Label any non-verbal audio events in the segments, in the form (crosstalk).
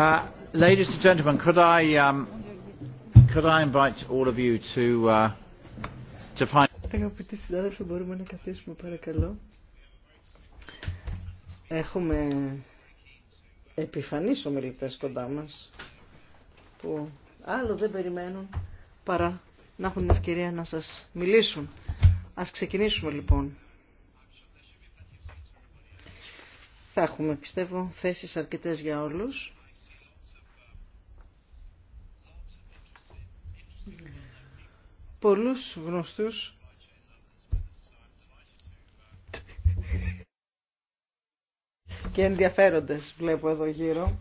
Uh, ladies and gentlemen, could um, to, uh, to find... μπορούμε να καθίσουμε παρακαλώ. Έχουμε επιφανείς ομιλητές κοντά μας που άλλο δεν περιμένουν παρά να έχουν την ευκαιρία να σας μιλήσουν. Ας ξεκινήσουμε λοιπόν. Θα έχουμε πιστεύω θέσεις αρκετές για όλους. πολλούς γνωστούς και ενδιαφέροντες βλέπω εδώ γύρω.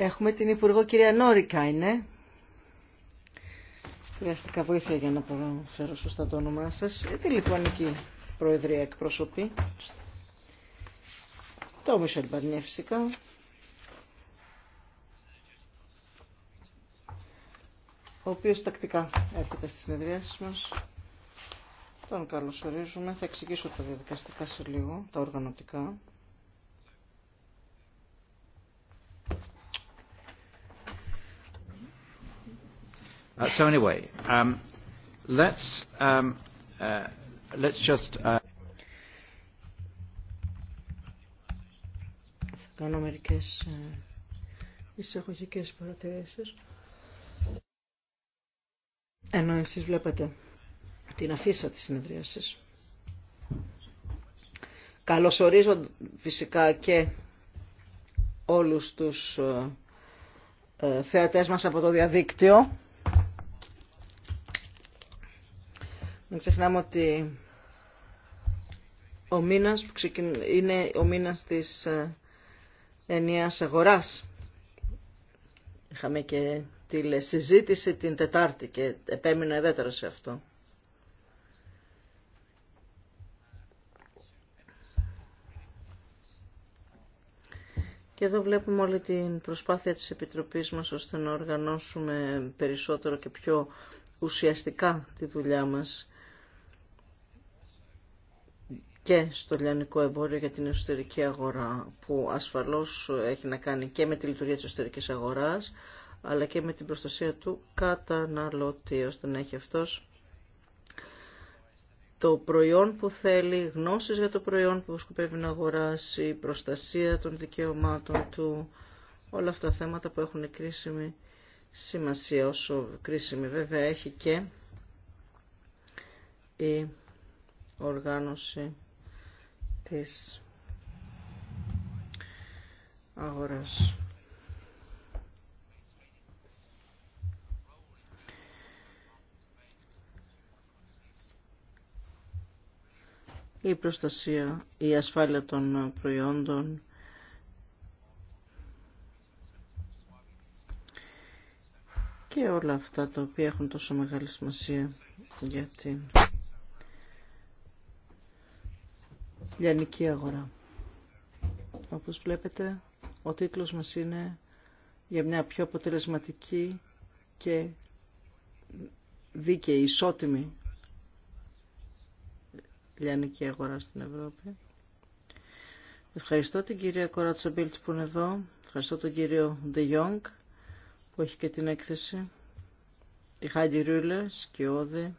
Έχουμε την Υπουργό κυρία Νόρικα, είναι. Χρειάστηκα βοήθεια για να φέρω σωστά το όνομά σας. Ε, λοιπόν εκεί Προεδρία εκπροσωπεί. Το Μισελ Μπαρνιέ φυσικά. Ο οποίο τακτικά έρχεται στι συνεδριάσει μα. Τον καλωσορίζουμε. Θα εξηγήσω τα διαδικαστικά σε λίγο, τα οργανωτικά. Uh, so um, let's um, uh, uh, Θα κάνω μερικές ε, εισαγωγικές παρατηρήσεις. Ενώ εσείς βλέπετε την αφίσα της συνεδρίασης. Καλωσορίζω φυσικά και όλους τους ε, ε, θεατές μας από το διαδίκτυο Μην ξεχνάμε ότι ο μήνας που είναι ο μήνας της ε, ενιαίας αγοράς. Είχαμε και τηλεσυζήτηση την Τετάρτη και επέμεινα ιδιαίτερα σε αυτό. Και εδώ βλέπουμε όλη την προσπάθεια της Επιτροπής μας ώστε να οργανώσουμε περισσότερο και πιο ουσιαστικά τη δουλειά μας και στο λιανικό εμπόριο για την εσωτερική αγορά, που ασφαλώς έχει να κάνει και με τη λειτουργία της εσωτερικής αγοράς, αλλά και με την προστασία του καταναλωτή, ώστε να έχει αυτός το προϊόν που θέλει, γνώσεις για το προϊόν που σκοπεύει να αγοράσει, προστασία των δικαιωμάτων του, όλα αυτά τα θέματα που έχουν κρίσιμη σημασία, όσο κρίσιμη βέβαια έχει και η οργάνωση της αγοράς. Η προστασία, η ασφάλεια των προϊόντων, και όλα αυτά τα οποία έχουν τόσο μεγάλη σημασία για την λιανική αγορά. Όπως βλέπετε, ο τίτλος μας είναι για μια πιο αποτελεσματική και δίκαιη, ισότιμη λιανική αγορά στην Ευρώπη. Ευχαριστώ την κυρία Κοράτσα Μπίλτ που είναι εδώ. Ευχαριστώ τον κύριο Ντε Ιόγκ που έχει και την έκθεση. Τη Χάντι Ρούλε, Σκιώδη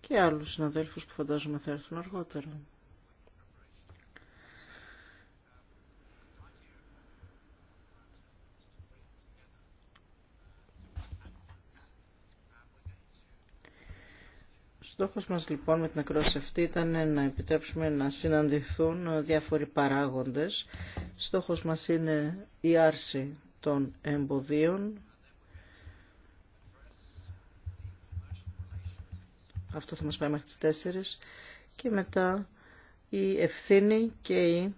και άλλους συναδέλφους που φαντάζομαι θα έρθουν αργότερα. Στόχος μας λοιπόν με την ακρόαση αυτή ήταν να επιτρέψουμε να συναντηθούν διάφοροι παράγοντες. Στόχος μας είναι η άρση των εμποδίων. Αυτό θα μας πάει μέχρι τις 4. Και μετά η ευθύνη και η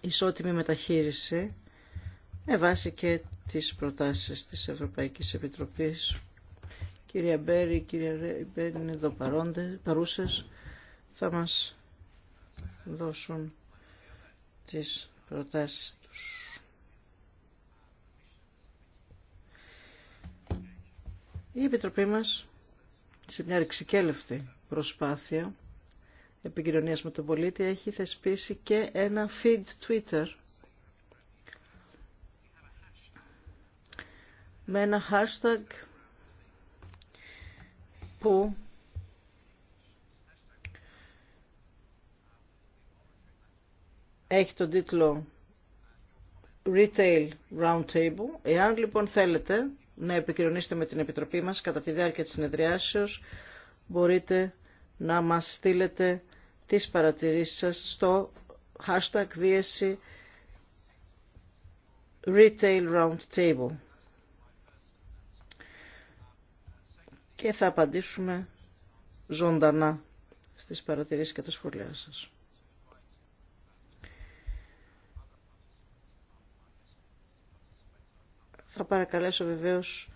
ισότιμη μεταχείριση με βάση και τις προτάσεις της Ευρωπαϊκής Επιτροπής κυρία Μπέρι, κυρία Μπέρι, είναι εδώ παρούσες, θα μας δώσουν τις προτάσεις τους. Η Επιτροπή μας, σε μια ρηξικέλευτη προσπάθεια επικοινωνίας με τον πολίτη, έχει θεσπίσει και ένα feed Twitter με ένα hashtag που έχει τον τίτλο Retail Roundtable. Εάν λοιπόν θέλετε να επικοινωνήσετε με την Επιτροπή μας κατά τη διάρκεια της συνεδριάσεως, μπορείτε να μας στείλετε τις παρατηρήσεις σας στο hashtag δίεση Retail Roundtable. και θα απαντήσουμε ζωντανά στις παρατηρήσεις και τα σχόλιά σας. Θα παρακαλέσω βεβαίως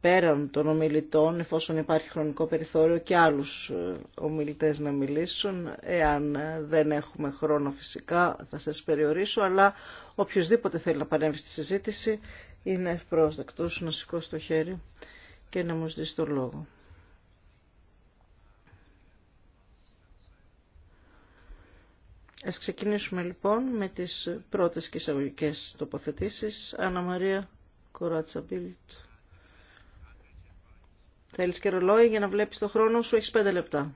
πέραν των ομιλητών, εφόσον υπάρχει χρονικό περιθώριο, και άλλους ε, ομιλητές να μιλήσουν. Εάν ε, δεν έχουμε χρόνο φυσικά θα σας περιορίσω, αλλά οποιοδήποτε θέλει να παρέμβει στη συζήτηση είναι ευπρόσδεκτος να σηκώσει το χέρι και να μου ζητήσει το λόγο. Ας ξεκινήσουμε λοιπόν με τις πρώτες και εισαγωγικέ τοποθετήσεις. Άννα Μαρία Κοράτσα Μπίλτ. Θέλεις και ρολόι για να βλέπεις το χρόνο σου, έχεις πέντε λεπτά.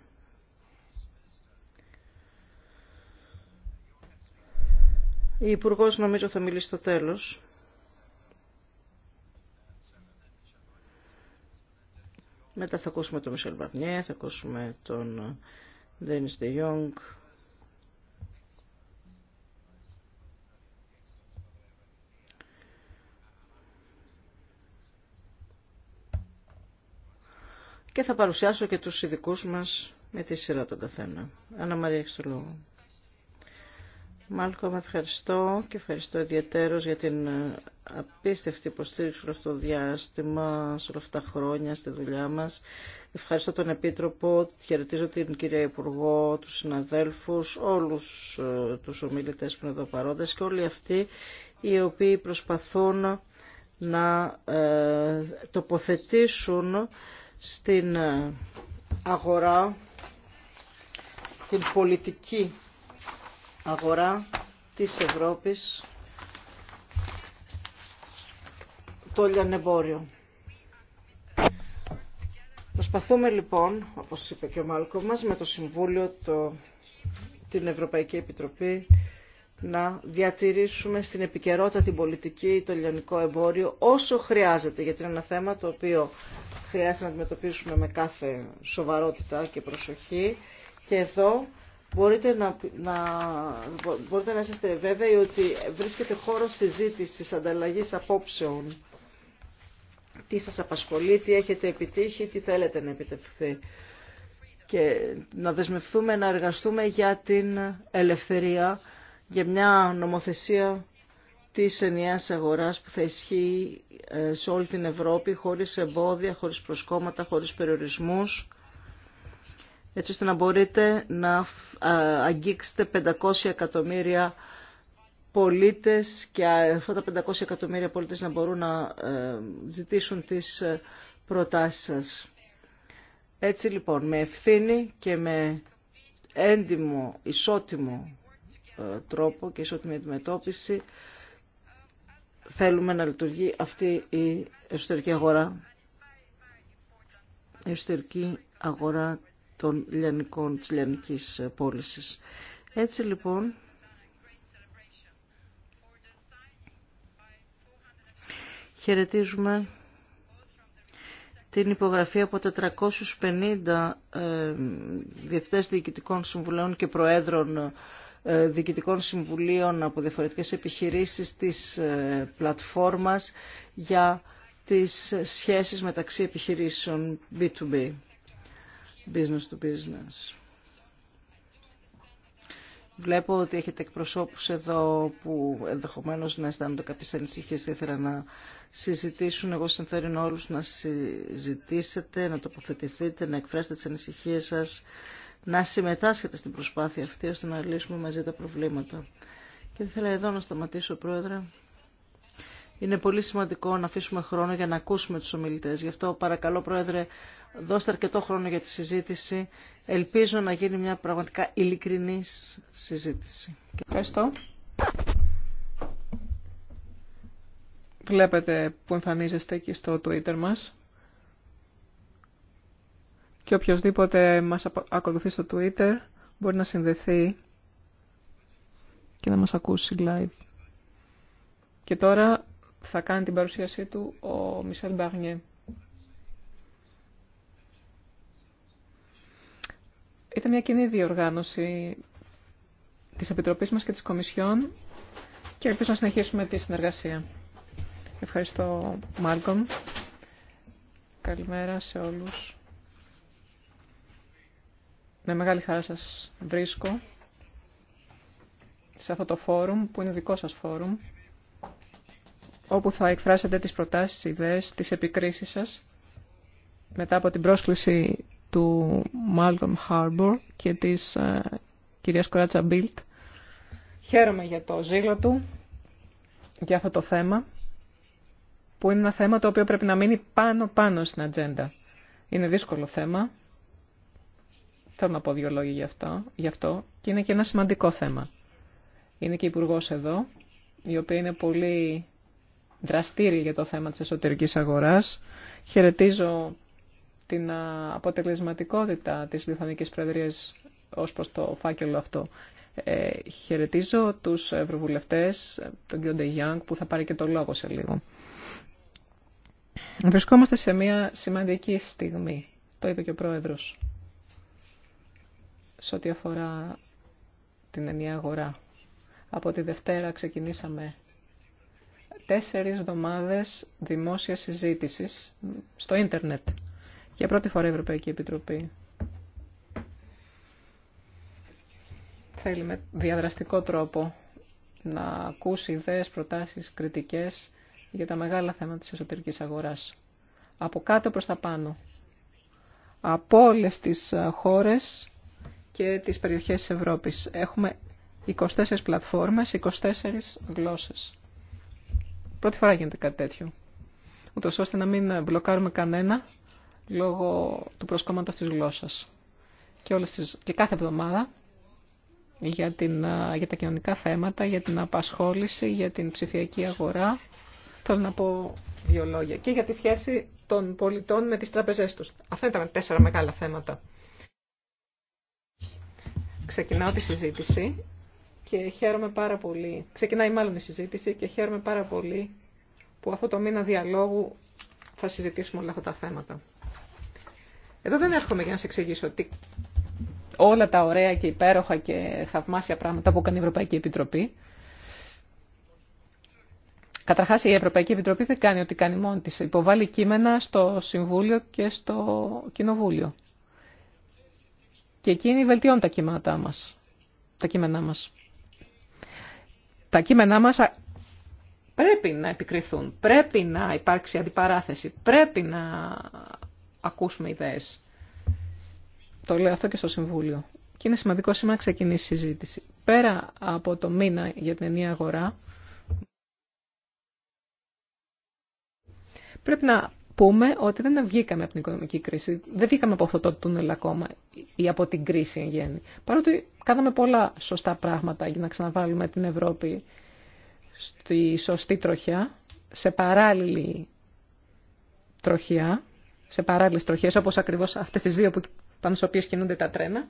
Η Υπουργός νομίζω θα μιλήσει στο τέλος. Μετά θα ακούσουμε τον Μισελ Μπαρνιέ, θα ακούσουμε τον Ντένις Ντε Ιόγκ. Και θα παρουσιάσω και τους ειδικούς μας με τη σειρά τον καθένα. Μαρία, έχεις το λόγο με ευχαριστώ και ευχαριστώ ιδιαίτερω για την ε, απίστευτη υποστήριξη όλο αυτό το διάστημα, σε όλα αυτά τα χρόνια στη δουλειά μα. Ευχαριστώ τον Επίτροπο, χαιρετίζω την κυρία Υπουργό, του συναδέλφου, όλου ε, του ομιλητέ που είναι εδώ παρόντε και όλοι αυτοί οι οποίοι προσπαθούν να ε, τοποθετήσουν στην αγορά την πολιτική αγορά της Ευρώπης το λιανεμπόριο. Προσπαθούμε λοιπόν, όπως είπε και ο Μάλκο μας, με το Συμβούλιο, το, την Ευρωπαϊκή Επιτροπή, να διατηρήσουμε στην επικαιρότητα την πολιτική το λιανικό εμπόριο όσο χρειάζεται, γιατί είναι ένα θέμα το οποίο χρειάζεται να αντιμετωπίσουμε με κάθε σοβαρότητα και προσοχή. Και εδώ μπορείτε να, να, μπορείτε να είστε βέβαιοι ότι βρίσκεται χώρο συζήτησης, ανταλλαγής απόψεων. Τι σας απασχολεί, τι έχετε επιτύχει, τι θέλετε να επιτευχθεί. Και να δεσμευτούμε, να εργαστούμε για την ελευθερία, για μια νομοθεσία της ενιαίας αγοράς που θα ισχύει ε, σε όλη την Ευρώπη, χωρίς εμπόδια, χωρίς προσκόμματα, χωρίς περιορισμούς έτσι ώστε να μπορείτε να ε, αγγίξετε 500 εκατομμύρια πολίτες και ε, αυτά τα 500 εκατομμύρια πολίτες να μπορούν να ε, ζητήσουν τις προτάσεις σας. Έτσι λοιπόν, με ευθύνη και με έντιμο, ισότιμο τρόπο και ισότιμη αντιμετώπιση θέλουμε να λειτουργεί αυτή η εσωτερική αγορά, η εσωτερική αγορά των λιανικών, της λιανικής ε, πώλησης. Έτσι λοιπόν, χαιρετίζουμε την υπογραφή από 450 ε, διευθυντές διοικητικών συμβουλίων και προέδρων ε, διοικητικών συμβουλίων από διαφορετικές επιχειρήσεις της ε, πλατφόρμας για τις σχέσεις μεταξύ επιχειρήσεων B2B business to business. Βλέπω ότι έχετε εκπροσώπους εδώ που ενδεχομένως να αισθάνονται κάποιες ανησυχίες και ήθελα να συζητήσουν. Εγώ συμφέρει όλους να συζητήσετε, να τοποθετηθείτε, να εκφράσετε τις ανησυχίες σας, να συμμετάσχετε στην προσπάθεια αυτή ώστε να λύσουμε μαζί τα προβλήματα. Και ήθελα εδώ να σταματήσω, Πρόεδρε. Είναι πολύ σημαντικό να αφήσουμε χρόνο για να ακούσουμε τους ομιλητές. Γι' αυτό παρακαλώ Πρόεδρε δώστε αρκετό χρόνο για τη συζήτηση. Ελπίζω να γίνει μια πραγματικά ειλικρινή συζήτηση. Ευχαριστώ. Βλέπετε που εμφανίζεστε και στο Twitter μας. Και οποιοδήποτε μας ακολουθεί στο Twitter μπορεί να συνδεθεί και να μας ακούσει live. Και τώρα θα κάνει την παρουσίασή του ο Μισελ Μπαγνιέ. Ήταν μια κοινή διοργάνωση της Επιτροπής μας και της Κομισιόν και ελπίζω να συνεχίσουμε τη συνεργασία. Ευχαριστώ, Μάλκομ. Καλημέρα σε όλους. Με μεγάλη χαρά σας βρίσκω σε αυτό το φόρουμ που είναι δικό σας φόρουμ όπου θα εκφράσετε τις προτάσεις, ιδέες, τις επικρίσεις σας μετά από την πρόσκληση του Malcolm Harbour και της uh, κυρίας Κοράτσα Μπίλτ. Χαίρομαι για το ζήλο του, για αυτό το θέμα, που είναι ένα θέμα το οποίο πρέπει να μείνει πάνω-πάνω στην ατζέντα. Είναι δύσκολο θέμα, θέλω να πω δύο λόγια γι' αυτό, γι αυτό και είναι και ένα σημαντικό θέμα. Είναι και υπουργό εδώ, η οποία είναι πολύ δραστήριοι για το θέμα της εσωτερικής αγοράς. Χαιρετίζω την αποτελεσματικότητα της Λιθανικής Προεδρίας ως προς το φάκελο αυτό. Ε, χαιρετίζω τους ευρωβουλευτές, τον κ. Ντεγιάνγκ, που θα πάρει και το λόγο σε λίγο. Βρισκόμαστε σε μια σημαντική στιγμή, το είπε και ο Πρόεδρος, σε ό,τι αφορά την ενιαία αγορά. Από τη Δευτέρα ξεκινήσαμε τέσσερις εβδομάδες δημόσιας συζήτησης στο ίντερνετ. Για πρώτη φορά η Ευρωπαϊκή Επιτροπή θέλει με διαδραστικό τρόπο να ακούσει ιδέες, προτάσεις, κριτικές για τα μεγάλα θέματα της εσωτερικής αγοράς. Από κάτω προς τα πάνω. Από όλες τις χώρες και τις περιοχές της Ευρώπης. Έχουμε 24 πλατφόρμες, 24 γλώσσες. Πρώτη φορά γίνεται κάτι τέτοιο. Ούτω ώστε να μην μπλοκάρουμε κανένα λόγω του προσκόμματο τη γλώσσα. Και, όλες τις... και κάθε εβδομάδα για, την... για τα κοινωνικά θέματα, για την απασχόληση, για την ψηφιακή αγορά. Θέλω να πω δύο λόγια. Και για τη σχέση των πολιτών με τις τραπεζές τους. Αυτά ήταν τέσσερα μεγάλα θέματα. Ξεκινάω τη συζήτηση και χαίρομαι πάρα πολύ. Ξεκινάει μάλλον η συζήτηση και χαίρομαι πάρα πολύ που αυτό το μήνα διαλόγου θα συζητήσουμε όλα αυτά τα θέματα. Εδώ δεν έρχομαι για να σε εξηγήσω ότι όλα τα ωραία και υπέροχα και θαυμάσια πράγματα που κάνει η Ευρωπαϊκή Επιτροπή. Καταρχάς η Ευρωπαϊκή Επιτροπή δεν κάνει ό,τι κάνει μόνη της. Υποβάλλει κείμενα στο Συμβούλιο και στο Κοινοβούλιο. Και εκείνοι βελτιώνουν τα, μας, τα κείμενά μας τα κείμενά μας πρέπει να επικριθούν, πρέπει να υπάρξει αντιπαράθεση, πρέπει να ακούσουμε ιδέες. Το λέω αυτό και στο Συμβούλιο. Και είναι σημαντικό σήμερα να ξεκινήσει η συζήτηση. Πέρα από το μήνα για την ενία αγορά, πρέπει να πούμε ότι δεν βγήκαμε από την οικονομική κρίση, δεν βγήκαμε από αυτό το τούνελ ακόμα ή από την κρίση εν γέννη. Παρότι κάναμε πολλά σωστά πράγματα για να ξαναβάλουμε την Ευρώπη στη σωστή τροχιά, σε παράλληλη τροχιά, σε παράλληλε τροχέ, όπω ακριβώ αυτέ τι δύο που, πάνω στι οποίε κινούνται τα τρένα.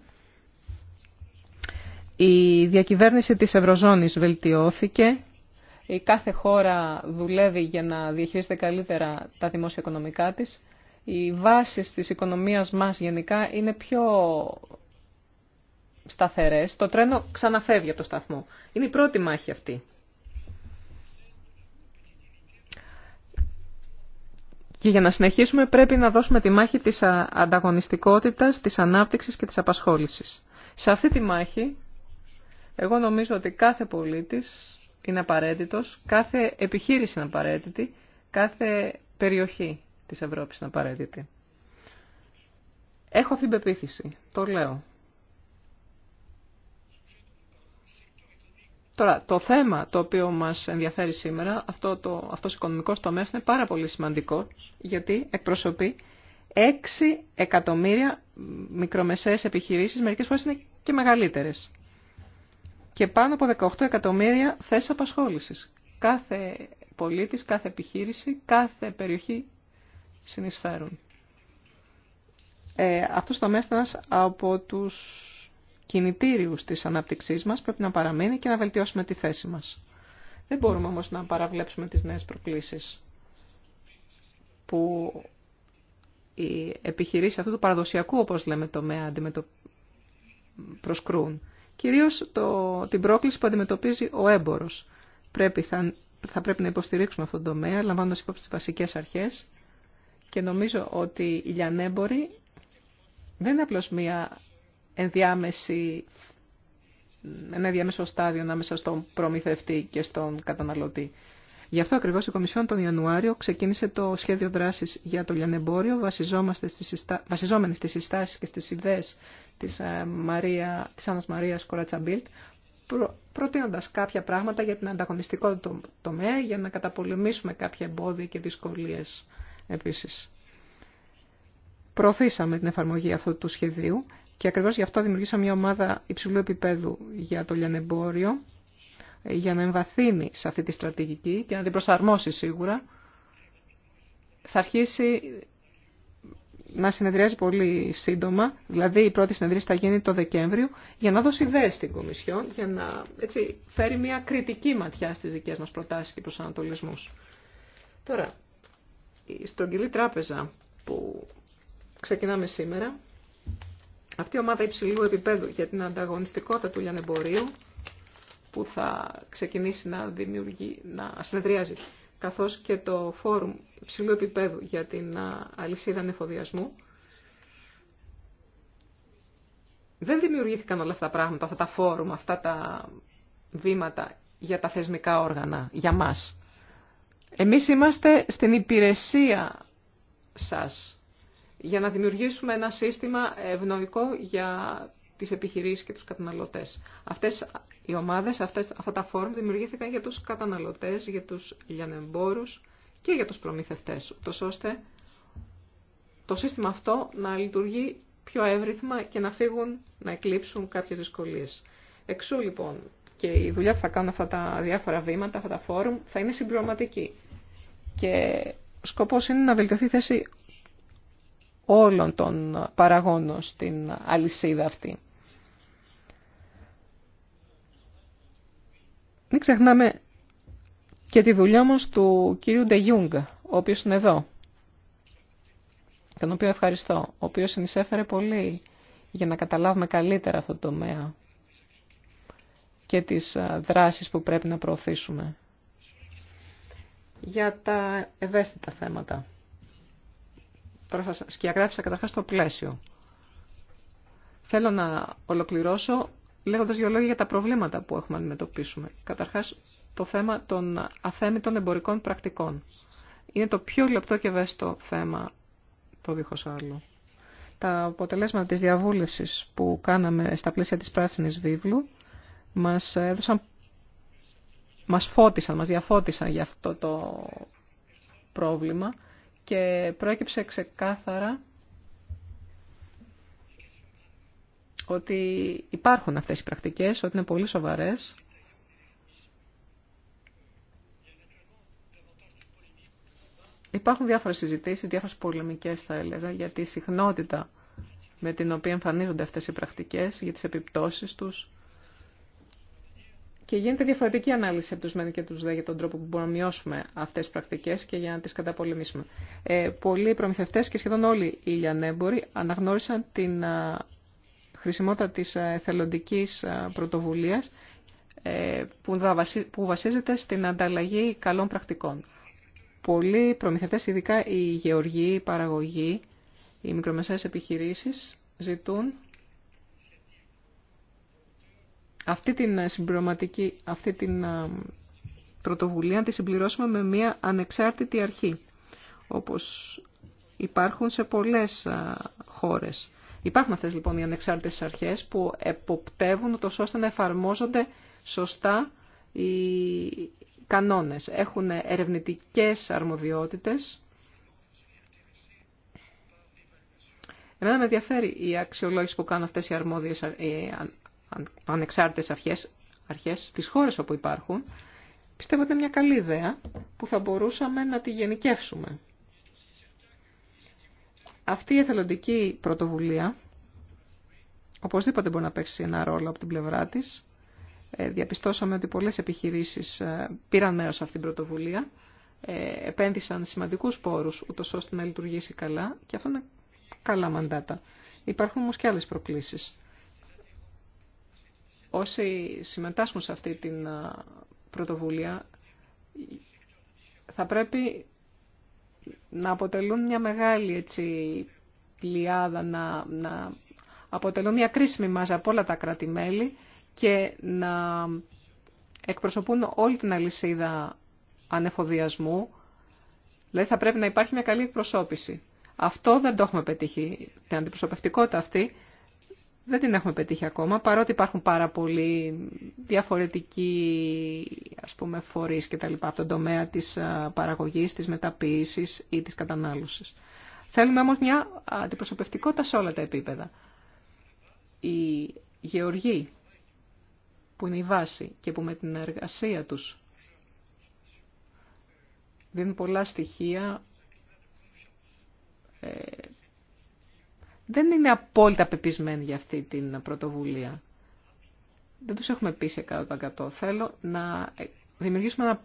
Η διακυβέρνηση της Ευρωζώνης βελτιώθηκε, η κάθε χώρα δουλεύει για να διαχειρίζεται καλύτερα τα δημόσια οικονομικά της. Οι βάσεις της οικονομίας μας γενικά είναι πιο σταθερές. Το τρένο ξαναφεύγει από το σταθμό. Είναι η πρώτη μάχη αυτή. Και για να συνεχίσουμε πρέπει να δώσουμε τη μάχη της ανταγωνιστικότητας, της ανάπτυξης και της απασχόλησης. Σε αυτή τη μάχη, εγώ νομίζω ότι κάθε πολίτης είναι απαραίτητος, κάθε επιχείρηση είναι απαραίτητη, κάθε περιοχή της Ευρώπης είναι απαραίτητη. Έχω αυτή την πεποίθηση, το λέω. Τώρα, το θέμα το οποίο μας ενδιαφέρει σήμερα, αυτό το, αυτός ο οικονομικός τομέας είναι πάρα πολύ σημαντικό, γιατί εκπροσωπεί 6 εκατομμύρια μικρομεσαίες επιχειρήσεις, μερικές φορές είναι και μεγαλύτερες και πάνω από 18 εκατομμύρια θέσεις απασχόλησης. Κάθε πολίτης, κάθε επιχείρηση, κάθε περιοχή συνεισφέρουν. Ε, αυτός το ήταν από τους κινητήριους της ανάπτυξής μας, πρέπει να παραμείνει και να βελτιώσουμε τη θέση μας. Δεν μπορούμε όμως να παραβλέψουμε τις νέες προκλήσεις που οι επιχειρήσεις αυτού του παραδοσιακού, όπως λέμε, τομέα προσκρούν κυρίως το, την πρόκληση που αντιμετωπίζει ο έμπορος. Πρέπει, θα, θα πρέπει να υποστηρίξουμε αυτόν τον τομέα, λαμβάνοντας υπόψη τις βασικές αρχές και νομίζω ότι η λιανέμπορη δεν είναι απλώς μια ενδιάμεση, ένα ενδιάμεσο στάδιο ανάμεσα στον προμηθευτή και στον καταναλωτή. Γι' αυτό ακριβώ η Κομισιόν τον Ιανουάριο ξεκίνησε το σχέδιο δράση για το λιανεμπόριο, βασιζόμενοι στι συστάσει και στι ιδέε τη Άννα ε, Μαρία Κορατσαμπίλτ, προ, προτείνοντα κάποια πράγματα για την ανταγωνιστικότητα του τομέα, για να καταπολεμήσουμε κάποια εμπόδια και δυσκολίε επίση. Προωθήσαμε την εφαρμογή αυτού του σχεδίου και ακριβώ γι' αυτό δημιουργήσαμε μια ομάδα υψηλού επίπεδου για το λιανεμπόριο για να εμβαθύνει σε αυτή τη στρατηγική και να την προσαρμόσει σίγουρα. Θα αρχίσει να συνεδριάζει πολύ σύντομα, δηλαδή η πρώτη συνεδρίαση θα γίνει το Δεκέμβριο, για να δώσει ιδέε στην Κομισιόν, για να έτσι, φέρει μια κριτική ματιά στις δικές μας προτάσεις και προσανατολισμούς. Τώρα, η στρογγυλή τράπεζα που ξεκινάμε σήμερα, αυτή η ομάδα υψηλού επίπεδου για την ανταγωνιστικότητα του λιανεμπορίου που θα ξεκινήσει να, δημιουργεί, να συνεδριάζει, καθώς και το φόρουμ ψηλού επίπεδου για την αλυσίδα νεφοδιασμού, Δεν δημιουργήθηκαν όλα αυτά τα πράγματα, αυτά τα φόρουμ, αυτά τα βήματα για τα θεσμικά όργανα, για μας. Εμείς είμαστε στην υπηρεσία σας για να δημιουργήσουμε ένα σύστημα ευνοϊκό για τις επιχειρήσεις και τους καταναλωτές. Αυτές οι ομάδες, αυτές, αυτά τα φόρουμ δημιουργήθηκαν για τους καταναλωτές, για τους λιανεμπόρους και για τους προμηθευτές, ούτως ώστε το σύστημα αυτό να λειτουργεί πιο εύρυθμα και να φύγουν, να εκλείψουν κάποιες δυσκολίες. Εξού λοιπόν και η δουλειά που θα κάνουν αυτά τα διάφορα βήματα, αυτά τα φόρουμ, θα είναι συμπληρωματική. Και σκοπός είναι να βελτιωθεί η θέση όλων των παραγόνων στην αλυσίδα αυτή. Μην ξεχνάμε και τη δουλειά μας του κύριου Ντεγιούγκα, ο οποίος είναι εδώ, τον οποίο ευχαριστώ, ο οποίος συνεισέφερε πολύ για να καταλάβουμε καλύτερα αυτό το τομέα και τις δράσεις που πρέπει να προωθήσουμε για τα ευαίσθητα θέματα. Τώρα σας σκιαγράφησα καταρχάς το πλαίσιο. Θέλω να ολοκληρώσω λέγοντας δύο λόγια για τα προβλήματα που έχουμε να αντιμετωπίσουμε. Καταρχάς, το θέμα των αθέμητων εμπορικών πρακτικών. Είναι το πιο λεπτό και ευαίσθητο θέμα, το δίχως άλλο. Τα αποτελέσματα της διαβούλευσης που κάναμε στα πλαίσια της Πράσινης Βίβλου μας έδωσαν, μας φώτισαν, μας διαφώτισαν για αυτό το πρόβλημα και προέκυψε ξεκάθαρα ότι υπάρχουν αυτές οι πρακτικές, ότι είναι πολύ σοβαρές. Υπάρχουν διάφορες συζητήσεις, διάφορες πολεμικές θα έλεγα, για τη συχνότητα με την οποία εμφανίζονται αυτές οι πρακτικές, για τις επιπτώσεις τους. Και γίνεται διαφορετική ανάλυση από τους ΜΕΝ και τους ΔΕ για τον τρόπο που μπορούμε να μειώσουμε αυτές τις πρακτικές και για να τις καταπολεμήσουμε. Ε, πολλοί προμηθευτές και σχεδόν όλοι οι λιανέμποροι αναγνώρισαν την χρησιμότητα της εθελοντικής ε, πρωτοβουλίας ε, που βασίζεται στην ανταλλαγή καλών πρακτικών. Πολλοί προμηθευτές, ειδικά οι γεωργοί, οι παραγωγοί, οι μικρομεσαίες επιχειρήσεις ζητούν αυτή την συμπληρωματική, αυτή την ε, πρωτοβουλία να τη συμπληρώσουμε με μια ανεξάρτητη αρχή, όπως υπάρχουν σε πολλές χώρες. Υπάρχουν αυτές λοιπόν οι ανεξάρτητες αρχές που εποπτεύουν τόσο ώστε να εφαρμόζονται σωστά οι κανόνες. Έχουν ερευνητικές αρμοδιότητες. Εμένα με ενδιαφέρει η αξιολόγηση που κάνουν αυτές οι αρμόδιες οι ε, ανεξάρτητες αρχές, αρχές στις χώρες όπου υπάρχουν. Πιστεύω ότι είναι μια καλή ιδέα που θα μπορούσαμε να τη γενικεύσουμε. Αυτή η εθελοντική πρωτοβουλία οπωσδήποτε μπορεί να παίξει ένα ρόλο από την πλευρά της. Ε, διαπιστώσαμε ότι πολλές επιχειρήσεις ε, πήραν μέρος σε αυτήν την πρωτοβουλία, ε, επένδυσαν σημαντικούς πόρους ούτως ώστε να λειτουργήσει καλά και αυτό είναι καλά μαντάτα. Υπάρχουν όμως και άλλες προκλήσεις. Όσοι συμμετάσχουν σε αυτή την πρωτοβουλία θα πρέπει να αποτελούν μια μεγάλη έτσι, πλειάδα, να, να αποτελούν μια κρίσιμη μάζα από όλα τα κρατη και να εκπροσωπούν όλη την αλυσίδα ανεφοδιασμού. Δηλαδή θα πρέπει να υπάρχει μια καλή εκπροσώπηση. Αυτό δεν το έχουμε πετύχει. Την αντιπροσωπευτικότητα αυτή δεν την έχουμε πετύχει ακόμα, παρότι υπάρχουν πάρα πολλοί διαφορετικοί ας πούμε, φορείς και τα λοιπά από τον τομέα της παραγωγής, της μεταποίησης ή της κατανάλωσης. Θέλουμε όμως μια αντιπροσωπευτικότητα σε όλα τα επίπεδα. Οι γεωργοί που είναι η της καταναλωσης θελουμε ομως μια αντιπροσωπευτικοτητα σε ολα τα επιπεδα οι γεωργη που ειναι η βαση και που με την εργασία τους δίνουν πολλά στοιχεία ε, δεν είναι απόλυτα πεπισμένοι για αυτή την πρωτοβουλία. Δεν τους έχουμε πείσει 100%. Θέλω να δημιουργήσουμε ένα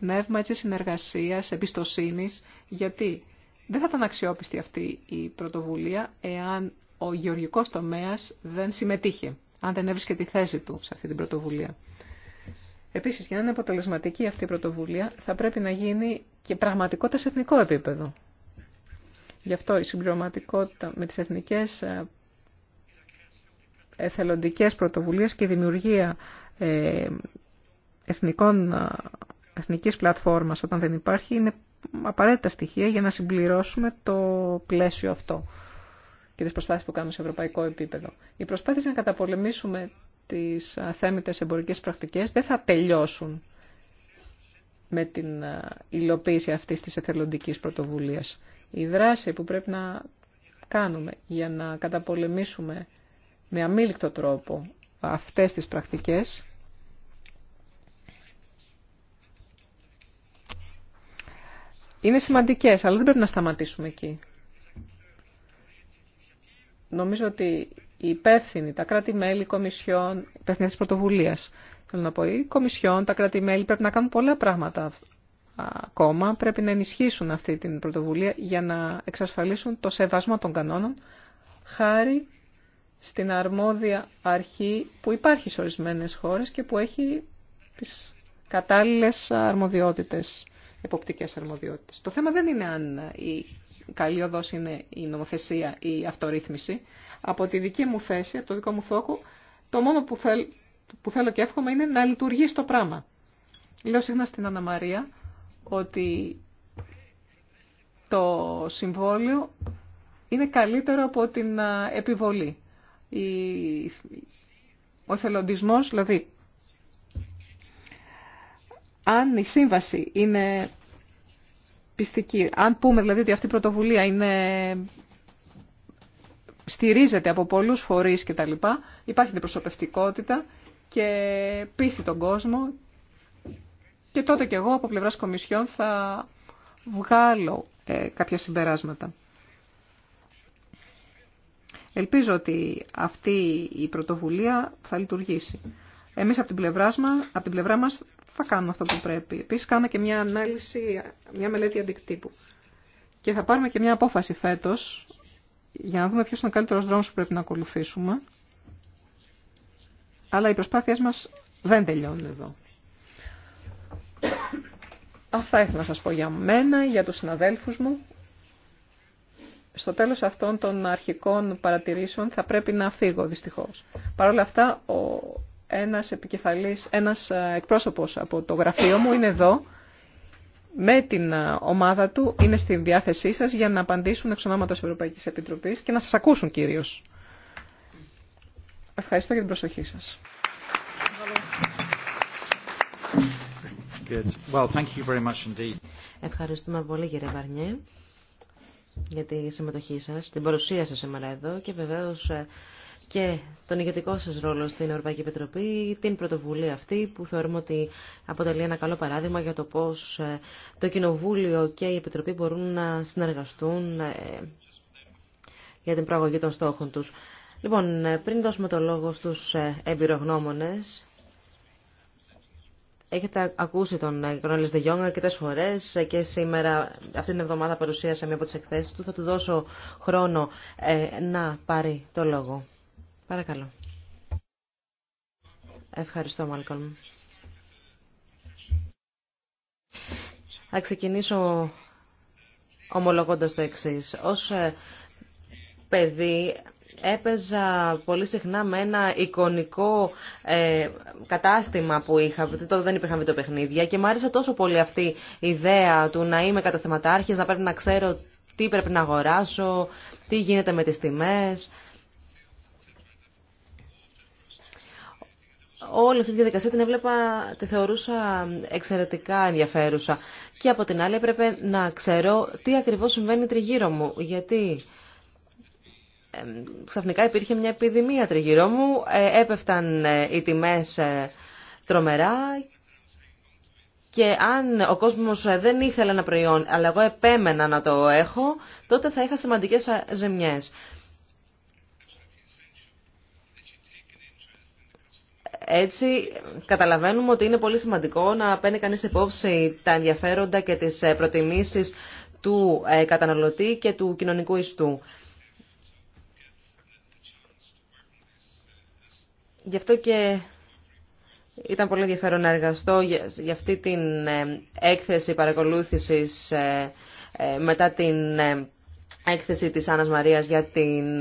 πνεύμα έτσι, συνεργασίας, εμπιστοσύνης, γιατί δεν θα ήταν αξιόπιστη αυτή η πρωτοβουλία εάν ο γεωργικός τομέας δεν συμμετείχε, αν δεν έβρισκε τη θέση του σε αυτή την πρωτοβουλία. Επίσης, για να είναι αποτελεσματική αυτή η πρωτοβουλία, θα πρέπει να γίνει και πραγματικότητα σε εθνικό επίπεδο. Γι' αυτό η συμπληρωματικότητα με τις εθνικές ε, εθελοντικές πρωτοβουλίες και η δημιουργία ε, εθνικών, ε, εθνικής πλατφόρμας όταν δεν υπάρχει είναι απαραίτητα στοιχεία για να συμπληρώσουμε το πλαίσιο αυτό και τις προσπάθειες που κάνουμε σε ευρωπαϊκό επίπεδο. Οι προσπάθειες να καταπολεμήσουμε τις αθέμητες εμπορικές πρακτικές δεν θα τελειώσουν με την υλοποίηση αυτής της εθελοντικής πρωτοβουλίας η δράση που πρέπει να κάνουμε για να καταπολεμήσουμε με αμήλικτο τρόπο αυτές τις πρακτικές είναι σημαντικές, αλλά δεν πρέπει να σταματήσουμε εκεί. Νομίζω ότι οι υπεύθυνοι, τα κράτη-μέλη, οι κομισιόν, υπεύθυνοι της πρωτοβουλίας, θέλω να πω, οι κομισιόν, τα κράτη-μέλη πρέπει να κάνουν πολλά πράγματα κόμμα πρέπει να ενισχύσουν αυτή την πρωτοβουλία για να εξασφαλίσουν το σεβασμό των κανόνων χάρη στην αρμόδια αρχή που υπάρχει σε ορισμένες χώρες και που έχει τις κατάλληλες αρμοδιότητες, εποπτικές αρμοδιότητες. Το θέμα δεν είναι αν η καλή οδός είναι η νομοθεσία ή η αυτορύθμιση. Από τη δική μου θέση, από το δικό μου φόκο, το μόνο που, θέλ, που θέλω και εύχομαι είναι να λειτουργήσει το πράγμα. Λέω συχνά στην Αναμαρία ότι το συμβόλιο είναι καλύτερο από την επιβολή. Ο θελοντισμός, δηλαδή, αν η σύμβαση είναι πιστική, αν πούμε δηλαδή ότι αυτή η πρωτοβουλία είναι στηρίζεται από πολλούς φορείς και τα λοιπά, υπάρχει την προσωπευτικότητα και πείθει τον κόσμο και τότε και εγώ από πλευράς Κομισιόν θα βγάλω ε, κάποια συμπεράσματα. Ελπίζω ότι αυτή η πρωτοβουλία θα λειτουργήσει. Εμείς από την πλευρά μας, από την πλευρά μας θα κάνουμε αυτό που πρέπει. Επίσης κάνουμε και μια ανάλυση, μια μελέτη αντικτύπου. Και θα πάρουμε και μια απόφαση φέτος για να δούμε ποιος είναι ο καλύτερος δρόμος που πρέπει να ακολουθήσουμε. Αλλά οι προσπάθειές μας δεν τελειώνουν εδώ. Αυτά ήθελα να σας πω για μένα, για τους συναδέλφους μου. Στο τέλος αυτών των αρχικών παρατηρήσεων θα πρέπει να φύγω δυστυχώς. Παρ' όλα αυτά, ο ένας επικεφαλής, ένας ε, εκπρόσωπος από το γραφείο μου είναι εδώ με την ε, ομάδα του, είναι στη διάθεσή σας για να απαντήσουν εξ ονόματος Ευρωπαϊκής Επιτροπής και να σας ακούσουν κυρίως. Ευχαριστώ για την προσοχή σας. Ευχαριστούμε πολύ κύριε Βαρνιέ για τη συμμετοχή σας, την παρουσία σας σήμερα εδώ και βεβαίως ε, και τον ηγετικό σας ρόλο στην Ευρωπαϊκή Επιτροπή, την πρωτοβουλία αυτή που θεωρούμε ότι αποτελεί ένα καλό παράδειγμα για το πώς ε, το Κοινοβούλιο και η Επιτροπή μπορούν να συνεργαστούν ε, για την προαγωγή των στόχων τους. Λοιπόν, πριν δώσουμε το λόγο στους εμπειρογνώμονες, Έχετε ακούσει τον Κρονέλη Διόγκα και φορέ φορές και σήμερα αυτή την εβδομάδα παρουσίασε μία από τις εκθέσει του. Θα του δώσω χρόνο ε, να πάρει το λόγο. Παρακαλώ. Ευχαριστώ, Μάλκολμ. Θα ξεκινήσω ομολογώντας το εξής. Ως ε, παιδί έπαιζα πολύ συχνά με ένα εικονικό ε, κατάστημα που είχα, τότε δεν υπήρχαν βιντεοπαιχνίδια και μου άρεσε τόσο πολύ αυτή η ιδέα του να είμαι καταστηματάρχης, να πρέπει να ξέρω τι πρέπει να αγοράσω, τι γίνεται με τις τιμές. Όλη αυτή τη διαδικασία την έβλεπα, τη θεωρούσα εξαιρετικά ενδιαφέρουσα. Και από την άλλη έπρεπε να ξέρω τι ακριβώς συμβαίνει τριγύρω μου, γιατί ξαφνικά υπήρχε μια επιδημία τριγύρω μου, ε, έπεφταν ε, οι τιμές ε, τρομερά και αν ο κόσμος δεν ήθελε ένα προϊόν, αλλά εγώ επέμενα να το έχω, τότε θα είχα σημαντικές ζημιές. Έτσι καταλαβαίνουμε ότι είναι πολύ σημαντικό να παίρνει κανείς υπόψη τα ενδιαφέροντα και τις προτιμήσεις του καταναλωτή και του κοινωνικού ιστού. Γι' αυτό και ήταν πολύ ενδιαφέρον να εργαστώ για αυτή την ε, έκθεση παρακολούθησης ε, ε, μετά την έκθεση της Άννας Μαρίας για, την,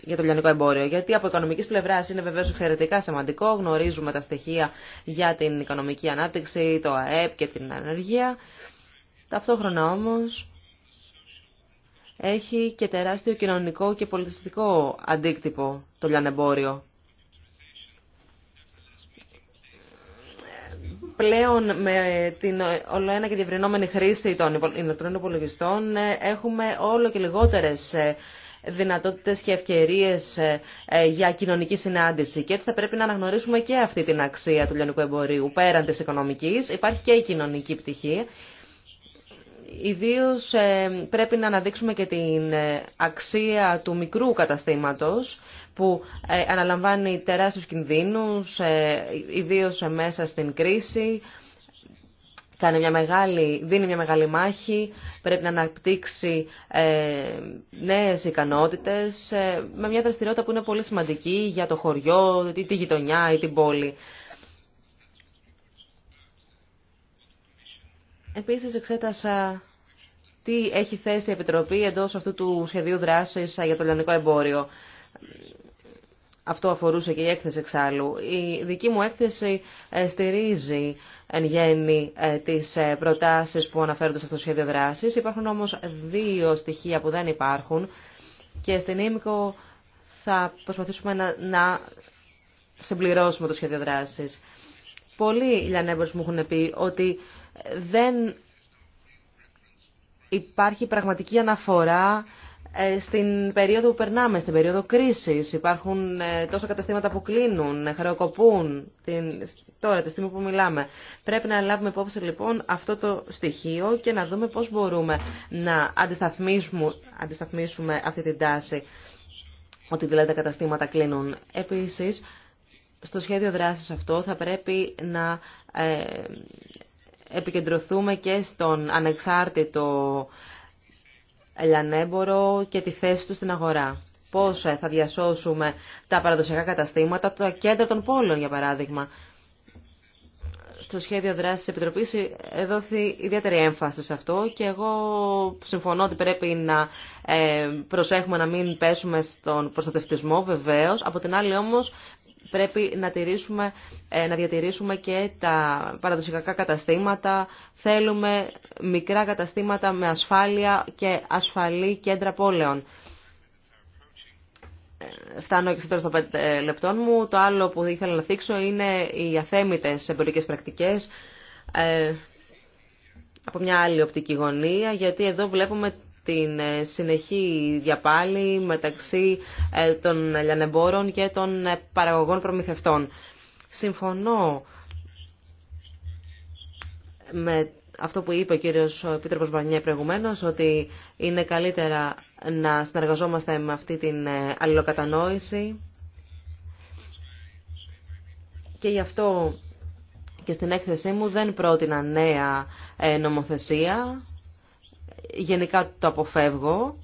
για το λιανικό εμπόριο. Γιατί από οικονομικής πλευράς είναι βεβαίως εξαιρετικά σημαντικό. Γνωρίζουμε τα στοιχεία για την οικονομική ανάπτυξη, το ΑΕΠ και την ανεργία. Ταυτόχρονα όμως έχει και τεράστιο κοινωνικό και πολιτιστικό αντίκτυπο το λιανεμπόριο. πλέον με την ολοένα και διευρυνόμενη χρήση των ηλεκτρονικών υπολογιστών ε, έχουμε όλο και λιγότερες ε, δυνατότητες και ευκαιρίες ε, για κοινωνική συνάντηση. Και έτσι θα πρέπει να αναγνωρίσουμε και αυτή την αξία του λιανικού εμπορίου. Πέραν της οικονομικής υπάρχει και η κοινωνική πτυχή. Ιδίως πρέπει να αναδείξουμε και την αξία του μικρού καταστήματος που ε, αναλαμβάνει τεράστιους κινδύνους, ε, ιδίως μέσα στην κρίση, κάνει μια μεγάλη, δίνει μια μεγάλη μάχη, πρέπει να αναπτύξει ε, νέες ικανότητες με μια δραστηριότητα που είναι πολύ σημαντική για το χωριό, τη γειτονιά ή την πόλη. Επίσης εξέτασα τι έχει θέσει η Επιτροπή εντός αυτού του σχεδίου δράσης για το ελληνικό εμπόριο. Αυτό αφορούσε και η έκθεση εξάλλου. Η δική μου έκθεση ε, στηρίζει εν γέννη ε, τις ε, προτάσεις που αναφέρονται σε αυτό το σχέδιο δράσης. Υπάρχουν όμως δύο στοιχεία που δεν υπάρχουν και στην ΕΜΚΟ θα προσπαθήσουμε να, να συμπληρώσουμε το σχέδιο δράσης. Πολλοί λιανέμπορες μου έχουν πει ότι δεν υπάρχει πραγματική αναφορά ε, στην περίοδο που περνάμε, στην περίοδο κρίσης. Υπάρχουν ε, τόσα καταστήματα που κλείνουν, ε, χρεοκοπούν, την, τώρα τη στιγμή που μιλάμε. Πρέπει να λάβουμε υπόψη λοιπόν αυτό το στοιχείο και να δούμε πώς μπορούμε να αντισταθμίσουμε, αυτή την τάση, ότι δηλαδή τα καταστήματα κλείνουν. Επίσης, στο σχέδιο δράσης αυτό θα πρέπει να επικεντρωθούμε και στον ανεξάρτητο λιανέμπορο και τη θέση του στην αγορά. Πώς ε, θα διασώσουμε τα παραδοσιακά καταστήματα, τα κέντρα των πόλεων για παράδειγμα. Στο σχέδιο δράσης τη Επιτροπής ε, δόθη ιδιαίτερη έμφαση σε αυτό και εγώ συμφωνώ ότι πρέπει να ε, προσέχουμε να μην πέσουμε στον προστατευτισμό βεβαίως. Από την άλλη όμως πρέπει να, τηρήσουμε, ε, να διατηρήσουμε και τα παραδοσιακά καταστήματα. Θέλουμε μικρά καταστήματα με ασφάλεια και ασφαλή κέντρα πόλεων. Ε, φτάνω και στο τέλος των πέντε ε, λεπτών μου. Το άλλο που ήθελα να θίξω είναι οι αθέμητες εμπορικές πρακτικές από μια άλλη οπτική γωνία, γιατί εδώ βλέπουμε την ε, συνεχή διαπάλη μεταξύ ε, των λιανεμπόρων και των ε, παραγωγών προμηθευτών. Συμφωνώ με αυτό που είπε ο κύριος Επίτροπος Μπανιέ προηγουμένως, ότι είναι καλύτερα να συνεργαζόμαστε με αυτή την αλληλοκατανόηση και γι' αυτό και στην έκθεσή μου δεν πρότεινα νέα νομοθεσία, γενικά το αποφεύγω.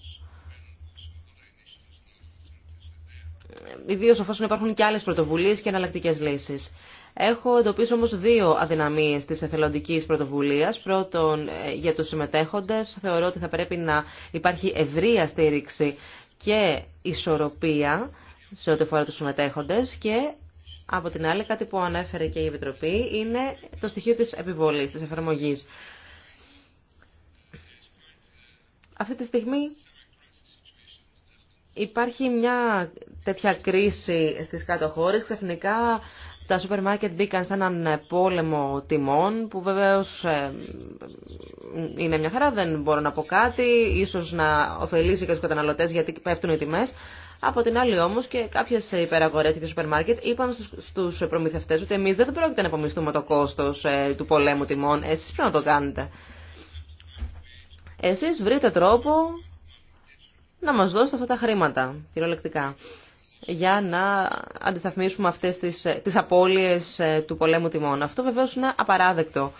Ιδίως αφού υπάρχουν και άλλες πρωτοβουλίες και εναλλακτικέ λύσεις. Έχω εντοπίσει όμως δύο αδυναμίες της εθελοντικής πρωτοβουλίας. Πρώτον, ε, για τους συμμετέχοντες θεωρώ ότι θα πρέπει να υπάρχει ευρεία στήριξη και ισορροπία σε ό,τι αφορά τους συμμετέχοντες και από την άλλη κάτι που ανέφερε και η Επιτροπή είναι το στοιχείο της επιβολής, της εφαρμογής. Αυτή τη στιγμή υπάρχει μια τέτοια κρίση στις κάτω χώρες. Ξαφνικά τα σούπερ μάρκετ μπήκαν σε έναν πόλεμο τιμών που βεβαίως ε, είναι μια χαρά, δεν μπορώ να πω κάτι, ίσως να ωφελήσει και τους καταναλωτές γιατί πέφτουν οι τιμές. Από την άλλη όμω και κάποιε υπεραγορέ και σούπερ μάρκετ είπαν στου προμηθευτέ ότι εμεί δεν πρόκειται να απομισθούμε το κόστο ε, του πολέμου τιμών. Εσεί πρέπει να το κάνετε. Εσείς βρείτε τρόπο να μας δώσετε αυτά τα χρήματα, κυριολεκτικά, για να αντισταθμίσουμε αυτές τις, ε, τις απώλειες ε, του πολέμου τιμών. Αυτό βεβαίως είναι απαράδεκτο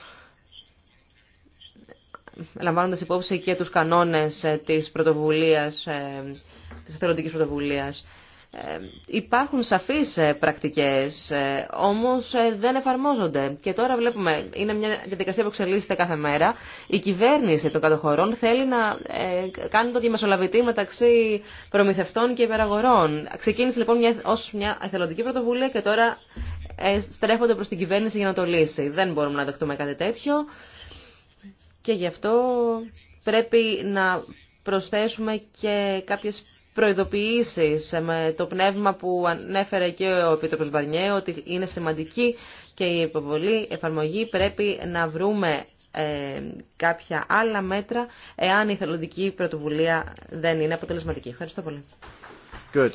λαμβάνοντας υπόψη και τους κανόνες ε, της πρωτοβουλίας, της εθελοντικής πρωτοβουλίας. Ε, υπάρχουν σαφείς ε, πρακτικές, ε, όμως δεν εφαρμόζονται. Και τώρα βλέπουμε, είναι μια διαδικασία που εξελίσσεται κάθε μέρα. Η κυβέρνηση των κατοχωρών θέλει να κάνει το διαμεσολαβητή μεταξύ προμηθευτών και υπεραγορών. Ξεκίνησε λοιπόν μια, ως μια εθελοντική πρωτοβουλία και τώρα στρέφονται προς την κυβέρνηση για να το λύσει. Δεν μπορούμε να δεχτούμε κάτι τέτοιο και γι' αυτό πρέπει να προσθέσουμε και κάποιες προειδοποιήσεις με το πνεύμα που ανέφερε και ο Επίτροπος Μπαρνιέ ότι είναι σημαντική και η υποβολή εφαρμογή πρέπει να βρούμε ε, κάποια άλλα μέτρα εάν η θελοντική πρωτοβουλία δεν είναι αποτελεσματική. Ευχαριστώ πολύ. Good.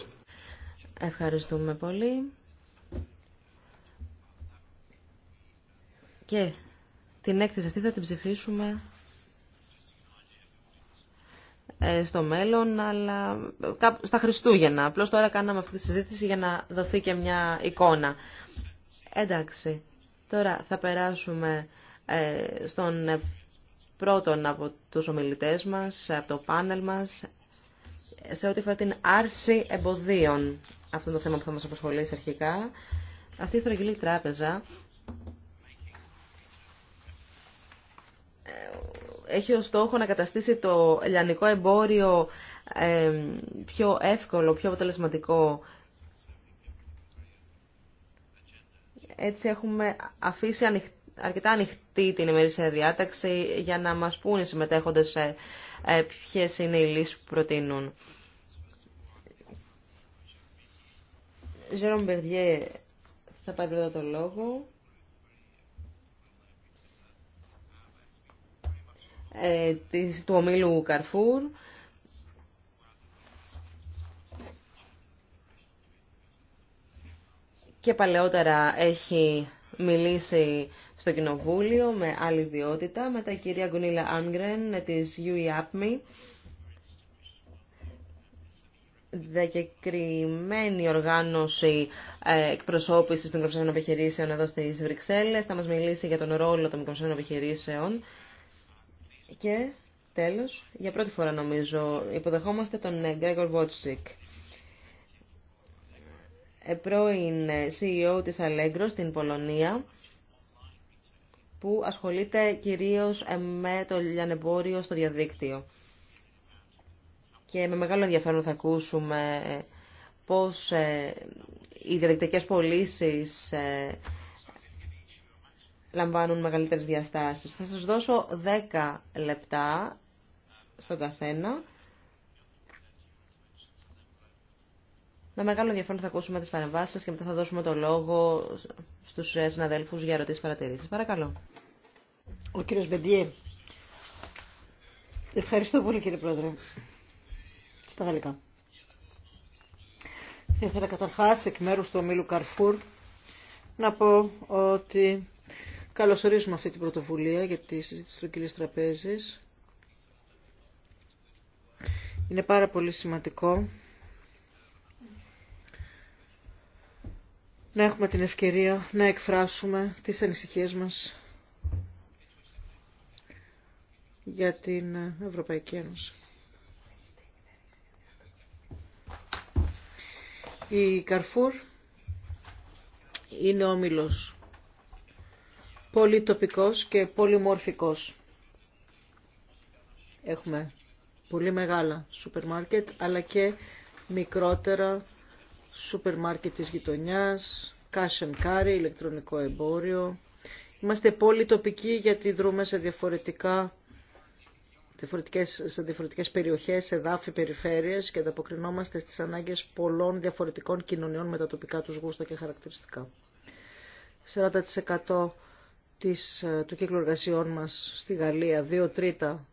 Ευχαριστούμε πολύ. Και την έκθεση αυτή θα την ψηφίσουμε ε, στο μέλλον, αλλά στα Χριστούγεννα. Απλώ τώρα κάναμε αυτή τη συζήτηση για να δοθεί και μια εικόνα. Εντάξει, τώρα θα περάσουμε ε, στον ε, πρώτον από τους ομιλητές μας, από το πάνελ μας, σε ό,τι φορά την άρση εμποδίων. Αυτό είναι το θέμα που θα μας απασχολήσει αρχικά. Αυτή η στρογγυλή τράπεζα έχει ως στόχο να καταστήσει το ελληνικό εμπόριο πιο εύκολο, πιο αποτελεσματικό. Έτσι έχουμε αφήσει αρκετά ανοιχτή την ημερήσια διάταξη για να μας πούνε οι συμμετέχοντες σε ε, ποιες είναι οι λύσεις που προτείνουν. Ζερόμπερδιέ, θα πάρει πρώτα το λόγο. Ε, του ομίλου Καρφούρ. Και παλαιότερα έχει μιλήσει στο Κοινοβούλιο με άλλη ιδιότητα, μετά η κυρία Γκουνίλα Άνγκρεν της UEAPME, δεκεκριμένη οργάνωση ε, εκπροσώπησης των μικροψηφίων επιχειρήσεων εδώ στις Βρυξέλλες. Θα μας μιλήσει για τον ρόλο των μικροψηφίων επιχειρήσεων και τέλος, για πρώτη φορά νομίζω, υποδεχόμαστε τον Γκρέγορ ε, Βότσικ, ε, πρώην ε, CEO της Allegro στην Πολωνία, που ασχολείται κυρίως με το λιανεμπόριο στο διαδίκτυο. Και με μεγάλο ενδιαφέρον θα ακούσουμε πώς οι διαδικτυακές πωλήσει λαμβάνουν μεγαλύτερες διαστάσεις. Θα σας δώσω 10 λεπτά στον καθένα. Με μεγάλο ενδιαφέρον θα ακούσουμε τις παρεμβάσεις σας και μετά θα δώσουμε το λόγο στους συναδέλφους για ερωτήσεις παρατηρήσεις. Παρακαλώ. Ο κύριος Μπεντιέ. Ευχαριστώ πολύ κύριε Πρόεδρε. Στα γαλλικά. Θα ήθελα καταρχάς εκ μέρους του ομίλου Καρφούρ να πω ότι Καλωσορίζουμε αυτή την πρωτοβουλία για τη συζήτηση του κυρίου Τραπέζης. Είναι πάρα πολύ σημαντικό να έχουμε την ευκαιρία να εκφράσουμε τις ανησυχίες μας για την Ευρωπαϊκή Ένωση. Η Καρφούρ είναι όμιλος τοπικός και πολυμορφικός. Έχουμε πολύ μεγάλα σούπερ μάρκετ, αλλά και μικρότερα σούπερ μάρκετ της γειτονιάς, cash and carry, ηλεκτρονικό εμπόριο. Είμαστε τοπικοί, γιατί δρούμε σε διαφορετικά διαφορετικές, σε διαφορετικές περιοχές, σε περιφέρειες και ανταποκρινόμαστε στις ανάγκες πολλών διαφορετικών κοινωνιών με τα τοπικά τους γούστα και χαρακτηριστικά. 40% της, ε, του κύκλου εργασιών μας στη Γαλλία, δύο τρίτα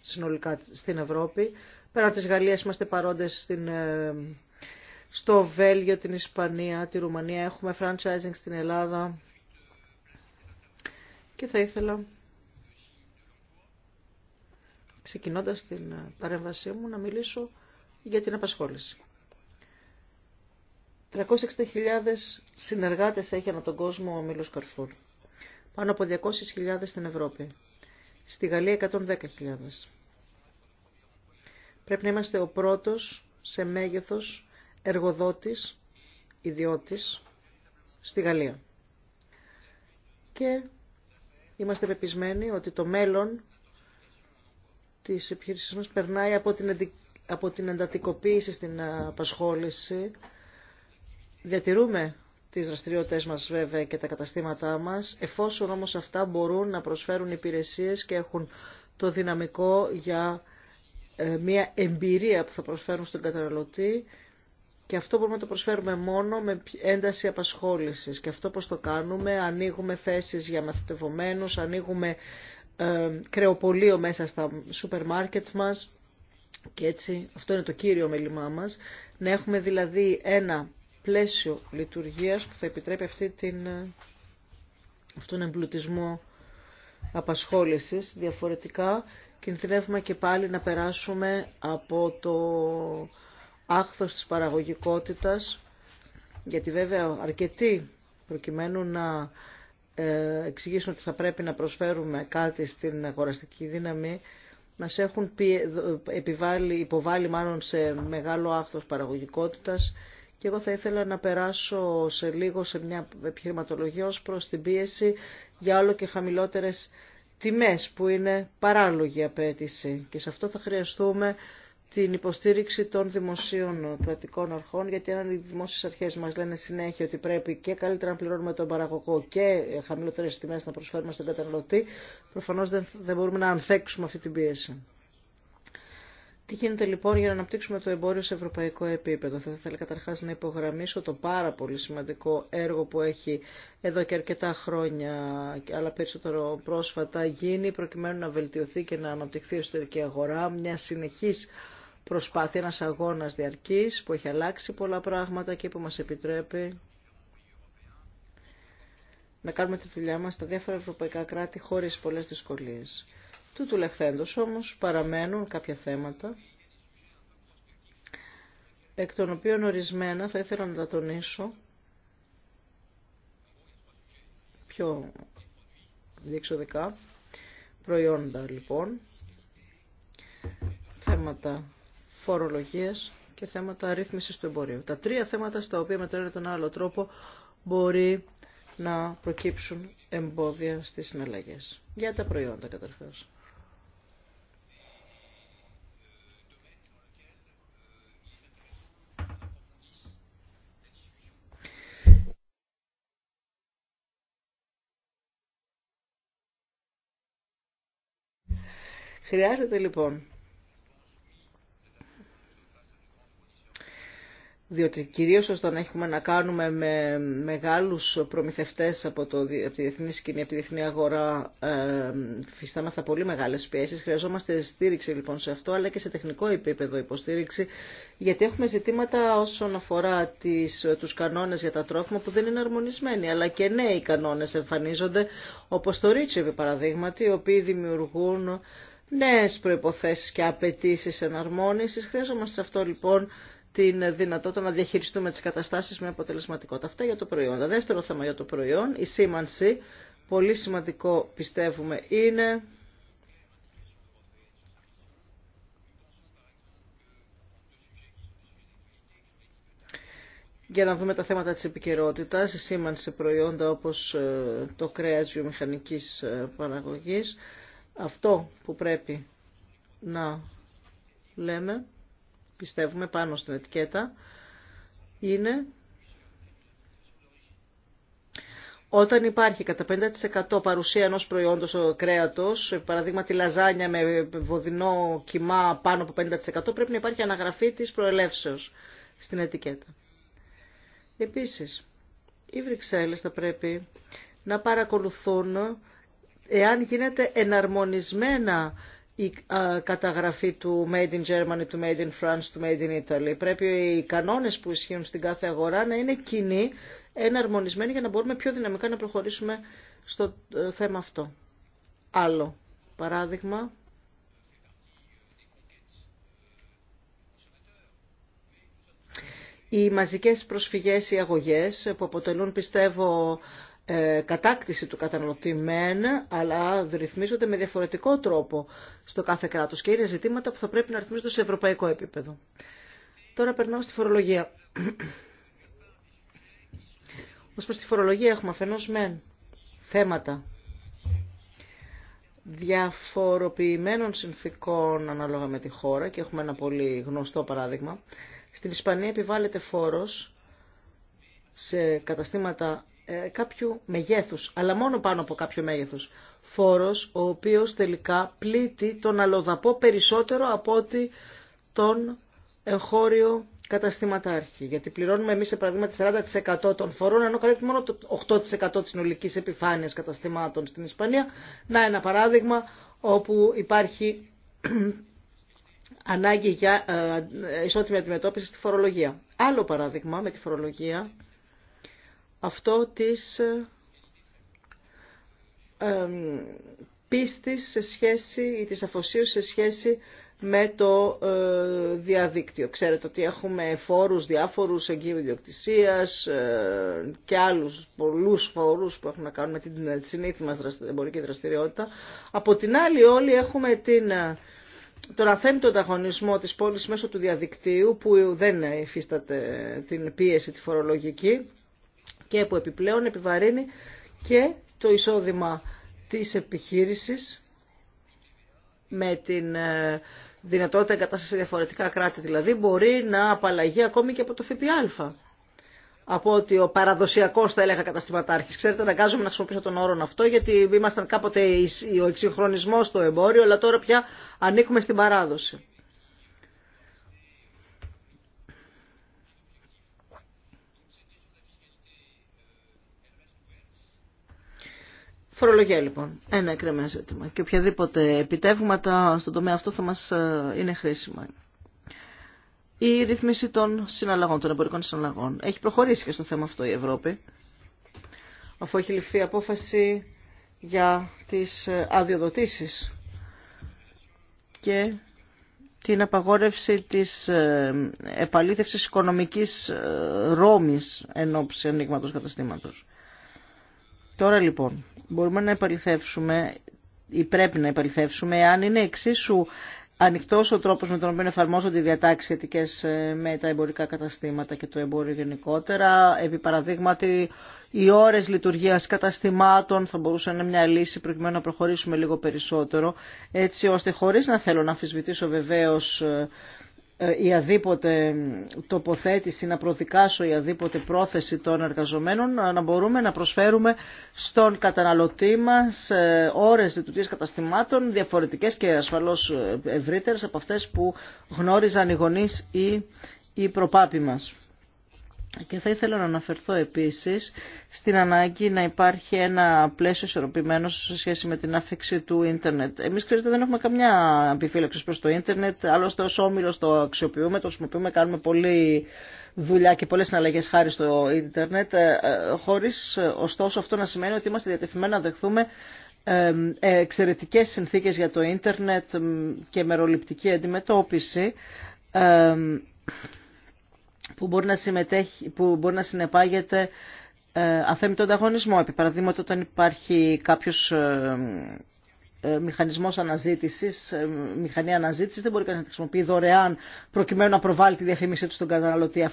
συνολικά στην Ευρώπη. Πέρα της Γαλλίας είμαστε παρόντες στην, ε, στο Βέλγιο, την Ισπανία, τη Ρουμανία. Έχουμε franchising στην Ελλάδα. Και θα ήθελα, ξεκινώντας την ε, παρέμβασή μου, να μιλήσω για την απασχόληση. 360.000 συνεργάτες έχει ανά τον κόσμο ο Μίλος Καρφούρ πάνω από 200.000 στην Ευρώπη. Στη Γαλλία 110.000. Πρέπει να είμαστε ο πρώτος σε μέγεθος εργοδότης, ιδιώτης, στη Γαλλία. Και είμαστε πεπισμένοι ότι το μέλλον της επιχείρησής μας περνάει από την, από την εντατικοποίηση στην ε, απασχόληση. Διατηρούμε τις δραστηριότητες μας βέβαια και τα καταστήματά μας, εφόσον όμως αυτά μπορούν να προσφέρουν υπηρεσίες και έχουν το δυναμικό για ε, μια εμπειρία που θα προσφέρουν στον καταναλωτή και αυτό μπορούμε να το προσφέρουμε μόνο με ένταση απασχόλησης. Και αυτό πώς το κάνουμε, ανοίγουμε θέσεις για μαθητευομένους, ανοίγουμε ε, κρεοπολείο μέσα στα σούπερ μάρκετ μας και έτσι, αυτό είναι το κύριο μέλημά μας, να έχουμε δηλαδή ένα πλαίσιο λειτουργίας που θα επιτρέπει αυτή την, αυτόν τον εμπλουτισμό απασχόλησης διαφορετικά κινδυνεύουμε και πάλι να περάσουμε από το άχθος της παραγωγικότητας γιατί βέβαια αρκετοί προκειμένου να ε, εξηγήσουν ότι θα πρέπει να προσφέρουμε κάτι στην αγοραστική δύναμη μας έχουν επιβάλει, υποβάλει μάλλον σε μεγάλο άχθος παραγωγικότητας και εγώ θα ήθελα να περάσω σε λίγο σε μια επιχειρηματολογία ως προς την πίεση για όλο και χαμηλότερες τιμές που είναι παράλογη απέτηση. Και σε αυτό θα χρειαστούμε την υποστήριξη των δημοσίων κρατικών αρχών, γιατί αν οι δημόσιε αρχέ μα λένε συνέχεια ότι πρέπει και καλύτερα να πληρώνουμε τον παραγωγό και χαμηλότερε τιμέ να προσφέρουμε στον καταναλωτή, προφανώ δεν, δεν μπορούμε να ανθέξουμε αυτή την πίεση. Τι γίνεται λοιπόν για να αναπτύξουμε το εμπόριο σε ευρωπαϊκό επίπεδο. Θα ήθελα καταρχάς να υπογραμμίσω το πάρα πολύ σημαντικό έργο που έχει εδώ και αρκετά χρόνια, αλλά περισσότερο πρόσφατα, γίνει προκειμένου να βελτιωθεί και να αναπτυχθεί η εσωτερική αγορά, μια συνεχής προσπάθεια, ένας αγώνας διαρκής που έχει αλλάξει πολλά πράγματα και που μας επιτρέπει να κάνουμε τη δουλειά μας στα διάφορα ευρωπαϊκά κράτη χωρίς πολλές δυσκολίες. Τούτου λεχθέντος όμως παραμένουν κάποια θέματα εκ των οποίων ορισμένα θα ήθελα να τα τονίσω πιο διεξοδικά προϊόντα λοιπόν θέματα φορολογίας και θέματα ρύθμισης του εμπορίου. Τα τρία θέματα στα οποία με τον τον άλλο τρόπο μπορεί να προκύψουν εμπόδια στις συναλλαγές. Για τα προϊόντα καταρχάς. Χρειάζεται λοιπόν διότι κυρίως όταν έχουμε να κάνουμε με μεγάλους προμηθευτές από, το, από τη διεθνή σκηνή, από τη διεθνή αγορά, ε, φυστάμεθα πολύ μεγάλες πιέσεις. Χρειαζόμαστε στήριξη λοιπόν σε αυτό, αλλά και σε τεχνικό επίπεδο υποστήριξη, γιατί έχουμε ζητήματα όσον αφορά τις, τους κανόνες για τα τρόφιμα που δεν είναι αρμονισμένοι, αλλά και νέοι κανόνες εμφανίζονται, όπως το Ρίτσεβι παραδείγματι, οι οποίοι δημιουργούν νέες προϋποθέσεις και απαιτήσει εναρμόνισης. Χρειαζόμαστε σε αυτό λοιπόν την δυνατότητα να διαχειριστούμε τις καταστάσεις με αποτελεσματικότητα. Αυτά για το προϊόν. δεύτερο θέμα για το προϊόν, η σήμανση, πολύ σημαντικό πιστεύουμε είναι... για να δούμε τα θέματα της επικαιρότητα, η σήμανση προϊόντα όπως ε, το κρέας βιομηχανικής ε, παραγωγής. Αυτό που πρέπει να λέμε, πιστεύουμε πάνω στην ετικέτα, είναι όταν υπάρχει κατά 50% παρουσία ενός προϊόντος κρέατος, παραδείγμα τη λαζάνια με βοδινό κοιμά πάνω από 50% πρέπει να υπάρχει αναγραφή της προελεύσεως στην ετικέτα. Επίσης, οι Βρυξέλλες θα πρέπει να παρακολουθούν εάν γίνεται εναρμονισμένα η καταγραφή του Made in Germany, του Made in France, του Made in Italy. Πρέπει οι κανόνες που ισχύουν στην κάθε αγορά να είναι κοινοί, εναρμονισμένοι για να μπορούμε πιο δυναμικά να προχωρήσουμε στο ε, θέμα αυτό. Άλλο παράδειγμα. Οι μαζικές προσφυγές οι αγωγές που αποτελούν πιστεύω ε, κατάκτηση του καταναλωτή μεν, αλλά ρυθμίζονται με διαφορετικό τρόπο στο κάθε κράτος και είναι ζητήματα που θα πρέπει να ρυθμίζονται σε ευρωπαϊκό επίπεδο. Τώρα περνάω στη φορολογία. Ως προς τη φορολογία έχουμε αφενός μεν θέματα διαφοροποιημένων συνθήκων ανάλογα με τη χώρα και έχουμε ένα πολύ γνωστό παράδειγμα. Στην Ισπανία επιβάλλεται φόρος σε καταστήματα ε, κάποιου μεγέθους, αλλά μόνο πάνω από κάποιο μέγεθος. Φόρος ο οποίος τελικά πλήττει τον αλλοδαπό περισσότερο από ότι τον εγχώριο καταστηματάρχη. Γιατί πληρώνουμε εμείς, σε παράδειγμα, 40% των φορών, ενώ καλύπτει μόνο το 8% της συνολικής επιφάνειας καταστημάτων στην Ισπανία. Να ένα παράδειγμα όπου υπάρχει (clears throat) ανάγκη για ε, ισότιμη αντιμετώπιση στη φορολογία. Άλλο παράδειγμα με τη φορολογία αυτό της πίστης σε σχέση ή της αφοσίωσης σε σχέση με το ε, διαδίκτυο. Ξέρετε ότι έχουμε φόρους διάφορους εγγύου ιδιοκτησίας ε, και άλλους πολλούς φόρους που έχουν να κάνουν με την συνήθιμα εμπορική δραστηριότητα. Από την άλλη όλοι έχουμε την, ε, τον αθέμητο ανταγωνισμό της πόλης μέσω του διαδικτύου που δεν υφίσταται την πίεση τη φορολογική και που επιπλέον επιβαρύνει και το εισόδημα της επιχείρησης με την ε, δυνατότητα εγκατάσταση σε διαφορετικά κράτη. Δηλαδή μπορεί να απαλλαγεί ακόμη και από το ΦΠΑ. Από ότι ο παραδοσιακό, θα έλεγα, καταστηματάρχη. Ξέρετε, αναγκάζομαι να χρησιμοποιήσω τον όρο αυτό, γιατί ήμασταν κάποτε ο εξυγχρονισμό στο εμπόριο, αλλά τώρα πια ανήκουμε στην παράδοση. Φορολογία λοιπόν, ένα εκκρεμένο ζήτημα και οποιαδήποτε επιτεύγματα στον τομέα αυτό θα μας ε, είναι χρήσιμα. Η ρύθμιση των συναλλαγών, των εμπορικών συναλλαγών. Έχει προχωρήσει και στο θέμα αυτό η Ευρώπη, αφού έχει ληφθεί απόφαση για τις ε, αδειοδοτήσεις και την απαγόρευση της ε, επαλήθευσης οικονομικής ρόμης εν ανοίγματος καταστήματος. Τώρα λοιπόν μπορούμε να επαληθεύσουμε ή πρέπει να επαληθεύσουμε αν είναι εξίσου ανοιχτό ο τρόπο με τον οποίο εφαρμόζονται οι διατάξει σχετικέ ε, με τα εμπορικά καταστήματα και το εμπόριο γενικότερα. Επί παραδείγματι, οι ώρε λειτουργία καταστημάτων θα μπορούσαν να είναι μια λύση προκειμένου να προχωρήσουμε λίγο περισσότερο, έτσι ώστε χωρί να θέλω να αμφισβητήσω βεβαίω ε, ε, η αδίποτε τοποθέτηση, να προδικάσω η αδίποτε πρόθεση των εργαζομένων, να μπορούμε να προσφέρουμε στον καταναλωτή μας ε, ώρες λειτουργίας καταστημάτων διαφορετικές και ασφαλώς ε, ευρύτερες από αυτές που γνώριζαν οι γονείς ή οι προπάποι μας. Και θα ήθελα να αναφερθώ επίσης στην ανάγκη να υπάρχει ένα πλαίσιο ισορροπημένο σε σχέση με την άφηξη του ίντερνετ. Εμείς ξέρετε δεν έχουμε καμιά επιφύλαξη προς το ίντερνετ, άλλωστε ως όμιλος το αξιοποιούμε, το χρησιμοποιούμε, κάνουμε πολλή δουλειά και πολλές συναλλαγές χάρη στο ίντερνετ, ε, χωρίς ωστόσο αυτό να σημαίνει ότι είμαστε διατεθειμένοι να δεχθούμε ε, ε, εξαιρετικές συνθήκες για το ίντερνετ και μεροληπτική αντιμετώπιση που μπορεί να, συμμετέχει, που μπορεί να συνεπάγεται ε, αθέμητο ανταγωνισμό. Επί παραδείγματο, όταν υπάρχει κάποιος ε, ε, μηχανισμό αναζήτηση, ε, μηχανή αναζήτηση, δεν μπορεί κανεί να τη χρησιμοποιεί δωρεάν προκειμένου να προβάλλει τη διαφήμιση του στον καταναλωτή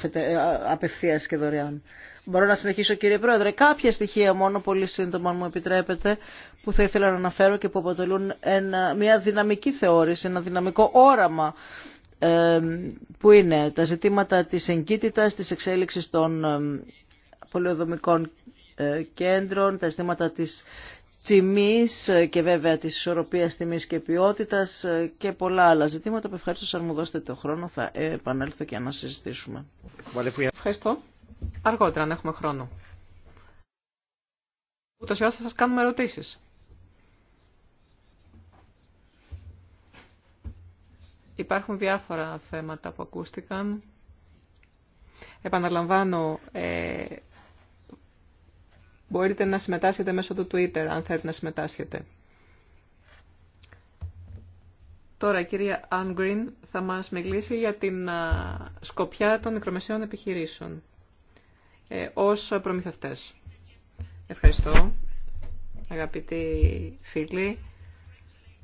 απευθεία και δωρεάν. Μπορώ να συνεχίσω κύριε Πρόεδρε. Κάποια στοιχεία μόνο, πολύ σύντομα αν μου επιτρέπετε, που θα ήθελα να αναφέρω και που αποτελούν ένα, μια δυναμική θεώρηση, ένα δυναμικό όραμα που είναι τα ζητήματα της εγκύτητας, της εξέλιξης των πολεοδομικών ε, κέντρων, τα ζητήματα της τιμής ε, και βέβαια της ισορροπίας τιμής και ποιότητας ε, και πολλά άλλα ζητήματα που ευχαριστώ αν μου δώσετε το χρόνο θα επανέλθω και να συζητήσουμε. Ευχαριστώ. Αργότερα αν έχουμε χρόνο. Ούτως ή άλλως θα σας κάνουμε ερωτήσεις. Υπάρχουν διάφορα θέματα που ακούστηκαν. Επαναλαμβάνω, ε, μπορείτε να συμμετάσχετε μέσω του Twitter, αν θέλετε να συμμετάσχετε. Τώρα κυρία Αν Γκριν θα μας μιλήσει για την σκοπιά των μικρομεσαίων επιχειρήσεων ε, ως προμηθευτές. Ευχαριστώ, αγαπητοί φίλοι,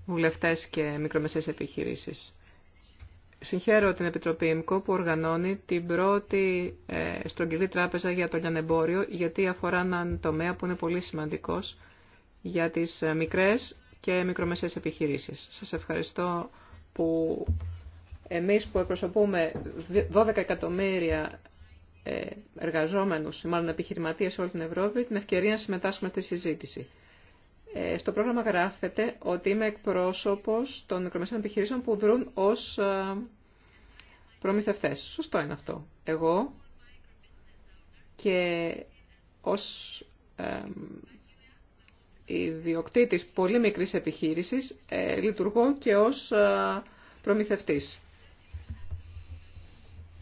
βουλευτές και μικρομεσαίες επιχειρήσεις. Συγχαίρω την Επιτροπή ΕΜΚΟ που οργανώνει την πρώτη ε, στρογγυλή τράπεζα για το λιανεμπόριο, γιατί αφορά έναν τομέα που είναι πολύ σημαντικός για τις ε, μικρές και μικρομεσαίες επιχειρήσεις. Σας ευχαριστώ που εμείς που εκπροσωπούμε 12 εκατομμύρια ε, εργαζόμενους, μάλλον επιχειρηματίες σε όλη την Ευρώπη, την ευκαιρία να συμμετάσχουμε στη συζήτηση. Ε, στο πρόγραμμα γράφεται ότι είμαι εκπρόσωπος των μικρομεσαίων επιχειρήσεων που δρούν ως ε, προμηθευτές. Σωστό είναι αυτό. Εγώ και ως ε, ιδιοκτήτης πολύ μικρής επιχείρησης ε, λειτουργώ και ως ε, προμηθευτής.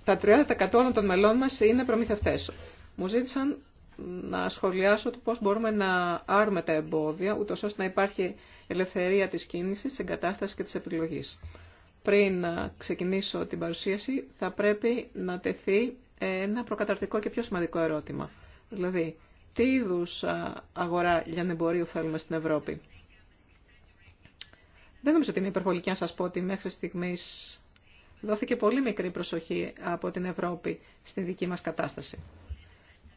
Τα 30% των μελών μας είναι προμηθευτές. Μου να σχολιάσω το πώς μπορούμε να άρουμε τα εμπόδια, ούτως ώστε να υπάρχει ελευθερία της κίνησης, της εγκατάστασης και της επιλογής. Πριν ε, ξεκινήσω την παρουσίαση, θα πρέπει να τεθεί ένα προκαταρτικό και πιο σημαντικό ερώτημα. Δηλαδή, τι είδου ε, αγορά λιανεμπορίου θέλουμε στην Ευρώπη. Δεν νομίζω ότι είναι υπερβολική να σας πω ότι μέχρι στιγμής δόθηκε πολύ μικρή προσοχή από την Ευρώπη στη δική μας κατάσταση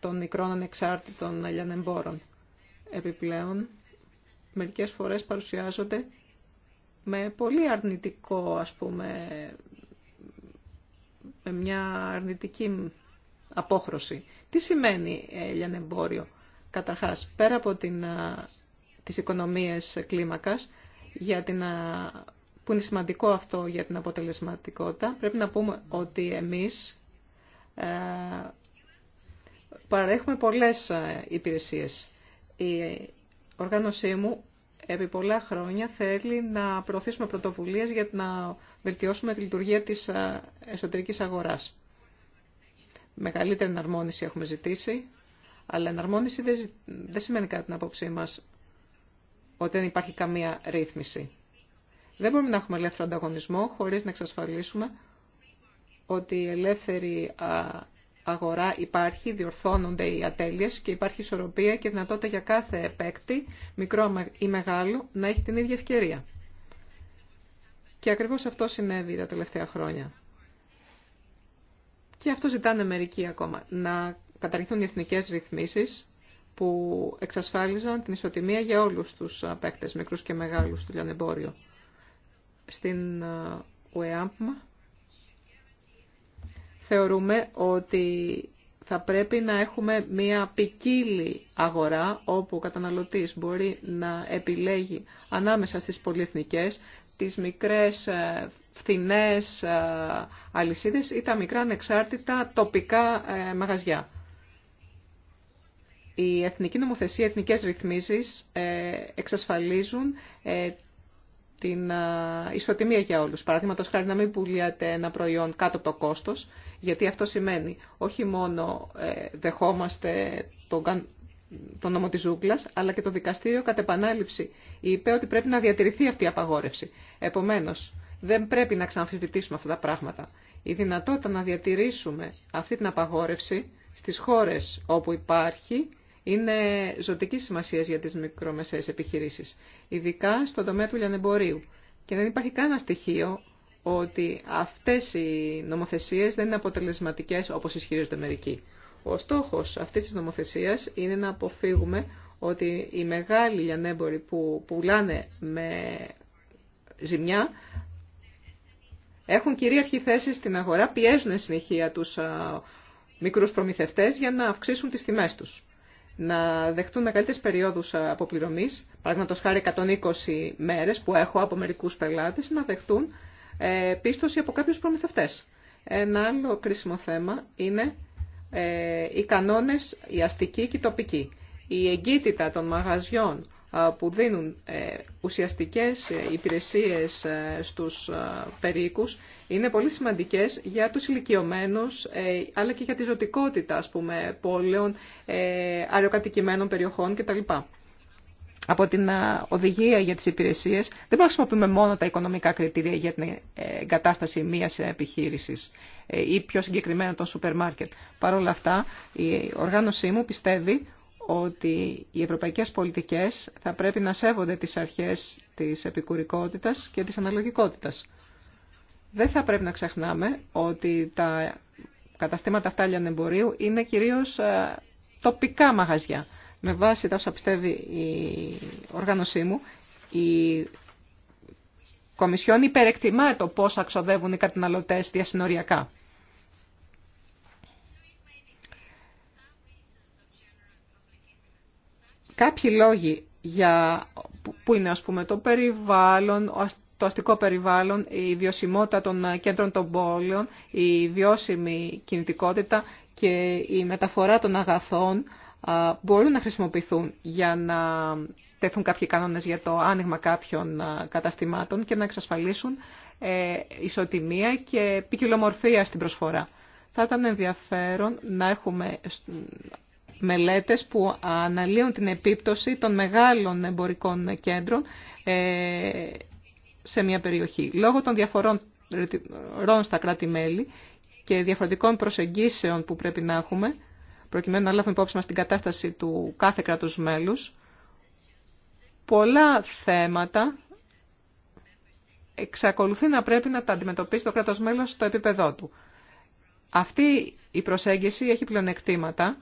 των μικρών ανεξάρτητων ελιανεμπόρων. Επιπλέον, μερικές φορές παρουσιάζονται με πολύ αρνητικό, ας πούμε, με μια αρνητική απόχρωση. Τι σημαίνει λιανεμπόριο. Καταρχάς, πέρα από την, τις οικονομίες κλίμακας, για την, που είναι σημαντικό αυτό για την αποτελεσματικότητα, πρέπει να πούμε ότι εμείς ε, παρέχουμε πολλές ε, υπηρεσίες. Η οργάνωσή μου επί πολλά χρόνια θέλει να προωθήσουμε πρωτοβουλίες για να βελτιώσουμε τη λειτουργία της ε, εσωτερικής αγοράς. Μεγαλύτερη εναρμόνιση έχουμε ζητήσει, αλλά εναρμόνιση δεν σημαίνει κάτι την απόψή μας ότι δεν υπάρχει καμία ρύθμιση. Δεν μπορούμε να έχουμε ελεύθερο ανταγωνισμό χωρίς να εξασφαλίσουμε ότι η ελεύθερη αγορά υπάρχει, διορθώνονται οι ατέλειες και υπάρχει ισορροπία και δυνατότητα για κάθε παίκτη, μικρό ή μεγάλο, να έχει την ίδια ευκαιρία. Και ακριβώς αυτό συνέβη τα τελευταία χρόνια. Και αυτό ζητάνε μερικοί ακόμα. Να καταργηθούν οι εθνικές ρυθμίσεις που εξασφάλιζαν την ισοτιμία για όλους τους παίκτες, μικρούς και μεγάλους, του λιανεμπόριο. Στην ε, ΟΕΑΜΠΜΑ θεωρούμε ότι θα πρέπει να έχουμε μια ποικίλη αγορά όπου ο καταναλωτής μπορεί να επιλέγει ανάμεσα στις πολυεθνικές τις μικρές ε, φθηνές ε, αλυσίδες ή τα μικρά ανεξάρτητα τοπικά ε, μαγαζιά. Η εθνική νομοθεσία, οι εθνικές ρυθμίσεις εξασφαλίζουν την ισοτιμία για όλους. Παραδείγματο χάρη να μην πουλιάτε ένα προϊόν κάτω από το κόστος, γιατί αυτό σημαίνει όχι μόνο ε, δεχόμαστε τον, τον νόμο της ζούγκλας, αλλά και το δικαστήριο κατ' επανάληψη είπε ότι πρέπει να διατηρηθεί αυτή η απαγόρευση. Επομένως, δεν πρέπει να ξαναμφιβητήσουμε αυτά τα πράγματα. Η δυνατότητα να διατηρήσουμε αυτή την απαγόρευση στις χώρες όπου υπάρχει είναι ζωτική σημασία για τι μικρομεσαίε επιχειρήσει, ειδικά στον τομέα του λιανεμπορίου. Και δεν υπάρχει κανένα στοιχείο ότι αυτέ οι νομοθεσίε δεν είναι αποτελεσματικέ όπω ισχυρίζονται μερικοί. Ο στόχο αυτή τη νομοθεσία είναι να αποφύγουμε ότι οι μεγάλοι λιανέμποροι που πουλάνε με ζημιά έχουν κυρίαρχη θέση στην αγορά, πιέζουν συνεχεία τους μικρούς προμηθευτές για να αυξήσουν τις τιμές τους να δεχτούν μεγαλύτερε περιόδου αποπληρωμή, παραδείγματο χάρη 120 μέρε που έχω από μερικού πελάτες, να δεχτούν ε, πίστοση από κάποιους προμηθευτές. Ένα άλλο κρίσιμο θέμα είναι ε, οι κανόνες, οι αστικοί και οι τοπικοί. Η εγκύτητα των μαγαζιών ε, που δίνουν ε, ουσιαστικές ε, υπηρεσίες στους περίκους είναι πολύ σημαντικές για τους ηλικιωμένους αλλά και για τη ζωτικότητα πούμε, πόλεων, αεροκατοικημένων περιοχών κτλ. Από την οδηγία για τις υπηρεσίες δεν μπορούμε να χρησιμοποιούμε μόνο τα οικονομικά κριτήρια για την εγκατάσταση μιας επιχείρησης ή πιο συγκεκριμένα των σούπερ μάρκετ. Παρ' όλα αυτά η οργάνωσή μου πιστεύει ότι οι ευρωπαϊκές πολιτικές θα πρέπει να σέβονται τις αρχές της επικουρικότητας και της αναλογικότητας. Δεν θα πρέπει να ξεχνάμε ότι τα καταστήματα αυτά λιανεμπορίου είναι κυρίως ε, τοπικά μαγαζιά. Με βάση τα όσα πιστεύει η οργάνωσή μου, η Κομισιόν υπερεκτιμά το πώς αξοδεύουν οι καταναλωτές διασυνοριακά. Κάποιοι λόγοι για, που είναι το περιβάλλον, το αστικό περιβάλλον, η βιωσιμότητα των ε, κέντρων των πόλεων, η βιώσιμη κινητικότητα και η μεταφορά των αγαθών μπορούν να χρησιμοποιηθούν για να τεθούν κάποιοι κανόνες για το άνοιγμα κάποιων καταστημάτων και να εξασφαλίσουν ε, ισοτιμία και ποικιλομορφία στην προσφορά. Θα ήταν ενδιαφέρον να έχουμε μελέτες που αναλύουν την επίπτωση των μεγάλων εμπορικών κέντρων ε, σε μια περιοχή. Λόγω των διαφορών στα κράτη-μέλη και διαφορετικών προσεγγίσεων που πρέπει να έχουμε, προκειμένου να λάβουμε υπόψη μας την κατάσταση του κάθε κράτους μέλους, πολλά θέματα εξακολουθεί να πρέπει να τα αντιμετωπίσει το κράτος μέλος στο επίπεδό του. Αυτή η προσέγγιση έχει πλεονεκτήματα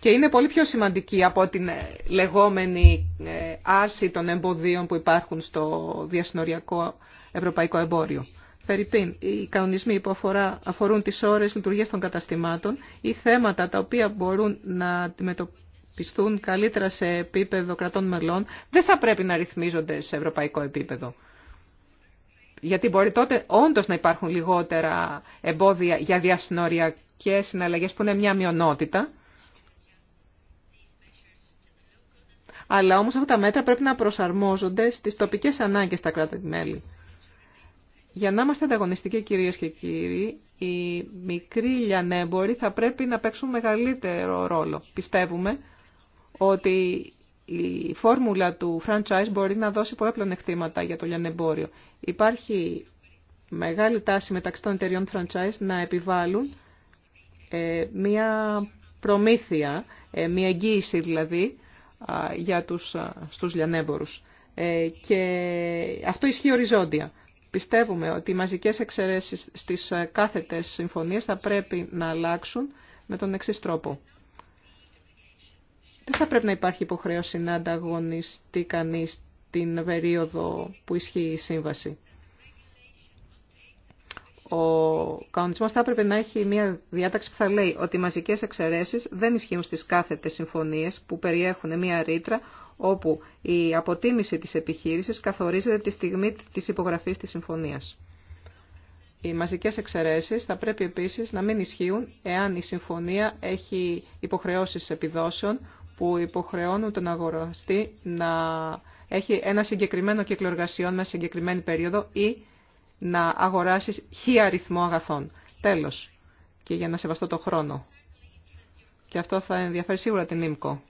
και είναι πολύ πιο σημαντική από την ε, λεγόμενη ε, άρση των εμποδίων που υπάρχουν στο διασυνοριακό ευρωπαϊκό εμπόριο. Φερρυπίν, οι κανονισμοί που αφορούν τις ώρες λειτουργίας των καταστημάτων ή θέματα τα οποία μπορούν να αντιμετωπιστούν καλύτερα σε επίπεδο κρατών μελών δεν θα πρέπει να ρυθμίζονται σε ευρωπαϊκό επίπεδο. Γιατί μπορεί τότε όντως να υπάρχουν λιγότερα εμπόδια για διασυνοριακές συναλλαγές που είναι μια μειονότητα Αλλά όμως αυτά τα μέτρα πρέπει να προσαρμόζονται στις τοπικές ανάγκες στα κράτη-μέλη. Για να είμαστε ανταγωνιστικοί κυρίες και κύριοι, οι μικροί λιανέμποροι θα πρέπει να παίξουν μεγαλύτερο ρόλο. Πιστεύουμε ότι η φόρμουλα του franchise μπορεί να δώσει πολλά πλονεκτήματα για το λιανεμπόριο. Υπάρχει μεγάλη τάση μεταξύ των εταιριών franchise να επιβάλλουν ε, μία προμήθεια, ε, μία εγγύηση δηλαδή, για τους, στους λιανέμπορους. Ε, και αυτό ισχύει οριζόντια. Πιστεύουμε ότι οι μαζικές εξαιρέσεις στις κάθετες συμφωνίες θα πρέπει να αλλάξουν με τον εξή τρόπο. Δεν θα πρέπει να υπάρχει υποχρέωση να ανταγωνιστεί κανείς την περίοδο που ισχύει η σύμβαση. Ο κανονισμό θα έπρεπε να έχει μια διάταξη που θα λέει ότι οι μαζικέ εξαιρέσει δεν ισχύουν στι κάθετε συμφωνίε που περιέχουν μια ρήτρα όπου η αποτίμηση τη επιχείρηση καθορίζεται τη στιγμή της υπογραφή τη συμφωνία. Οι μαζικέ εξαιρέσει θα πρέπει επίση να μην ισχύουν εάν η συμφωνία έχει υποχρεώσει επιδόσεων που υποχρεώνουν τον αγοραστή να έχει ένα συγκεκριμένο κύκλο εργασιών με συγκεκριμένη περίοδο ή να αγοράσεις χι αριθμό αγαθών. Τέλος. Και για να σεβαστώ το χρόνο. Και αυτό θα ενδιαφέρει σίγουρα την ΙΜΚΟ.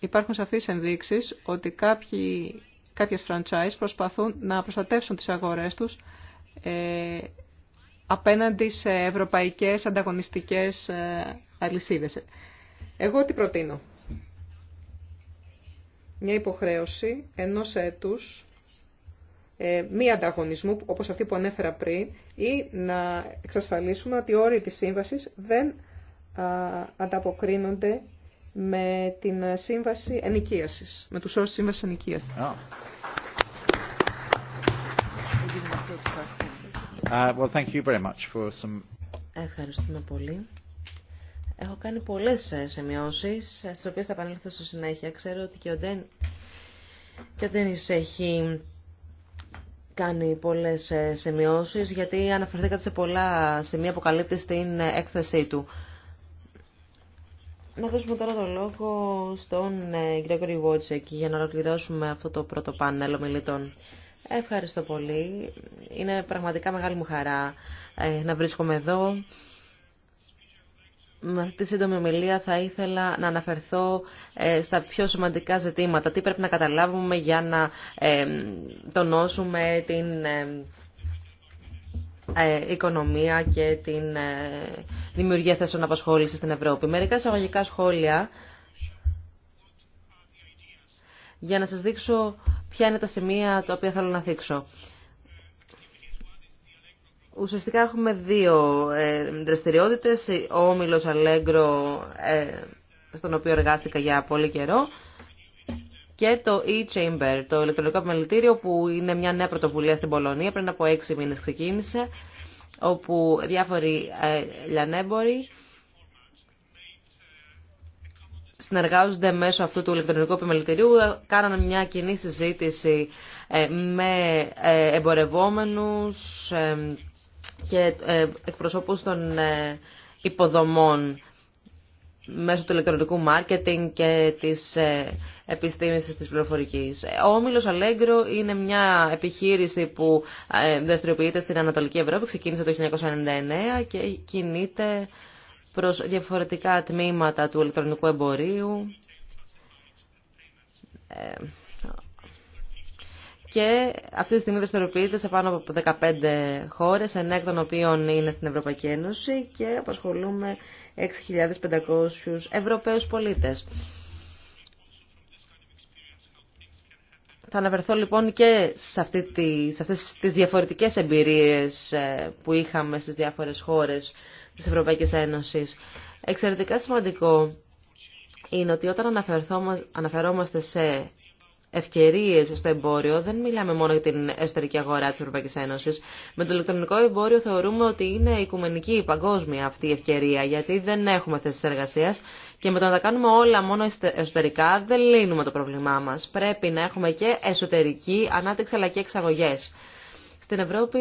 Υπάρχουν σαφείς ενδείξεις ότι κάποιοι, κάποιες franchise προσπαθούν να προστατεύσουν τις αγορές τους ε, απέναντι σε ευρωπαϊκές ανταγωνιστικές ε, αλυσίδες. Εγώ τι προτείνω. Μια υποχρέωση ενός έτους ε, μη ανταγωνισμού, όπως αυτή που ανέφερα πριν, ή να εξασφαλίσουμε ότι οι όροι της σύμβασης δεν ανταποκρίνονται με την σύμβαση ενοικίασης, με τους όρους της σύμβασης ενοικίασης. Uh, well, thank you very much for some... Ευχαριστούμε πολύ. Έχω κάνει πολλές ε, σημειώσεις, ε, στις οποίες θα επανέλθω στη συνέχεια. Ξέρω ότι και ο Ντένις έχει κάνει πολλές ε, σημειώσεις γιατί αναφερθήκατε σε πολλά σημεία που καλύπτει στην έκθεσή του. Να δώσουμε τώρα το λόγο στον Gregory ε, Βότσεκ για να ολοκληρώσουμε αυτό το πρώτο πάνελ ομιλητών. Ευχαριστώ πολύ. Είναι πραγματικά μεγάλη μου χαρά ε, να βρίσκομαι εδώ με αυτή τη σύντομη ομιλία θα ήθελα να αναφερθώ ε, στα πιο σημαντικά ζητήματα. Τι πρέπει να καταλάβουμε για να ε, τονώσουμε την ε, οικονομία και την δημιουργία θέσεων απασχόλησης στην Ευρώπη. Μερικά εισαγωγικά σχόλια για να σας δείξω ποια είναι τα σημεία τα οποία θέλω να δείξω. Ουσιαστικά έχουμε δύο ε, δραστηριότητες, ο Όμιλος Αλέγκρο, ε, στον οποίο εργάστηκα για πολύ καιρό, και το e-Chamber, το ηλεκτρονικό επιμελητήριο που είναι μια νέα πρωτοβουλία στην Πολωνία, πριν από έξι μήνες ξεκίνησε, όπου διάφοροι ε, λιανέμποροι συνεργάζονται μέσω αυτού του ηλεκτρονικού επιμελητηρίου, κάνανε μια κοινή συζήτηση με εμπορευόμενους, και ε, εκπροσώπους των ε, υποδομών μέσω του ηλεκτρονικού μάρκετινγκ και της ε, επιστήμης της πληροφορικής. Ο Όμιλος Αλέγκρο είναι μια επιχείρηση που δραστηριοποιείται στην Ανατολική Ευρώπη, ξεκίνησε το 1999 και κινείται προς διαφορετικά τμήματα του ηλεκτρονικού εμπορίου, και αυτή τη στιγμή δραστηριοποιείται σε πάνω από 15 χώρες, ενέκ των οποίων είναι στην Ευρωπαϊκή Ένωση και απασχολούμε 6.500 Ευρωπαίους πολίτες. Θα αναφερθώ λοιπόν και σε, αυτή τη, σε αυτές τις διαφορετικές εμπειρίες ε, που είχαμε στις διάφορες χώρες της Ευρωπαϊκής Ένωσης. Εξαιρετικά σημαντικό είναι ότι όταν αναφερόμαστε σε ευκαιρίε στο εμπόριο, δεν μιλάμε μόνο για την εσωτερική αγορά τη Ευρωπαϊκή Ένωση. Με το ηλεκτρονικό εμπόριο θεωρούμε ότι είναι οικουμενική, παγκόσμια αυτή η ευκαιρία, γιατί δεν έχουμε θέσει εργασία και με το να τα κάνουμε όλα μόνο εσωτερικά δεν λύνουμε το πρόβλημά μα. Πρέπει να έχουμε και εσωτερική ανάπτυξη αλλά και εξαγωγέ. Στην Ευρώπη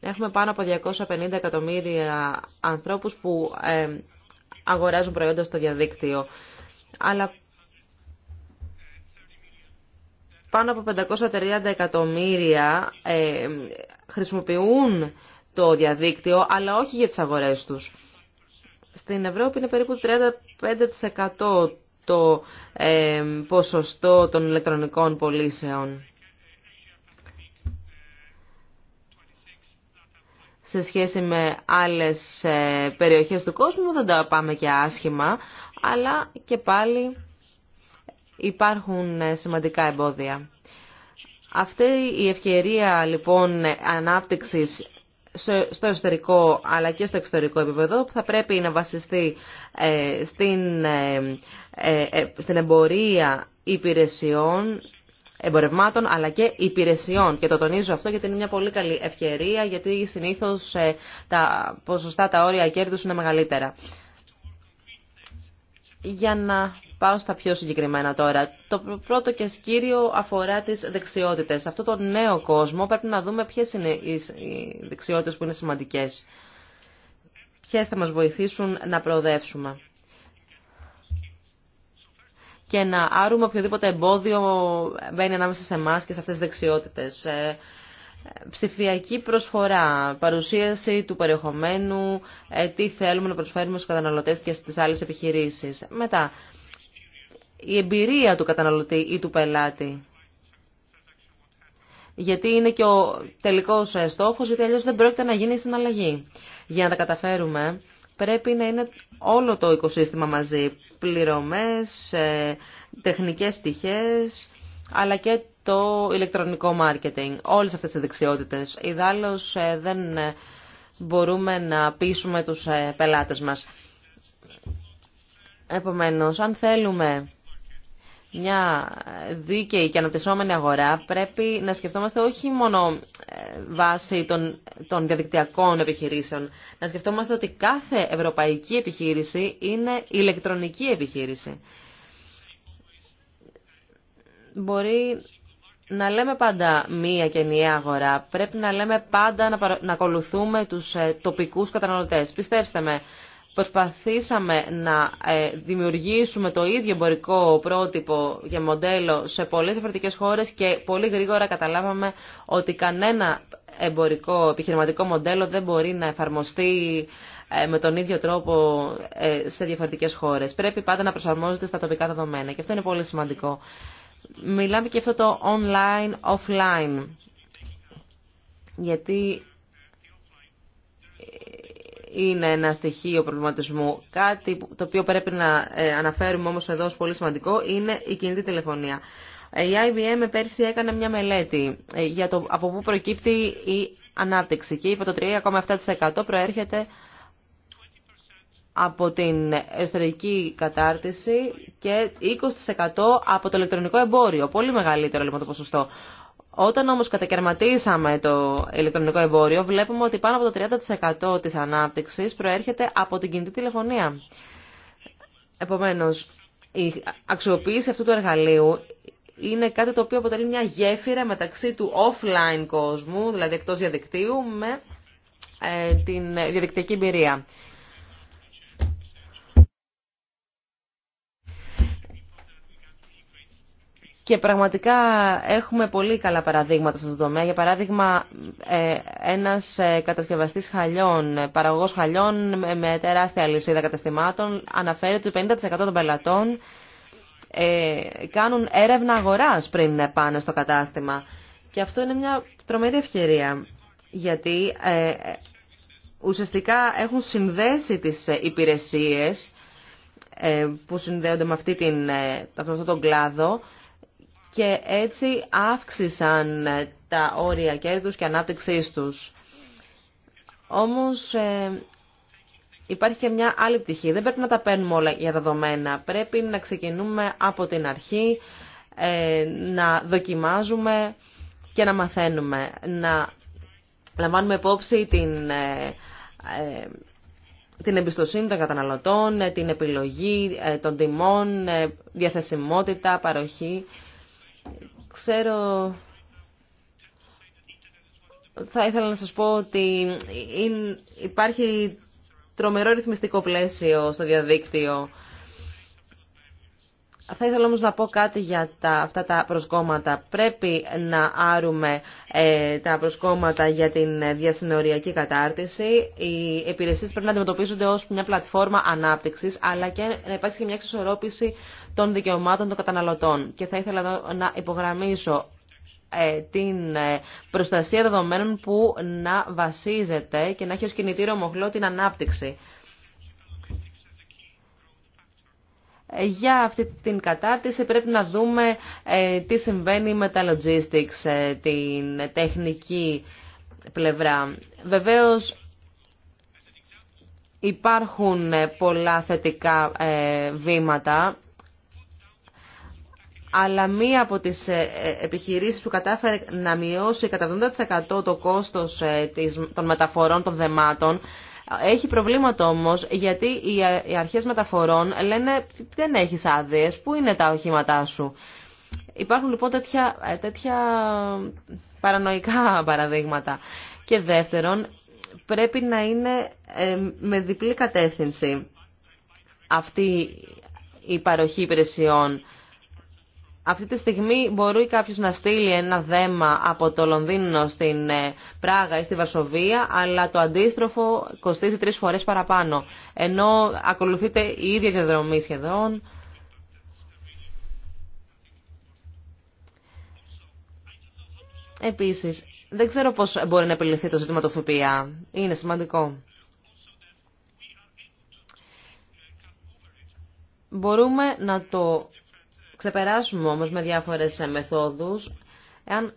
έχουμε πάνω από 250 εκατομμύρια ανθρώπους που ε, αγοράζουν προϊόντα στο διαδίκτυο. Αλλά πάνω από 530 εκατομμύρια ε, χρησιμοποιούν το διαδίκτυο, αλλά όχι για τις αγορές τους. Στην Ευρώπη είναι περίπου 35% το ε, ποσοστό των ηλεκτρονικών πωλήσεων. Σε σχέση με άλλες ε, περιοχές του κόσμου δεν τα πάμε και άσχημα, αλλά και πάλι υπάρχουν ε, σημαντικά εμπόδια. Αυτή η ευκαιρία λοιπόν ανάπτυξης στο εσωτερικό αλλά και στο εξωτερικό επίπεδο θα πρέπει να βασιστεί ε, στην, ε, στην εμπορία υπηρεσιών εμπορευμάτων αλλά και υπηρεσιών. Και το τονίζω αυτό γιατί είναι μια πολύ καλή ευκαιρία γιατί συνήθως τα ποσοστά, τα όρια κέρδους είναι μεγαλύτερα. Για Πάω στα πιο συγκεκριμένα τώρα. Το πρώτο και σκύριο αφορά τις δεξιότητες. Σε αυτό το νέο κόσμο πρέπει να δούμε ποιε είναι οι δεξιότητες που είναι σημαντικές. Ποιε θα μας βοηθήσουν να προοδεύσουμε. Και να άρουμε οποιοδήποτε εμπόδιο μπαίνει ανάμεσα σε εμά και σε αυτές τις δεξιότητες. Ε, ψηφιακή προσφορά, παρουσίαση του περιεχομένου, ε, τι θέλουμε να προσφέρουμε στους καταναλωτές και στις άλλες επιχειρήσεις. Μετά, η εμπειρία του καταναλωτή ή του πελάτη. Γιατί είναι και ο τελικός ε, στόχος, γιατί αλλιώς δεν πρόκειται να γίνει η συναλλαγή. Για να τα καταφέρουμε, πρέπει να είναι όλο το οικοσύστημα μαζί. Πληρωμές, ε, τεχνικές πτυχές, αλλά και το ηλεκτρονικό μάρκετινγκ. Όλες αυτές τις δεξιότητες. Ιδάλλως ε, δεν μπορούμε να πείσουμε τους πελάτες μας. Επομένως, αν θέλουμε μια δίκαιη και αναπτυσσόμενη αγορά πρέπει να σκεφτόμαστε όχι μόνο ε, βάσει των, των διαδικτυακών επιχειρήσεων, να σκεφτόμαστε ότι κάθε ευρωπαϊκή επιχείρηση είναι ηλεκτρονική επιχείρηση. Μπορεί να λέμε πάντα μία και ενιαία αγορά, πρέπει να λέμε πάντα να, να ακολουθούμε τους ε, τοπικούς καταναλωτές. Πιστέψτε με, Προσπαθήσαμε να ε, δημιουργήσουμε το ίδιο εμπορικό πρότυπο για μοντέλο σε πολλές διαφορετικές χώρες και πολύ γρήγορα καταλάβαμε ότι κανένα εμπορικό επιχειρηματικό μοντέλο δεν μπορεί να εφαρμοστεί ε, με τον ίδιο τρόπο ε, σε διαφορετικές χώρες. Πρέπει πάντα να προσαρμόζεται στα τοπικά δεδομένα και αυτό είναι πολύ σημαντικό. Μιλάμε και αυτό το online-offline γιατί είναι ένα στοιχείο προβληματισμού. Κάτι το οποίο πρέπει να ε, αναφέρουμε όμως εδώ ως πολύ σημαντικό είναι η κινητή τηλεφωνία. Ε, η IBM πέρσι έκανε μια μελέτη ε, για το από πού προκύπτει η ανάπτυξη και είπε το 3,7% προέρχεται από την εσωτερική κατάρτιση και 20% από το ηλεκτρονικό εμπόριο. Πολύ μεγαλύτερο λοιπόν το ποσοστό. Όταν όμως κατακαιρματίσαμε το ηλεκτρονικό εμπόριο, βλέπουμε ότι πάνω από το 30% της ανάπτυξης προέρχεται από την κινητή τηλεφωνία. Επομένως, η αξιοποίηση αυτού του εργαλείου είναι κάτι το οποίο αποτελεί μια γέφυρα μεταξύ του offline κόσμου, δηλαδή εκτός διαδικτύου, με ε, την διαδικτυακή εμπειρία. Και πραγματικά έχουμε πολύ καλά παραδείγματα στον τομέα. Για παράδειγμα, ε, ένας ε, κατασκευαστής χαλιών, ε, παραγωγός χαλιών με τεράστια λυσίδα καταστημάτων, αναφέρει ότι 50% των πελατών κάνουν έρευνα αγοράς πριν πάνε στο κατάστημα. Και αυτό είναι μια τρομερή ευκαιρία, γιατί ουσιαστικά έχουν συνδέσει τις υπηρεσίες που συνδέονται με, αυτή την, με αυτόν τον κλάδο και έτσι αύξησαν τα όρια κέρδους και ανάπτυξής τους. Όμως ε, υπάρχει και μια άλλη πτυχή. Δεν πρέπει να τα παίρνουμε όλα για δεδομένα. Πρέπει να ξεκινούμε από την αρχή, ε, να δοκιμάζουμε και να μαθαίνουμε. Να λαμβάνουμε υπόψη την, ε, την εμπιστοσύνη των καταναλωτών, την επιλογή των τιμών, διαθεσιμότητα, παροχή Ξέρω... Θα ήθελα να σας πω ότι υπάρχει τρομερό ρυθμιστικό πλαίσιο στο διαδίκτυο θα ήθελα όμως να πω κάτι για τα, αυτά τα προσκόμματα. Πρέπει να άρουμε ε, τα προσκόμματα για την διασυνοριακή κατάρτιση. Οι υπηρεσίες πρέπει να αντιμετωπίζονται ως μια πλατφόρμα ανάπτυξης, αλλά και να υπάρξει και μια εξισορρόπηση των δικαιωμάτων των καταναλωτών. Και θα ήθελα εδώ να υπογραμμίσω ε, την ε, προστασία δεδομένων που να βασίζεται και να έχει ως κινητήριο μοχλό την ανάπτυξη. για αυτή την κατάρτιση πρέπει να δούμε ε, τι συμβαίνει με τα logistics, ε, την τεχνική πλευρά. Βεβαίως υπάρχουν ε, πολλά θετικά βήματα, αλλά μία από τις επιχειρήσεις που κατάφερε να μειώσει κατά 70% το κόστος των μεταφορών των δεμάτων έχει προβλήματα όμως γιατί οι αρχές μεταφορών λένε δεν έχει άδειε, πού είναι τα οχήματά σου. Υπάρχουν λοιπόν τέτοια, ε, τέτοια παρανοϊκά (laughs) παραδείγματα. Και δεύτερον, πρέπει να είναι ε, με διπλή κατεύθυνση αυτή η παροχή υπηρεσιών αυτή τη στιγμή μπορεί κάποιος να στείλει ένα δέμα από το Λονδίνο στην ε, Πράγα ή στη Βαρσοβία, αλλά το αντίστροφο κοστίζει τρεις φορές παραπάνω. Ενώ ακολουθείται η ίδια διαδρομή σχεδόν. Επίσης, δεν ξέρω πώς μπορεί να επιληθεί το ζήτημα του ΦΠΑ. Είναι σημαντικό. Μπορούμε να το ξεπεράσουμε όμως με διάφορες ε, μεθόδους, εάν,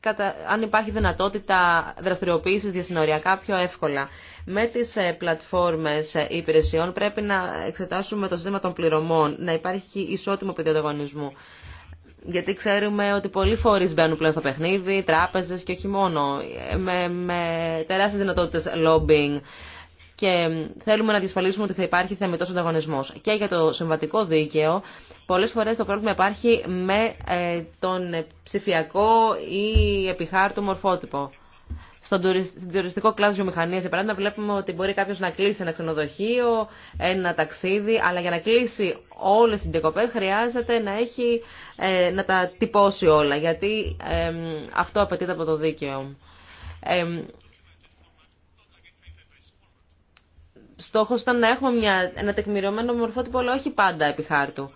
κατα, αν υπάρχει δυνατότητα δραστηριοποίησης διασυνοριακά πιο εύκολα. Με τις ε, πλατφόρμες ε, υπηρεσιών πρέπει να εξετάσουμε το ζήτημα των πληρωμών, να υπάρχει ισότιμο πεδιοδογωνισμού. Γιατί ξέρουμε ότι πολλοί φορείς μπαίνουν πλέον στο παιχνίδι, τράπεζες και όχι μόνο, με, με τεράστιες δυνατότητες lobbying και θέλουμε να διασφαλίσουμε ότι θα υπάρχει θεμετό ανταγωνισμό. Και για το συμβατικό δίκαιο, Πολλέ φορέ το πρόβλημα υπάρχει με ε, τον ψηφιακό ή επιχάρτου μορφότυπο. Στον τουριστικό κλάδο βιομηχανία, για παράδειγμα, βλέπουμε ότι μπορεί κάποιο να κλείσει ένα ξενοδοχείο, ένα ταξίδι, αλλά για να κλείσει όλε τι διακοπέ χρειάζεται να, έχει, ε, να τα τυπώσει όλα, γιατί ε, αυτό απαιτείται από το δίκαιο. στόχος ήταν να έχουμε μια, ένα τεκμηριωμένο μορφότυπο, αλλά όχι πάντα επί χάρτου.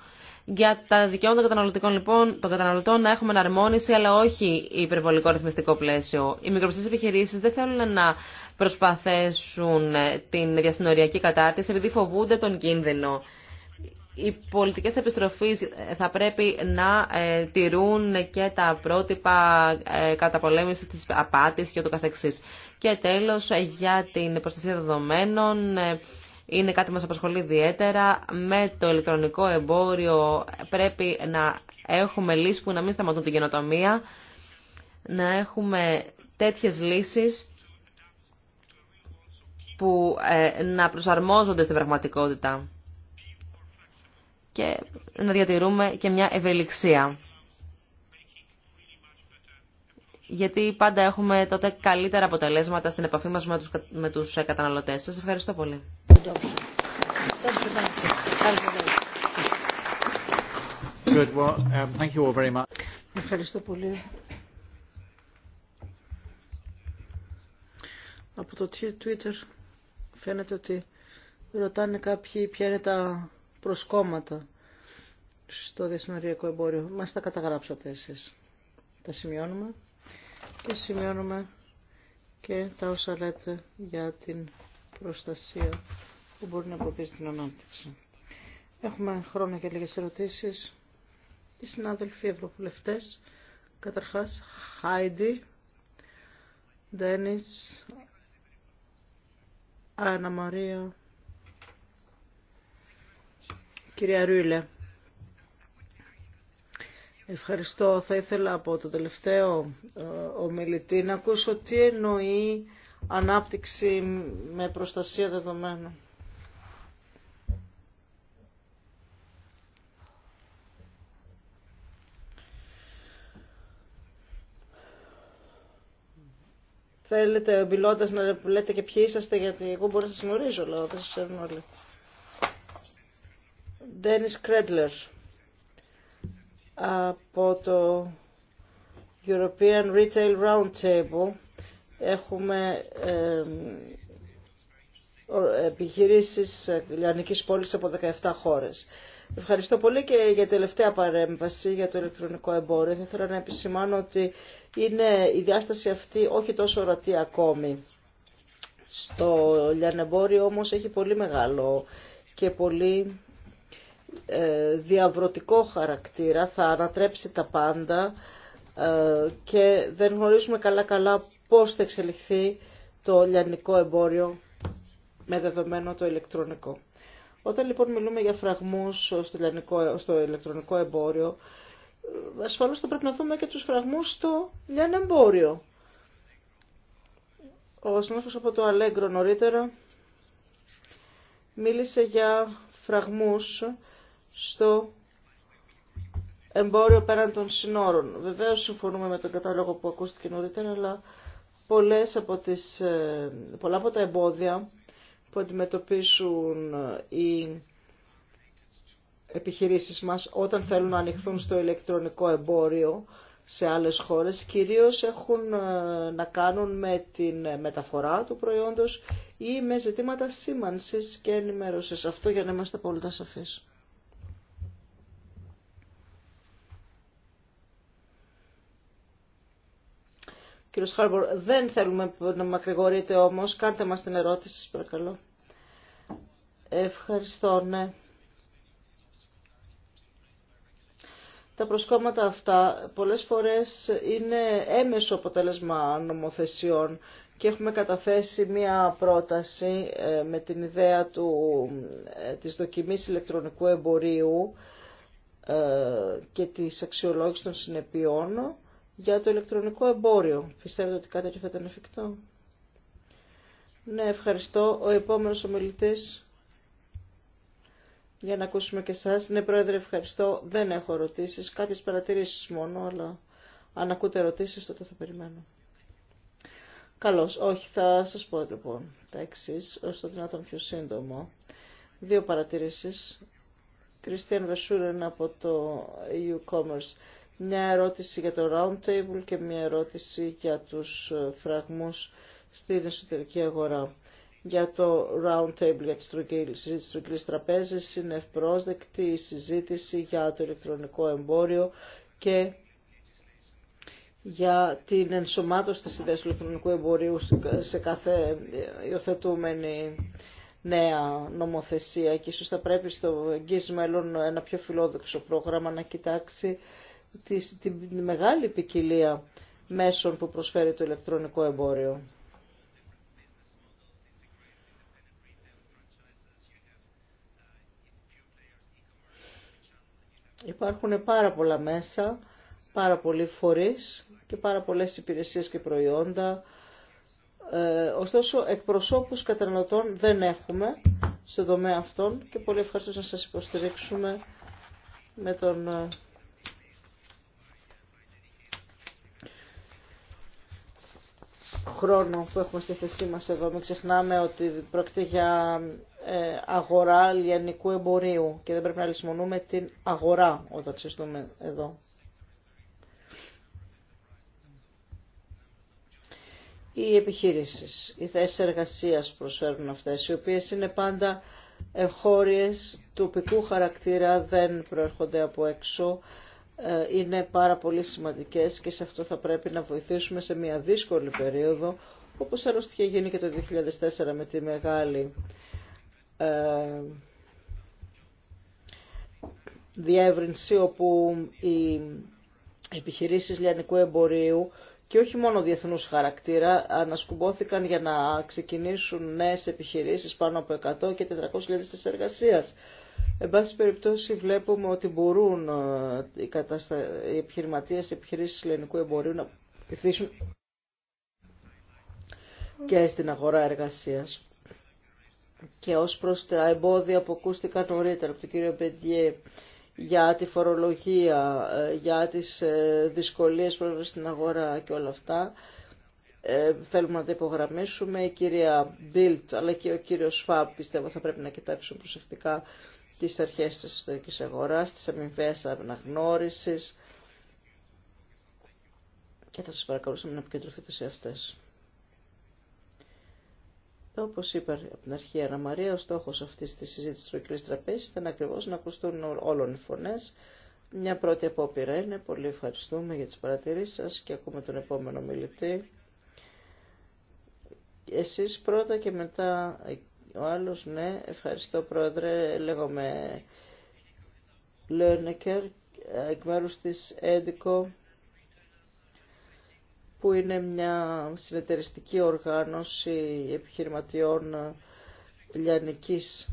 Για τα δικαιώματα των καταναλωτικών, λοιπόν, των καταναλωτών να έχουμε εναρμόνιση, αλλά όχι υπερβολικό ρυθμιστικό πλαίσιο. Οι μικροψηφίε επιχειρήσει δεν θέλουν να προσπαθήσουν ε, την διασυνοριακή κατάρτιση, επειδή φοβούνται τον κίνδυνο οι πολιτικές επιστροφής θα πρέπει να ε, τηρούν και τα πρότυπα ε, καταπολέμησης της απάτης και ούτω καθεξής. Και τέλος, ε, για την προστασία δεδομένων, είναι κάτι που μας απασχολεί ιδιαίτερα. Με το ηλεκτρονικό εμπόριο πρέπει να έχουμε λύσεις που να μην σταματούν την καινοτομία, να έχουμε τέτοιες λύσεις που να προσαρμόζονται στην πραγματικότητα και να διατηρούμε και μια ευελιξία. Γιατί πάντα έχουμε τότε καλύτερα αποτελέσματα στην επαφή μας με τους, με τους ε, καταναλωτές. Σας ευχαριστώ πολύ. Um, ευχαριστώ πολύ. Από το Twitter φαίνεται ότι ρωτάνε κάποιοι ποια είναι τα προσκόμματα στο διασυνοριακό εμπόριο. Μας τα καταγράψατε εσείς. Τα σημειώνουμε και σημειώνουμε και τα όσα λέτε για την προστασία που μπορεί να αποδείξει την ανάπτυξη. Έχουμε χρόνο για λίγες ερωτήσεις. Οι συνάδελφοι ευρωβουλευτές, καταρχάς Χάιντι, Ντένις, Άννα Μαρία, Κυρία Ρούιλε, ευχαριστώ. Θα ήθελα από το τελευταίο ε, ομιλητή να ακούσω τι εννοεί ανάπτυξη με προστασία δεδομένων. Θέλετε, μιλώντα να λέτε και ποιοι είσαστε, γιατί εγώ μπορώ να σα γνωρίζω, αλλά δεν σα ξέρουν όλοι. Dennis Kredler από το European Retail Roundtable. Έχουμε ε, επιχειρήσεις λιανικής πόλης από 17 χώρες. Ευχαριστώ πολύ και για τελευταία παρέμβαση για το ηλεκτρονικό εμπόριο. Θα ήθελα να επισημάνω ότι είναι η διάσταση αυτή όχι τόσο ορατή ακόμη. Στο λιανεμπόριο όμως έχει πολύ μεγάλο και πολύ ε, διαβροτικό χαρακτήρα, θα ανατρέψει τα πάντα ε, και δεν γνωρίζουμε καλά-καλά πώς θα εξελιχθεί το λιανικό εμπόριο με δεδομένο το ηλεκτρονικό. Όταν λοιπόν μιλούμε για φραγμούς στο ηλεκτρονικό εμπόριο, ε, ασφαλώς θα πρέπει να δούμε και τους φραγμούς στο λιανεμπόριο. Ο συνάδελφος από το Αλέγκρο νωρίτερα μίλησε για φραγμούς στο εμπόριο πέραν των συνόρων. Βεβαίως συμφωνούμε με τον κατάλογο που ακούστηκε νωρίτερα, αλλά πολλές από τις, ε, πολλά από τα εμπόδια που αντιμετωπίσουν ε, οι επιχειρήσεις μας όταν θέλουν να ανοιχθούν στο ηλεκτρονικό εμπόριο σε άλλες χώρες, κυρίως έχουν ε, να κάνουν με την μεταφορά του προϊόντος ή με ζητήματα σήμανσης και ενημέρωσης. Αυτό για να είμαστε απόλυτα σαφείς. Κύριο Χάρμπορ, δεν θέλουμε να μακρηγορείτε όμω, Κάντε μα την ερώτηση, σα παρακαλώ. Ευχαριστώ, ναι. Τα προσκόμματα αυτά πολλές φορές είναι έμεσο αποτέλεσμα νομοθεσιών και έχουμε καταθέσει μία πρόταση ε, με την ιδέα του, ε, της δοκιμής ηλεκτρονικού εμπορίου ε, και της αξιολόγησης των συνεπειών για το ηλεκτρονικό εμπόριο. Πιστεύετε ότι κάτι θα ήταν εφικτό. Ναι, ευχαριστώ. Ο επόμενος ομιλητής, για να ακούσουμε και εσάς. Ναι, Πρόεδρε, ευχαριστώ. Δεν έχω ερωτήσεις, κάποιες παρατηρήσεις μόνο, αλλά αν ακούτε ερωτήσει τότε θα περιμένω. Καλώς, όχι, θα σας πω λοιπόν τα εξή, ώστε το δυνατόν πιο σύντομο. Δύο παρατηρήσεις. Κριστιαν Βεσούρεν από το e Commerce μια ερώτηση για το round table και μια ερώτηση για τους ε, φραγμούς στην εσωτερική αγορά. Για το round table, για τη συζήτηση τρογγυλής είναι ευπρόσδεκτη η συζήτηση για το ηλεκτρονικό εμπόριο και για την ενσωμάτωση της ιδέας του ηλεκτρονικού εμπορίου σε κάθε ε, υιοθετούμενη νέα νομοθεσία και ίσως θα πρέπει στο εγγύς μέλλον ένα πιο φιλόδοξο πρόγραμμα να κοιτάξει τη, μεγάλη ποικιλία μέσων που προσφέρει το ηλεκτρονικό εμπόριο. Υπάρχουν πάρα πολλά μέσα, πάρα πολλοί φορείς και πάρα πολλές υπηρεσίες και προϊόντα. Ε, ωστόσο, εκπροσώπους καταναλωτών δεν έχουμε στον τομέα αυτών και πολύ ευχαριστώ να σας υποστηρίξουμε με τον ε, χρόνο που έχουμε στη θέση μας εδώ. Μην ξεχνάμε ότι πρόκειται για ε, αγορά λιανικού εμπορίου και δεν πρέπει να λησμονούμε την αγορά όταν συζητούμε εδώ. Οι επιχείρησεις, οι θέσεις εργασίας προσφέρουν αυτές, οι οποίες είναι πάντα εγχώριες, τοπικού χαρακτήρα, δεν προέρχονται από έξω ε, είναι πάρα πολύ σημαντικές και σε αυτό θα πρέπει να βοηθήσουμε σε μια δύσκολη περίοδο, όπως άλλωστε είχε γίνει και το 2004 με τη μεγάλη ε, διεύρυνση όπου οι επιχειρήσεις λιανικού εμπορίου και όχι μόνο διεθνούς χαρακτήρα, ανασκουμπόθηκαν για να ξεκινήσουν νέες επιχειρήσεις πάνω από 100 και 400 400.000 εργασίας. Εν πάση περιπτώσει βλέπουμε ότι μπορούν ε, οι, καταστα... οι επιχειρηματίες επιχειρήσεις ελληνικού εμπορίου να πηθήσουν και στην αγορά εργασίας. Και ως προς τα εμπόδια που ακούστηκαν νωρίτερα από τον κύριο Μπεντιέ για τη φορολογία, ε, για τις ε, δυσκολίες πρόσβασης στην αγορά και όλα αυτά, θέλουμε να τα υπογραμμίσουμε. Η κυρία Μπίλτ αλλά και ο κύριος Φαπ πιστεύω θα πρέπει να κοιτάξουν προσεκτικά τις αρχές της ιστορικής αγοράς, τις αμοιβές αναγνώρισης και θα σας παρακαλούσαμε να επικεντρωθείτε σε αυτές. Όπως είπα από την αρχή Ανα Μαρία, ο στόχος αυτής της συζήτησης του Ικλής Τραπέζης ήταν ακριβώς να ακουστούν όλων οι φωνές. Μια πρώτη απόπειρα είναι. Πολύ ευχαριστούμε για τις παρατηρήσεις σας και ακούμε τον επόμενο μιλητή. Εσείς πρώτα και μετά ο άλλος, ναι, ευχαριστώ πρόεδρε, λέγομαι Λέρνεκερ, εκ μέρου της ΕΔΙΚΟ, που είναι μια συνεταιριστική οργάνωση επιχειρηματιών λιανικής,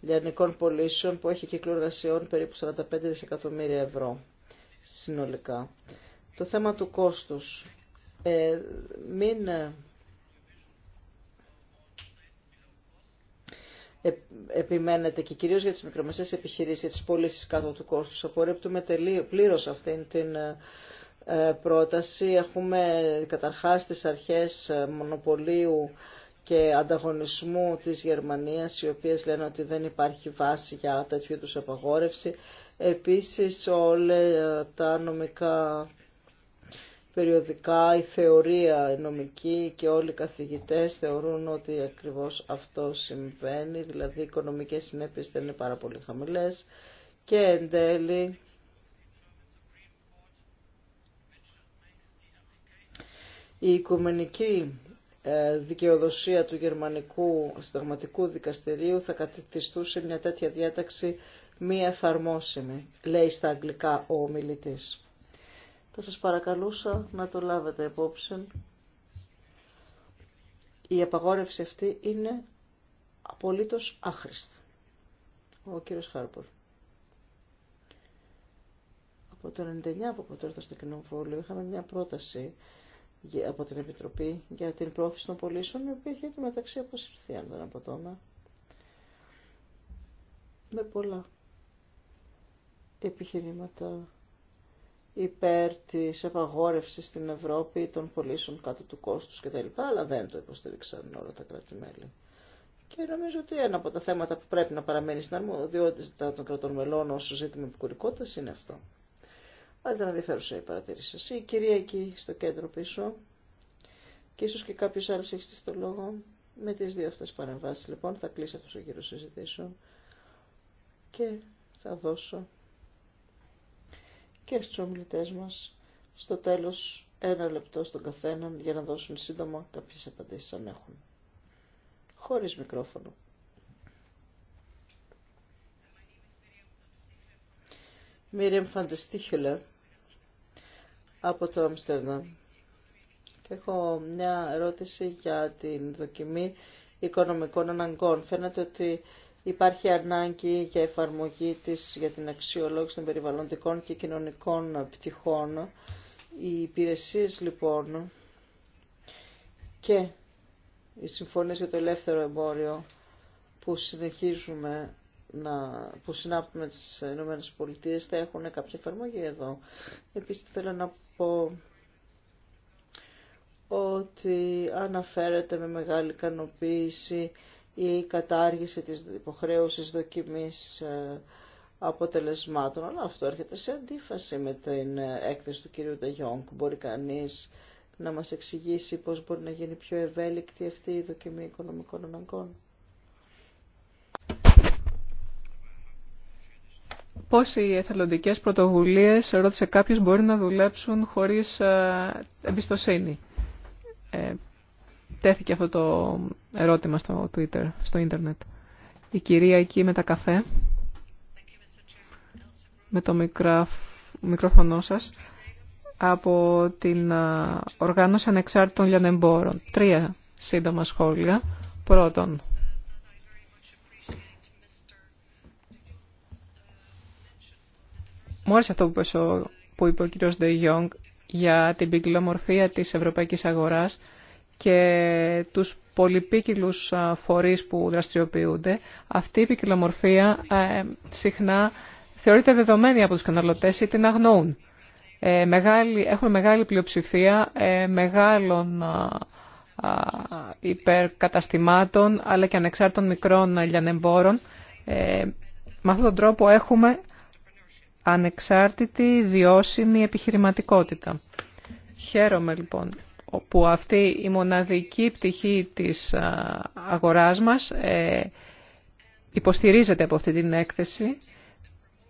λιανικών πωλήσεων που έχει κύκλο περίπου 45 δισεκατομμύρια ευρώ συνολικά. Το θέμα του κόστους. Ε, μην Ε, επιμένετε και κυρίως για τις μικρομεσαίες επιχειρήσεις, για τις πωλήσει κάτω του κόστους. Απορρίπτουμε πλήρως αυτή την ε, ε, πρόταση. Έχουμε καταρχάς τις αρχές μονοπωλίου και ανταγωνισμού της Γερμανίας, οι οποίες λένε ότι δεν υπάρχει βάση για τέτοιου τους απαγόρευση. Επίσης όλα τα νομικά περιοδικά η θεωρία νομική και όλοι οι καθηγητές θεωρούν ότι ακριβώς αυτό συμβαίνει, δηλαδή οι οικονομικές συνέπειες δεν είναι πάρα πολύ χαμηλές και εν τέλει η οικουμενική ε, δικαιοδοσία του γερμανικού συνταγματικού δικαστηρίου θα κατηθιστούσε μια τέτοια διάταξη μη εφαρμόσιμη, λέει στα αγγλικά ο ομιλητής θα σας παρακαλούσα να το λάβετε υπόψη. Η απαγόρευση αυτή είναι απολύτως άχρηστη. Ο κύριος Χάρπορ. Από το 99 που έρθα στο κοινοβούλιο είχαμε μια πρόταση από την Επιτροπή για την πρόθεση των πολίσεων, η οποία είχε και μεταξύ αποσυρθεί, αν δεν αποτώνα. Με πολλά επιχειρήματα υπέρ της απαγόρευσης στην Ευρώπη των πωλήσεων κάτω του κόστου κτλ. Αλλά δεν το υποστήριξαν όλα τα κράτη-μέλη. Και νομίζω ότι ένα από τα θέματα που πρέπει να παραμένει στην αρμοδιότητα των κρατών μελών όσο ζήτημα επικουρικότητα είναι αυτό. Αλλά ήταν ενδιαφέρουσα η παρατήρηση σας. Η κυρία εκεί στο κέντρο πίσω και ίσως και κάποιος άλλος έχει στήσει το λόγο. Με τις δύο αυτές παρεμβάσεις λοιπόν θα κλείσει αυτός ο γύρος συζητήσεων και θα δώσω και στους ομιλητές μας στο τέλος ένα λεπτό στον καθέναν για να δώσουν σύντομα κάποιες απαντήσεις αν έχουν. Χωρίς μικρόφωνο. Μίριαμ Φαντεστίχελε από το Άμστερνταμ. Έχω μια ερώτηση για την δοκιμή οικονομικών αναγκών. Φαίνεται ότι Υπάρχει ανάγκη για εφαρμογή της για την αξιολόγηση των περιβαλλοντικών και κοινωνικών πτυχών. Οι υπηρεσίες λοιπόν και οι συμφωνίες για το ελεύθερο εμπόριο που συνεχίζουμε να, που συνάπτουμε τις Ηνωμένες Πολιτείες θα έχουν κάποια εφαρμογή εδώ. Επίσης θέλω να πω ότι αναφέρεται με μεγάλη ικανοποίηση η κατάργηση της υποχρέωσης δοκιμής ε, αποτελεσμάτων. Αλλά αυτό έρχεται σε αντίφαση με την ε, έκθεση του κυρίου Νταγιόγκ. Μπορεί κανείς να μας εξηγήσει πώς μπορεί να γίνει πιο ευέλικτη αυτή η δοκιμή οικονομικών αναγκών. Πώς οι εθελοντικές πρωτοβουλίες, ρώτησε κάποιος, μπορεί να δουλέψουν χωρίς ε, εμπιστοσύνη τέθηκε αυτό το ερώτημα στο Twitter, στο ίντερνετ. Η κυρία εκεί με τα καφέ, με το μικρόφωνο σας, από την Οργάνωση Ανεξάρτητων Λιανεμπόρων. Τρία σύντομα σχόλια. Πρώτον, μου άρεσε αυτό που είπε ο κύριος Ντε για την πυκλομορφία της ευρωπαϊκής αγοράς και τους πολυπίκυλους φορείς που δραστηριοποιούνται, αυτή η ποικιλομορφία συχνά θεωρείται δεδομένη από τους καταναλωτές ή την αγνοούν. Ε, μεγάλη, έχουμε μεγάλη πλειοψηφία ε, μεγάλων υπερκαταστημάτων αλλά και ανεξάρτητων μικρών λιανεμπόρων. Ε, με αυτόν τον τρόπο έχουμε ανεξάρτητη βιώσιμη επιχειρηματικότητα. Χαίρομαι λοιπόν όπου αυτή η μοναδική πτυχή της αγοράς μας ε, υποστηρίζεται από αυτή την έκθεση.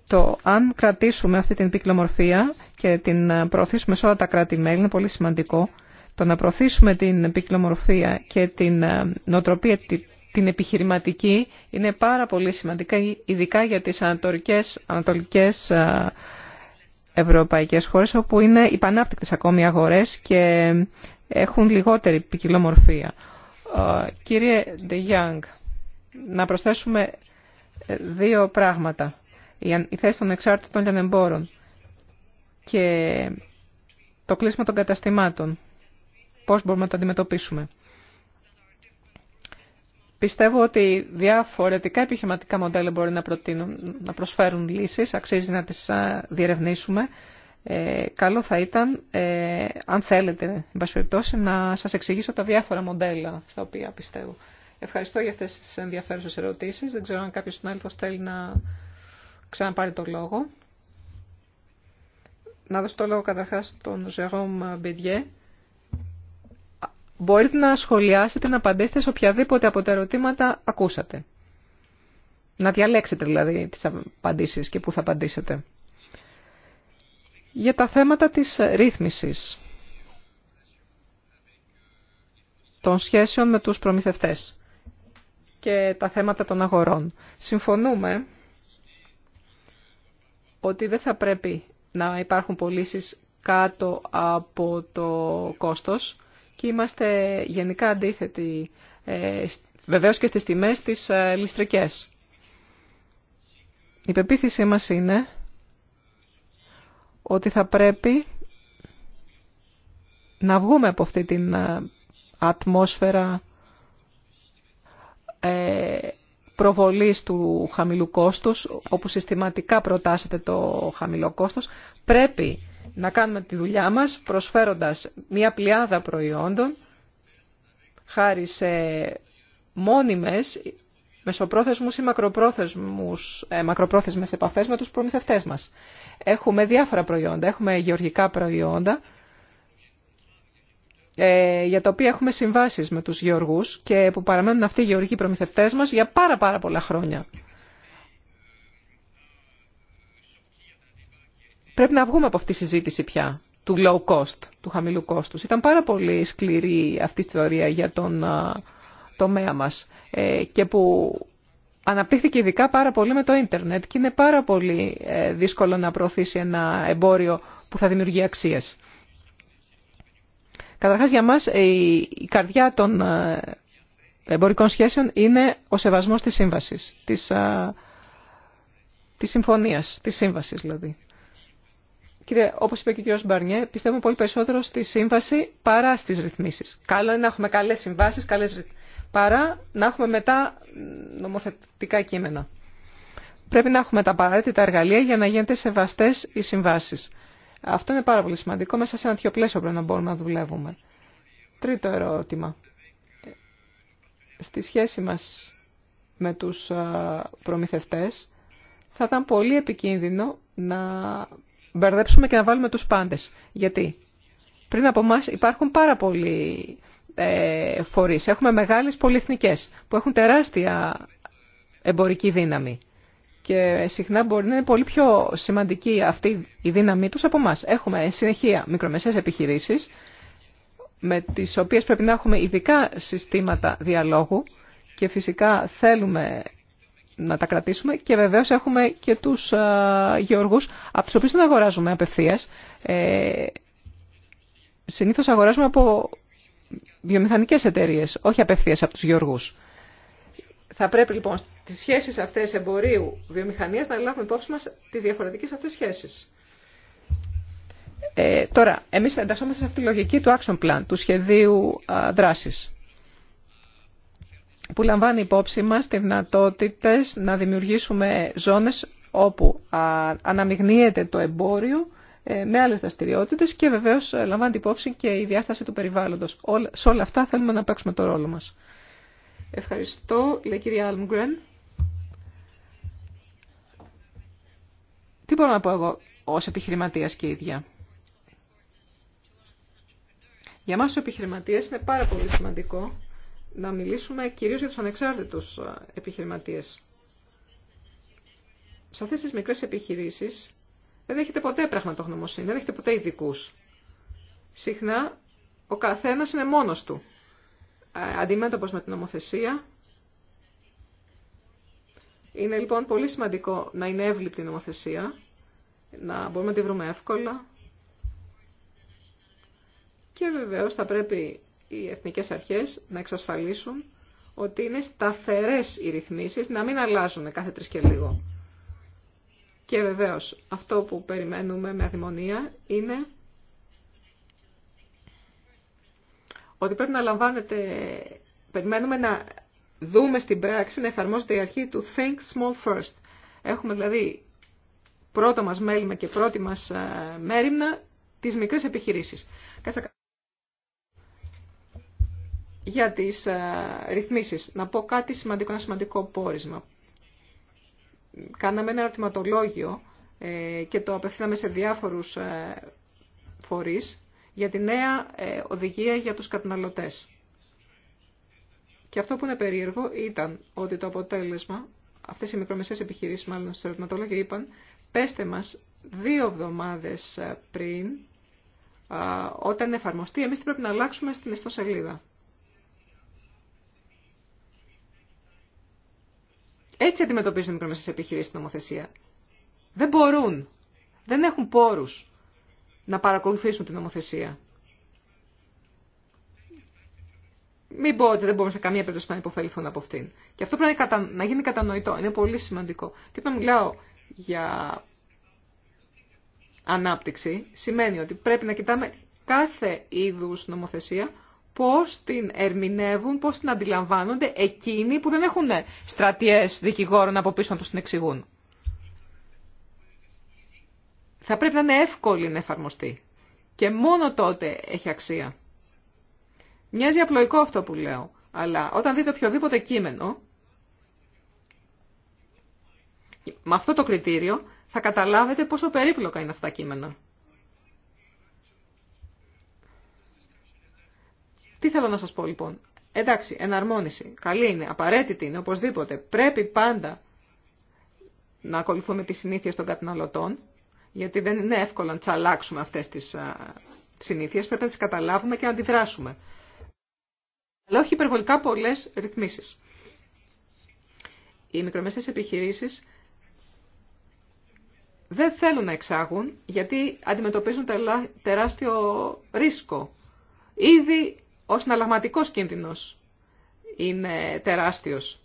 Το αν κρατήσουμε αυτή την πυκλομορφία και την προωθήσουμε σε όλα τα κράτη-μέλη είναι πολύ σημαντικό. Το να προωθήσουμε την πυκλομορφία και την νοοτροπία την επιχειρηματική είναι πάρα πολύ σημαντικά, ειδικά για τις ανατολικές, ανατολικές ευρωπαϊκές χώρες όπου είναι υπανάπτυκτες ακόμη αγορές και έχουν λιγότερη ποικιλομορφία. Ε, κύριε De Young, να προσθέσουμε ε, δύο πράγματα. Η θέση των εξάρτητων λιανεμπόρων και το κλείσμα των καταστημάτων. Πώς μπορούμε να το αντιμετωπίσουμε. Πιστεύω ότι διαφορετικά επιχειρηματικά μοντέλα μπορεί να, προσφέρουν λύσεις, αξίζει να τις διερευνήσουμε. Ε, καλό θα ήταν, ε, αν θέλετε, περιπτώσει, να σας εξηγήσω τα διάφορα μοντέλα στα οποία πιστεύω. Ευχαριστώ για αυτές τις ενδιαφέρουσες ερωτήσεις. Δεν ξέρω αν κάποιος άλλο θέλει να ξαναπάρει το λόγο. Να δώσω το λόγο καταρχάς στον Ζερόμ Μπιντιέ μπορείτε να σχολιάσετε, να απαντήσετε σε οποιαδήποτε από τα ερωτήματα ακούσατε. Να διαλέξετε δηλαδή τις απαντήσεις και πού θα απαντήσετε. Για τα θέματα της ρύθμισης των σχέσεων με τους προμηθευτές και τα θέματα των αγορών. Συμφωνούμε ότι δεν θα πρέπει να υπάρχουν πωλήσει κάτω από το κόστος και είμαστε γενικά αντίθετοι ε, βεβαίως και στις τιμές της ε, ληστρικές. Η πεποίθησή μας είναι ότι θα πρέπει να βγούμε από αυτή την ε, ατμόσφαιρα ε, προβολής του χαμηλού κόστους, όπου συστηματικά προτάσετε το χαμηλό κόστος, πρέπει να κάνουμε τη δουλειά μας προσφέροντας μια πλειάδα προϊόντων χάρη σε μόνιμες, μεσοπρόθεσμους ή μακροπρόθεσμους, ε, μακροπρόθεσμες επαφές με τους προμηθευτές μας. Έχουμε διάφορα προϊόντα, έχουμε γεωργικά προϊόντα, ε, για τα οποία έχουμε συμβάσεις με τους γεωργούς και που παραμένουν αυτοί οι γεωργοί προμηθευτές μας για πάρα πάρα πολλά χρόνια. Πρέπει να βγούμε από αυτή τη συζήτηση πια του low cost, του χαμηλού κόστους. Ήταν πάρα πολύ σκληρή αυτή η θεωρία για τον τομέα μας ε, και που αναπτύχθηκε ειδικά πάρα πολύ με το ίντερνετ και είναι πάρα πολύ ε, δύσκολο να προωθήσει ένα εμπόριο που θα δημιουργεί αξίες. Καταρχάς για μας ε, η καρδιά των εμπορικών σχέσεων είναι ο σεβασμός της σύμβασης, της, της συμφωνίας, της σύμβασης δηλαδή. Κύριε, όπως είπε και ο κύριος Μπαρνιέ, πιστεύουμε πολύ περισσότερο στη σύμβαση παρά στις ρυθμίσεις. Καλό είναι να έχουμε καλές συμβάσεις, παρά να έχουμε μετά νομοθετικά κείμενα. Πρέπει να έχουμε τα απαραίτητα εργαλεία για να γίνονται σεβαστές οι συμβάσεις. Αυτό είναι πάρα πολύ σημαντικό. Μέσα σε ένα τέτοιο πλαίσιο πρέπει να μπορούμε να δουλεύουμε. Τρίτο ερώτημα. Στη σχέση μας με τους προμηθευτές θα ήταν πολύ επικίνδυνο να μπερδέψουμε και να βάλουμε τους πάντες. Γιατί πριν από εμά υπάρχουν πάρα πολλοί ε, φορείς. Έχουμε μεγάλες πολυεθνικές που έχουν τεράστια εμπορική δύναμη. Και συχνά μπορεί να είναι πολύ πιο σημαντική αυτή η δύναμή τους από εμά. Έχουμε συνεχεία μικρομεσαίες επιχειρήσεις με τις οποίες πρέπει να έχουμε ειδικά συστήματα διαλόγου και φυσικά θέλουμε να τα κρατήσουμε και βεβαίως έχουμε και τους ε, γεωργούς από τους οποίους δεν αγοράζουμε απευθείας. Ε, συνήθως αγοράζουμε από βιομηχανικές εταιρείες, όχι απευθείας από τους γεωργούς. Θα πρέπει λοιπόν στις σχέσεις αυτές εμπορίου βιομηχανίας να λάβουμε υπόψη μας τις διαφορετικές αυτές σχέσεις. Ε, τώρα, εμείς εντασσόμαστε σε αυτή τη λογική του action plan, του σχεδίου α, δράσης που λαμβάνει υπόψη μας τις δυνατότητες να δημιουργήσουμε ζώνες όπου αναμειγνύεται το εμπόριο ε, με άλλες δραστηριότητε και βεβαίως ε, λαμβάνει υπόψη και η διάσταση του περιβάλλοντος. Σε όλα αυτά θέλουμε να παίξουμε το ρόλο μας. Ευχαριστώ, λέει κυρία Αλμγκρεν. Τι μπορώ να πω εγώ ως επιχειρηματίας και ίδια. Για μας τους επιχειρηματίες είναι πάρα πολύ σημαντικό να μιλήσουμε κυρίως για τους ανεξάρτητους ε, επιχειρηματίες. Σε αυτές τις μικρές επιχειρήσεις δεν έχετε ποτέ πραγματογνωμοσύνη, δεν έχετε ποτέ ειδικού. Συχνά ο καθένας είναι μόνος του. Ε, αντιμέτωπος με την νομοθεσία. Είναι λοιπόν πολύ σημαντικό να είναι εύληπτη η νομοθεσία, να μπορούμε να τη βρούμε εύκολα. Και βεβαίως θα πρέπει οι εθνικές αρχές να εξασφαλίσουν ότι είναι σταθερές οι ρυθμίσεις, να μην αλλάζουν κάθε τρεις και λίγο. Και βεβαίως αυτό που περιμένουμε με αδημονία είναι ότι πρέπει να λαμβάνετε, περιμένουμε να δούμε στην πράξη να εφαρμόζεται η αρχή του Think Small First. Έχουμε δηλαδή πρώτο μας μέλημα και πρώτη μας ε, μέρημνα τις μικρές επιχειρήσεις για τις ε, ρυθμίσεις. Να πω κάτι σημαντικό, ένα σημαντικό πόρισμα. Κάναμε ένα ερωτηματολόγιο ε, και το απευθύναμε σε διάφορους ε, φορείς για τη νέα οδηγία για τους καταναλωτές. Και αυτό που είναι περίεργο ήταν ότι το αποτέλεσμα, αυτές οι μικρομεσαίες επιχειρήσεις μάλλον στο ερωτηματολόγιο είπαν, πέστε μας δύο εβδομάδες πριν, όταν εφαρμοστεί, εμείς τι πρέπει να αλλάξουμε στην ιστοσελίδα. Έτσι αντιμετωπίζουν οι μικρομεσαίε επιχειρήσει την νομοθεσία. Δεν μπορούν, δεν έχουν πόρου να παρακολουθήσουν την νομοθεσία. Μην πω ότι δεν μπορούμε σε καμία περίπτωση να υποφεληθούν από αυτήν. Και αυτό πρέπει να γίνει κατανοητό. Είναι πολύ σημαντικό. Και όταν μιλάω για ανάπτυξη, σημαίνει ότι πρέπει να κοιτάμε κάθε είδους νομοθεσία πώς την ερμηνεύουν, πώς την αντιλαμβάνονται εκείνοι που δεν έχουν στρατιές δικηγόρων από πίσω να τους την εξηγούν. Θα πρέπει να είναι εύκολη να εφαρμοστεί. Και μόνο τότε έχει αξία. Μοιάζει απλοϊκό αυτό που λέω, αλλά όταν δείτε οποιοδήποτε κείμενο, με αυτό το κριτήριο θα καταλάβετε πόσο περίπλοκα είναι αυτά τα κείμενα. Τι θέλω να σας πω λοιπόν. Εντάξει, εναρμόνιση. Καλή είναι, απαραίτητη είναι, οπωσδήποτε. Πρέπει πάντα να ακολουθούμε τις συνήθειες των καταναλωτών, γιατί δεν είναι εύκολο να τσαλάξουμε αυτές τις συνήθειες, πρέπει να τις καταλάβουμε και να αντιδράσουμε. Αλλά όχι υπερβολικά πολλές ρυθμίσεις. Οι μικρομεσαίες επιχειρήσεις δεν θέλουν να εξάγουν γιατί αντιμετωπίζουν τεράστιο ρίσκο. Ήδη ο συναλλαγματικός κίνδυνος είναι τεράστιος.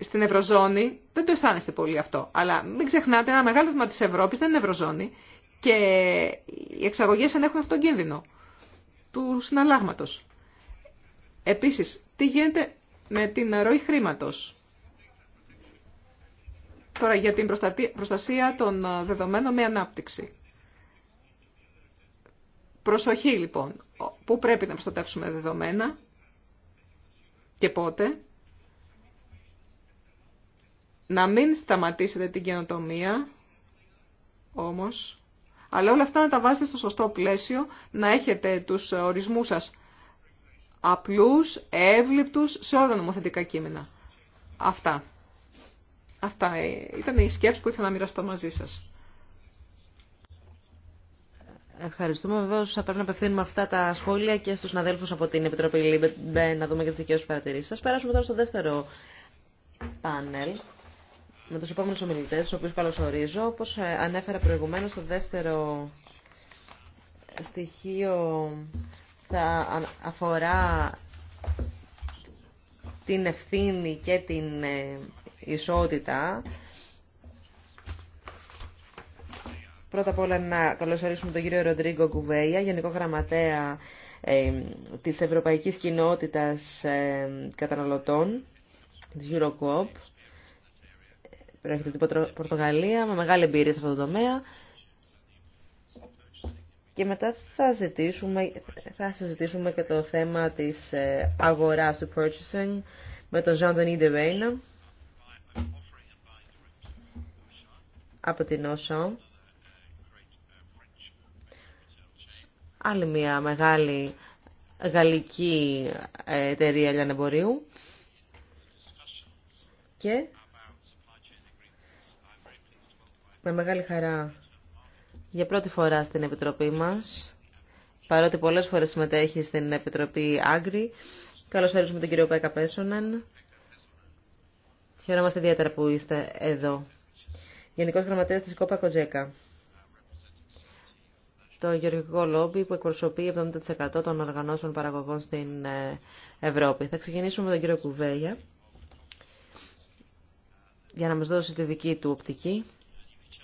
Στην Ευρωζώνη δεν το αισθάνεστε πολύ αυτό, αλλά μην ξεχνάτε ένα μεγάλο τμήμα της Ευρώπης δεν είναι Ευρωζώνη και οι εξαγωγές ανέχουν αυτόν τον κίνδυνο του συναλλάγματος. Επίσης, τι γίνεται με την ροή χρήματος. Τώρα για την προστασία των δεδομένων με ανάπτυξη. Προσοχή λοιπόν, πού πρέπει να προστατεύσουμε δεδομένα και πότε. Να μην σταματήσετε την καινοτομία, όμως, αλλά όλα αυτά να τα βάζετε στο σωστό πλαίσιο, να έχετε τους ορισμούς σας απλούς, εύληπτους σε όλα τα νομοθετικά κείμενα. Αυτά. Αυτά ε, ήταν οι σκέψεις που ήθελα να μοιραστώ μαζί σας. Ευχαριστούμε. Βεβαίω θα πρέπει να απευθύνουμε αυτά τα σχόλια και στου συναδέλφου από την Επιτροπή ΛΥΜΠΕ να δούμε και τι δικέ του παρατηρήσει. Σα περάσουμε τώρα στο δεύτερο πάνελ με του επόμενου ομιλητέ, του οποίου καλωσορίζω. Όπω ε, ανέφερα προηγουμένω, το δεύτερο στοιχείο θα αφορά την ευθύνη και την ε, ισότητα Πρώτα απ' όλα να καλωσορίσουμε τον κύριο Ροντρίγκο Κουβέια, Γενικό Γραμματέα ε, της Ευρωπαϊκής Κοινότητας ε, Καταναλωτών, της Eurocoop. Προέρχεται την Πορτογαλία, με μεγάλη εμπειρία σε αυτό το τομέα. Και μετά θα, θα συζητήσουμε και το θέμα της ε, αγοράς του purchasing με τον Jean-Denis Deveyna από την Auchan άλλη μια μεγάλη γαλλική εταιρεία λιανεμπορίου και με μεγάλη χαρά για πρώτη φορά στην Επιτροπή μας, παρότι πολλές φορές συμμετέχει στην Επιτροπή Άγκρη, καλώς με τον κύριο Πέκα Πέσονεν. Χαιρόμαστε ιδιαίτερα που είστε εδώ. Γενικός Γραμματέας της Κόπα Κοτζέκα το γεωργικό λόμπι που εκπροσωπεί 70% των οργανώσεων παραγωγών στην ε, Ευρώπη. Θα ξεκινήσουμε με τον κύριο Κουβέλια για να μας δώσει τη δική του οπτική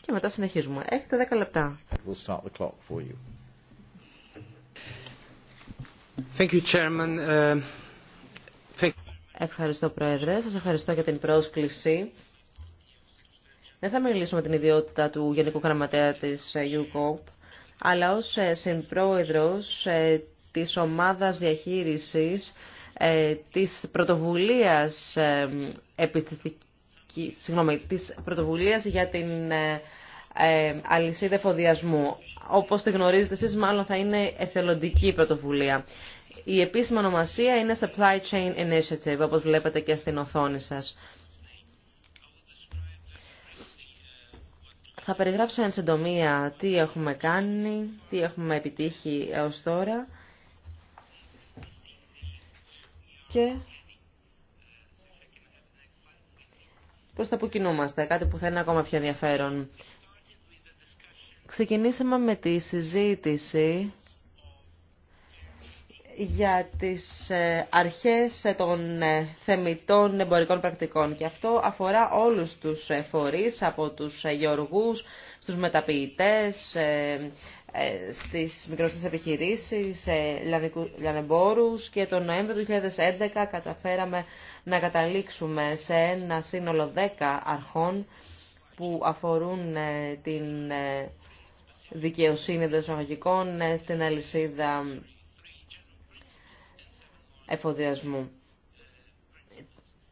και μετά συνεχίζουμε. Έχετε 10 λεπτά. Thank you, Chairman. Uh, thank Ευχαριστώ, Πρόεδρε. Σας ευχαριστώ για την πρόσκληση. Δεν θα μιλήσουμε την ιδιότητα του Γενικού Γραμματέα της UCOP ε, αλλά ως ε, συμπρόεδρος ε, της ομάδας διαχείρισης ε, της πρωτοβουλίας συγγνώμη, της πρωτοβουλίας για την αλυσίδα εφοδιασμού. Όπως τη γνωρίζετε εσείς, μάλλον θα είναι εθελοντική πρωτοβουλία. Η επίσημη ονομασία είναι Supply Chain Initiative, όπως βλέπετε και στην οθόνη σας. Θα περιγράψω εν συντομία τι έχουμε κάνει, τι έχουμε επιτύχει έως τώρα και πώς θα που κάτι που θα είναι ακόμα πιο ενδιαφέρον. Ξεκινήσαμε με τη συζήτηση για τις ε, αρχές ε, των ε, θεμητών εμπορικών πρακτικών και αυτό αφορά όλους τους φορείς από τους γεωργούς, στους μεταποιητές, στις μικρότερες επιχειρήσεις, λιανεμπόρους και τον Νοέμβριο του 2011 καταφέραμε να καταλήξουμε σε ένα σύνολο 10 αρχών που αφορούν την δικαιοσύνη των εισαγωγικών στην αλυσίδα εφοδιασμού.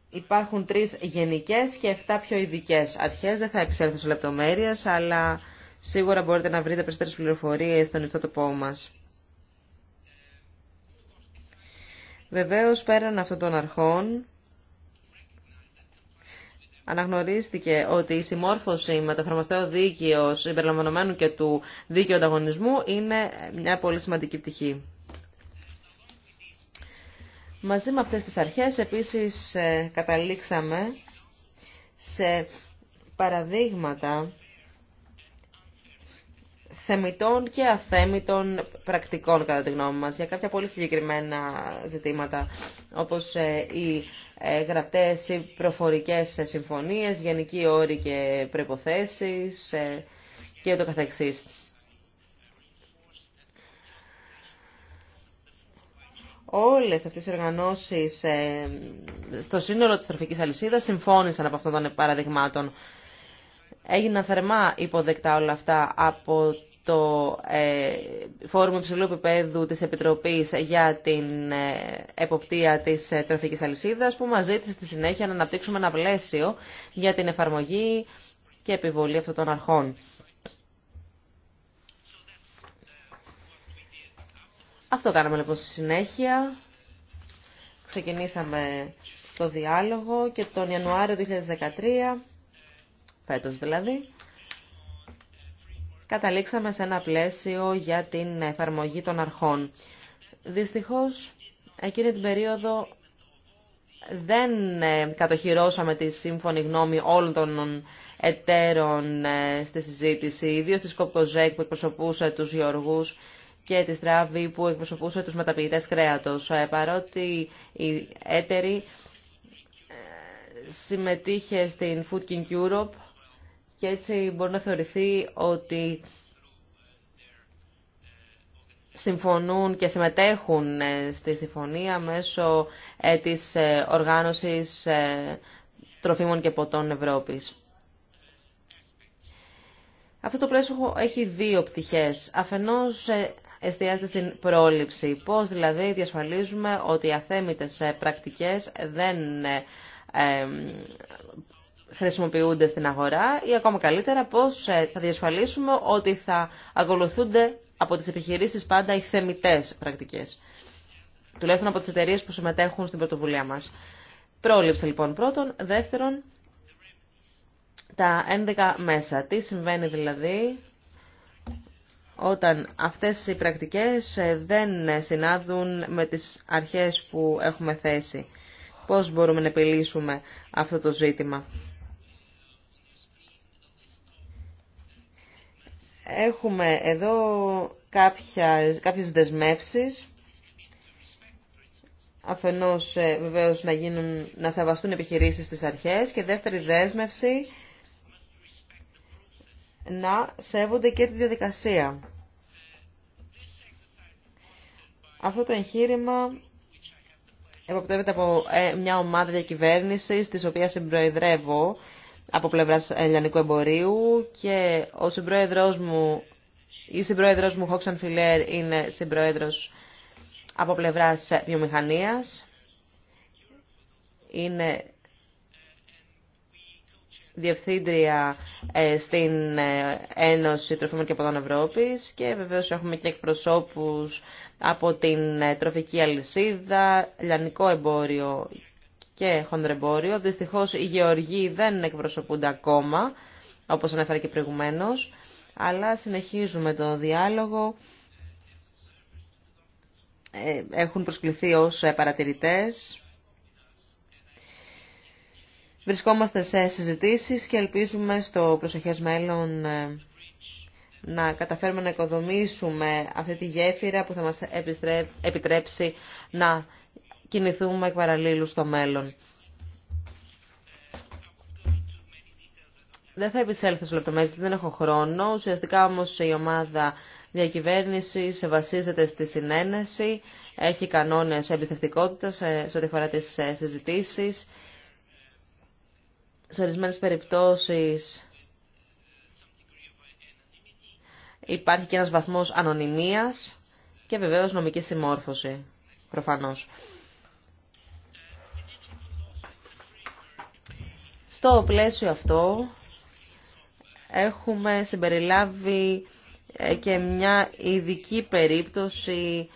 Υπάρχουν τρεις γενικές και εφτά πιο ειδικέ αρχές. Δεν θα εξέλθω σε λεπτομέρειες, αλλά σίγουρα μπορείτε να βρείτε περισσότερες πληροφορίες στον ιστότοπό μας. Βεβαίως, πέραν αυτών των αρχών, αναγνωρίστηκε ότι η συμμόρφωση με το εφαρμοστέο δίκαιο συμπεριλαμβανομένου και του δίκαιου ανταγωνισμού είναι μια πολύ σημαντική πτυχή. Μαζί με αυτές τις αρχές επίσης ε, καταλήξαμε σε παραδείγματα θεμητών και αθέμητων πρακτικών κατά τη γνώμη μας για κάποια πολύ συγκεκριμένα ζητήματα όπως ε, οι ε, γραπτές ή προφορικές συμφωνίες, γενικοί όροι και προϋποθέσεις και ούτω καθεξής. όλες αυτές οι οργανώσεις ε, στο σύνολο της τροφικής αλυσίδας συμφώνησαν από αυτών των παραδειγμάτων. Έγιναν θερμά υποδεκτά όλα αυτά από το ε, Φόρουμ Υψηλού Επιπέδου της Επιτροπής για την ε, Εποπτεία της Τροφικής Αλυσίδας που μας ζήτησε στη συνέχεια να αναπτύξουμε ένα πλαίσιο για την εφαρμογή και επιβολή αυτών των αρχών. Αυτό κάναμε λοιπόν στη συνέχεια. Ξεκινήσαμε το διάλογο και τον Ιανουάριο 2013, φέτος δηλαδή, καταλήξαμε σε ένα πλαίσιο για την εφαρμογή των αρχών. Δυστυχώς, εκείνη την περίοδο δεν ε, κατοχυρώσαμε τη σύμφωνη γνώμη όλων των εταίρων ε, στη συζήτηση, ιδίως της ΚΟΠΚΟΖΕΚ που εκπροσωπούσε τους γεωργούς και τη τράβη που εκπροσωπούσε τους μεταποιητές κρέατος. Ε, παρότι η έτερη ε, συμμετείχε στην Food King Europe και έτσι μπορεί να θεωρηθεί ότι συμφωνούν και συμμετέχουν ε, στη συμφωνία μέσω της οργάνωσης τροφίμων και ποτών Ευρώπης. Αυτό το πλαίσιο έχει δύο πτυχές. Αφενός εστιάζεται στην πρόληψη. Πώς δηλαδή διασφαλίζουμε ότι οι αθέμητες ε, πρακτικές δεν ε, χρησιμοποιούνται στην αγορά ή ακόμα καλύτερα πώς ε, θα διασφαλίσουμε ότι θα ακολουθούνται από τις επιχειρήσεις πάντα οι θεμητές πρακτικές. Τουλάχιστον από τις εταιρείε που συμμετέχουν στην πρωτοβουλία μας. Πρόληψη λοιπόν πρώτον. Δεύτερον, τα 11 μέσα. Τι συμβαίνει δηλαδή όταν αυτές οι πρακτικές ε, δεν συνάδουν με τις αρχές που έχουμε θέσει. Πώς μπορούμε να επιλύσουμε αυτό το ζήτημα. Έχουμε εδώ κάποια, κάποιες δεσμεύσεις, αφενός ε, βεβαίως να, γίνουν, να σεβαστούν επιχειρήσεις στις αρχές και δεύτερη δέσμευση να σέβονται και τη διαδικασία. Αυτό το εγχείρημα εποπτεύεται από ε, μια ομάδα διακυβέρνησης, της οποίας συμπροεδρεύω από πλευράς ελληνικού εμπορίου και ο συμπρόεδρος μου, η συμπρόεδρος μου Χόξαν Φιλέρ είναι συμπρόεδρος από πλευράς βιομηχανίας. Είναι Διευθύντρια ε, στην ε, Ένωση Τροφίμων και Ποδών Ευρώπης και βεβαίως έχουμε και εκπροσώπους από την ε, τροφική αλυσίδα, λιανικό εμπόριο και χονδρεμπόριο. Δυστυχώς οι γεωργοί δεν εκπροσωπούνται ακόμα, όπως ανέφερα και προηγουμένως, αλλά συνεχίζουμε το διάλογο. Έχουν προσκληθεί ως παρατηρητές Βρισκόμαστε σε συζητήσεις και ελπίζουμε στο προσεχές μέλλον ε, να καταφέρουμε να οικοδομήσουμε αυτή τη γέφυρα που θα μας επιτρέψει να κινηθούμε εκ παραλίλου στο μέλλον. Δεν θα επισέλθω σε λεπτομέρειες, δεν έχω χρόνο. Ουσιαστικά όμως η ομάδα διακυβέρνησης βασίζεται στη συνένεση, έχει κανόνες εμπιστευτικότητας ε, σε ό,τι αφορά τις ε, συζητήσεις σε ορισμένε περιπτώσει υπάρχει και ένας βαθμός ανωνυμία και βεβαίως νομική συμμόρφωση, προφανώς. Στο πλαίσιο αυτό έχουμε συμπεριλάβει ε, και μια ειδική περίπτωση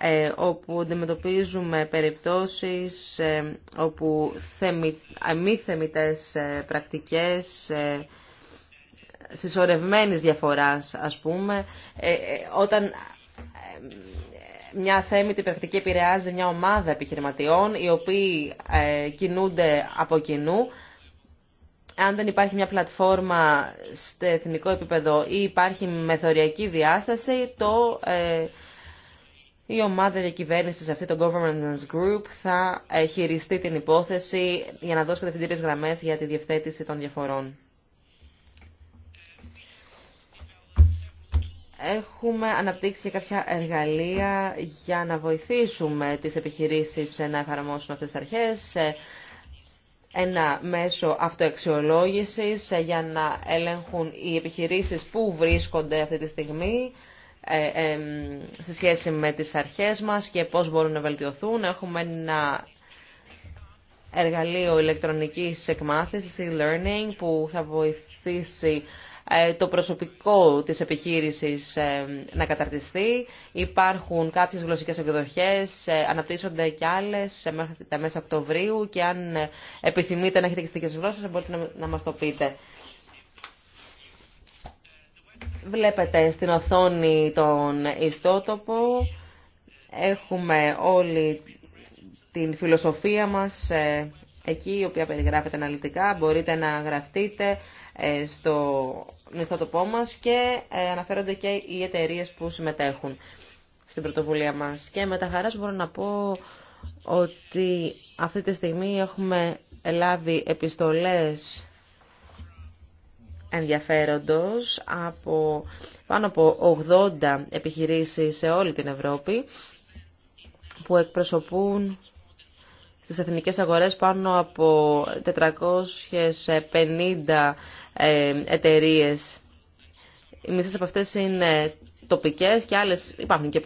ε, όπου αντιμετωπίζουμε περιπτώσεις ε, όπου θεμι, μη θεμητές ε, πρακτικές συσσωρευμένης διαφοράς, ας πούμε, όταν μια θέμητη πρακτική επηρεάζει μια ομάδα επιχειρηματιών, οι οποίοι κινούνται από κοινού, αν δεν υπάρχει μια πλατφόρμα στο εθνικό επίπεδο ή υπάρχει μεθοριακή διάσταση, το η ομάδα διακυβέρνηση αυτή, το Governance Group, θα χειριστεί την υπόθεση για να δώσει κατευθυντήριε γραμμές για τη διευθέτηση των διαφορών. Έχουμε αναπτύξει και κάποια εργαλεία για να βοηθήσουμε τις επιχειρήσεις να εφαρμόσουν αυτές τις αρχές. Ένα μέσο αυτοεξιολόγησης για να ελέγχουν οι επιχειρήσεις που βρίσκονται αυτή τη στιγμή ε, σε σχέση με τις αρχές μας και πώς μπορούν να βελτιωθούν. Έχουμε ένα εργαλείο ηλεκτρονικής εκμάθησης, e-learning, που θα βοηθήσει ε, το προσωπικό της επιχείρησης να καταρτιστεί. Υπάρχουν κάποιες γλωσσικές εκδοχές, ε, αναπτύσσονται και άλλες μέχρι τα μέσα Οκτωβρίου και αν επιθυμείτε να έχετε και γλώσσες μπορείτε να μας το πείτε. Βλέπετε στην οθόνη τον ιστότοπο. Έχουμε όλη την φιλοσοφία μας ε, εκεί, η οποία περιγράφεται αναλυτικά. Μπορείτε να γραφτείτε ε, στο ιστότοπό μας και ε, αναφέρονται και οι εταιρείες που συμμετέχουν στην πρωτοβουλία μας. Και με τα χαράς μπορώ να πω ότι αυτή τη στιγμή έχουμε λάβει επιστολές ενδιαφέροντος από πάνω από 80 επιχειρήσεις σε όλη την Ευρώπη που εκπροσωπούν στις εθνικές αγορές πάνω από 450 ε, εταιρείες. Οι μισές από αυτές είναι τοπικές και άλλες, υπάρχουν και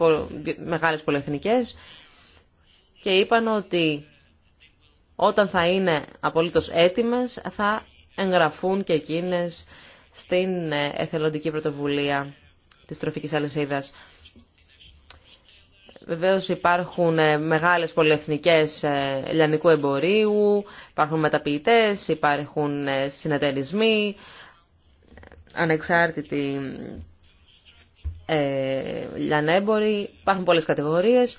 μεγάλες πολυεθνικές και είπαν ότι όταν θα είναι απολύτως έτοιμες θα εγγραφούν και εκείνες στην ε, εθελοντική πρωτοβουλία της τροφικής αλυσίδας. Βεβαίως υπάρχουν ε, μεγάλες πολυεθνικές ε, λιανικού εμπορίου, υπάρχουν μεταποιητές, υπάρχουν συνεταιρισμοί, ανεξάρτητοι ε, λιανέμποροι, υπάρχουν πολλές κατηγορίες.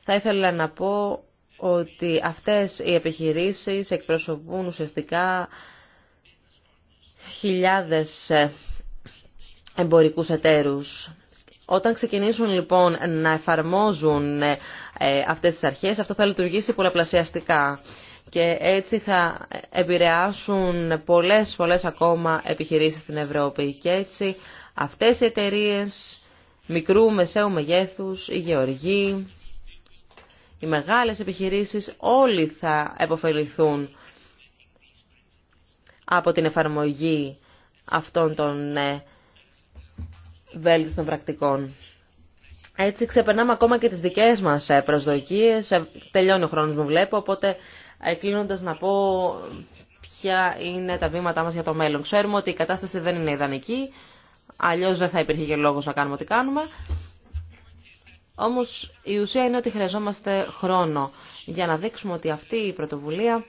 Θα ήθελα να πω ότι αυτές οι επιχειρήσεις εκπροσωπούν ουσιαστικά χιλιάδες ε, εμπορικούς εταίρους. Όταν ξεκινήσουν λοιπόν να εφαρμόζουν ε, ε, αυτές τις αρχές, αυτό θα λειτουργήσει πολλαπλασιαστικά και έτσι θα επηρεάσουν πολλές πολλές ακόμα επιχειρήσεις στην Ευρώπη και έτσι αυτές οι εταιρείε μικρού μεσαίου μεγέθους, οι γεωργοί, οι μεγάλες επιχειρήσεις όλοι θα επωφεληθούν από την εφαρμογή αυτών των ε, βέλτιστων πρακτικών. Έτσι ξεπερνάμε ακόμα και τις δικές μας ε, προσδοκίες. Ε, τελειώνει ο χρόνος μου βλέπω, οπότε κλείνοντας να πω ποια είναι τα βήματά μας για το μέλλον. Ξέρουμε ότι η κατάσταση δεν είναι ιδανική, αλλιώς δεν θα υπήρχε και λόγος να κάνουμε ό,τι κάνουμε. Όμως η ουσία είναι ότι χρειαζόμαστε χρόνο για να δείξουμε ότι αυτή η πρωτοβουλία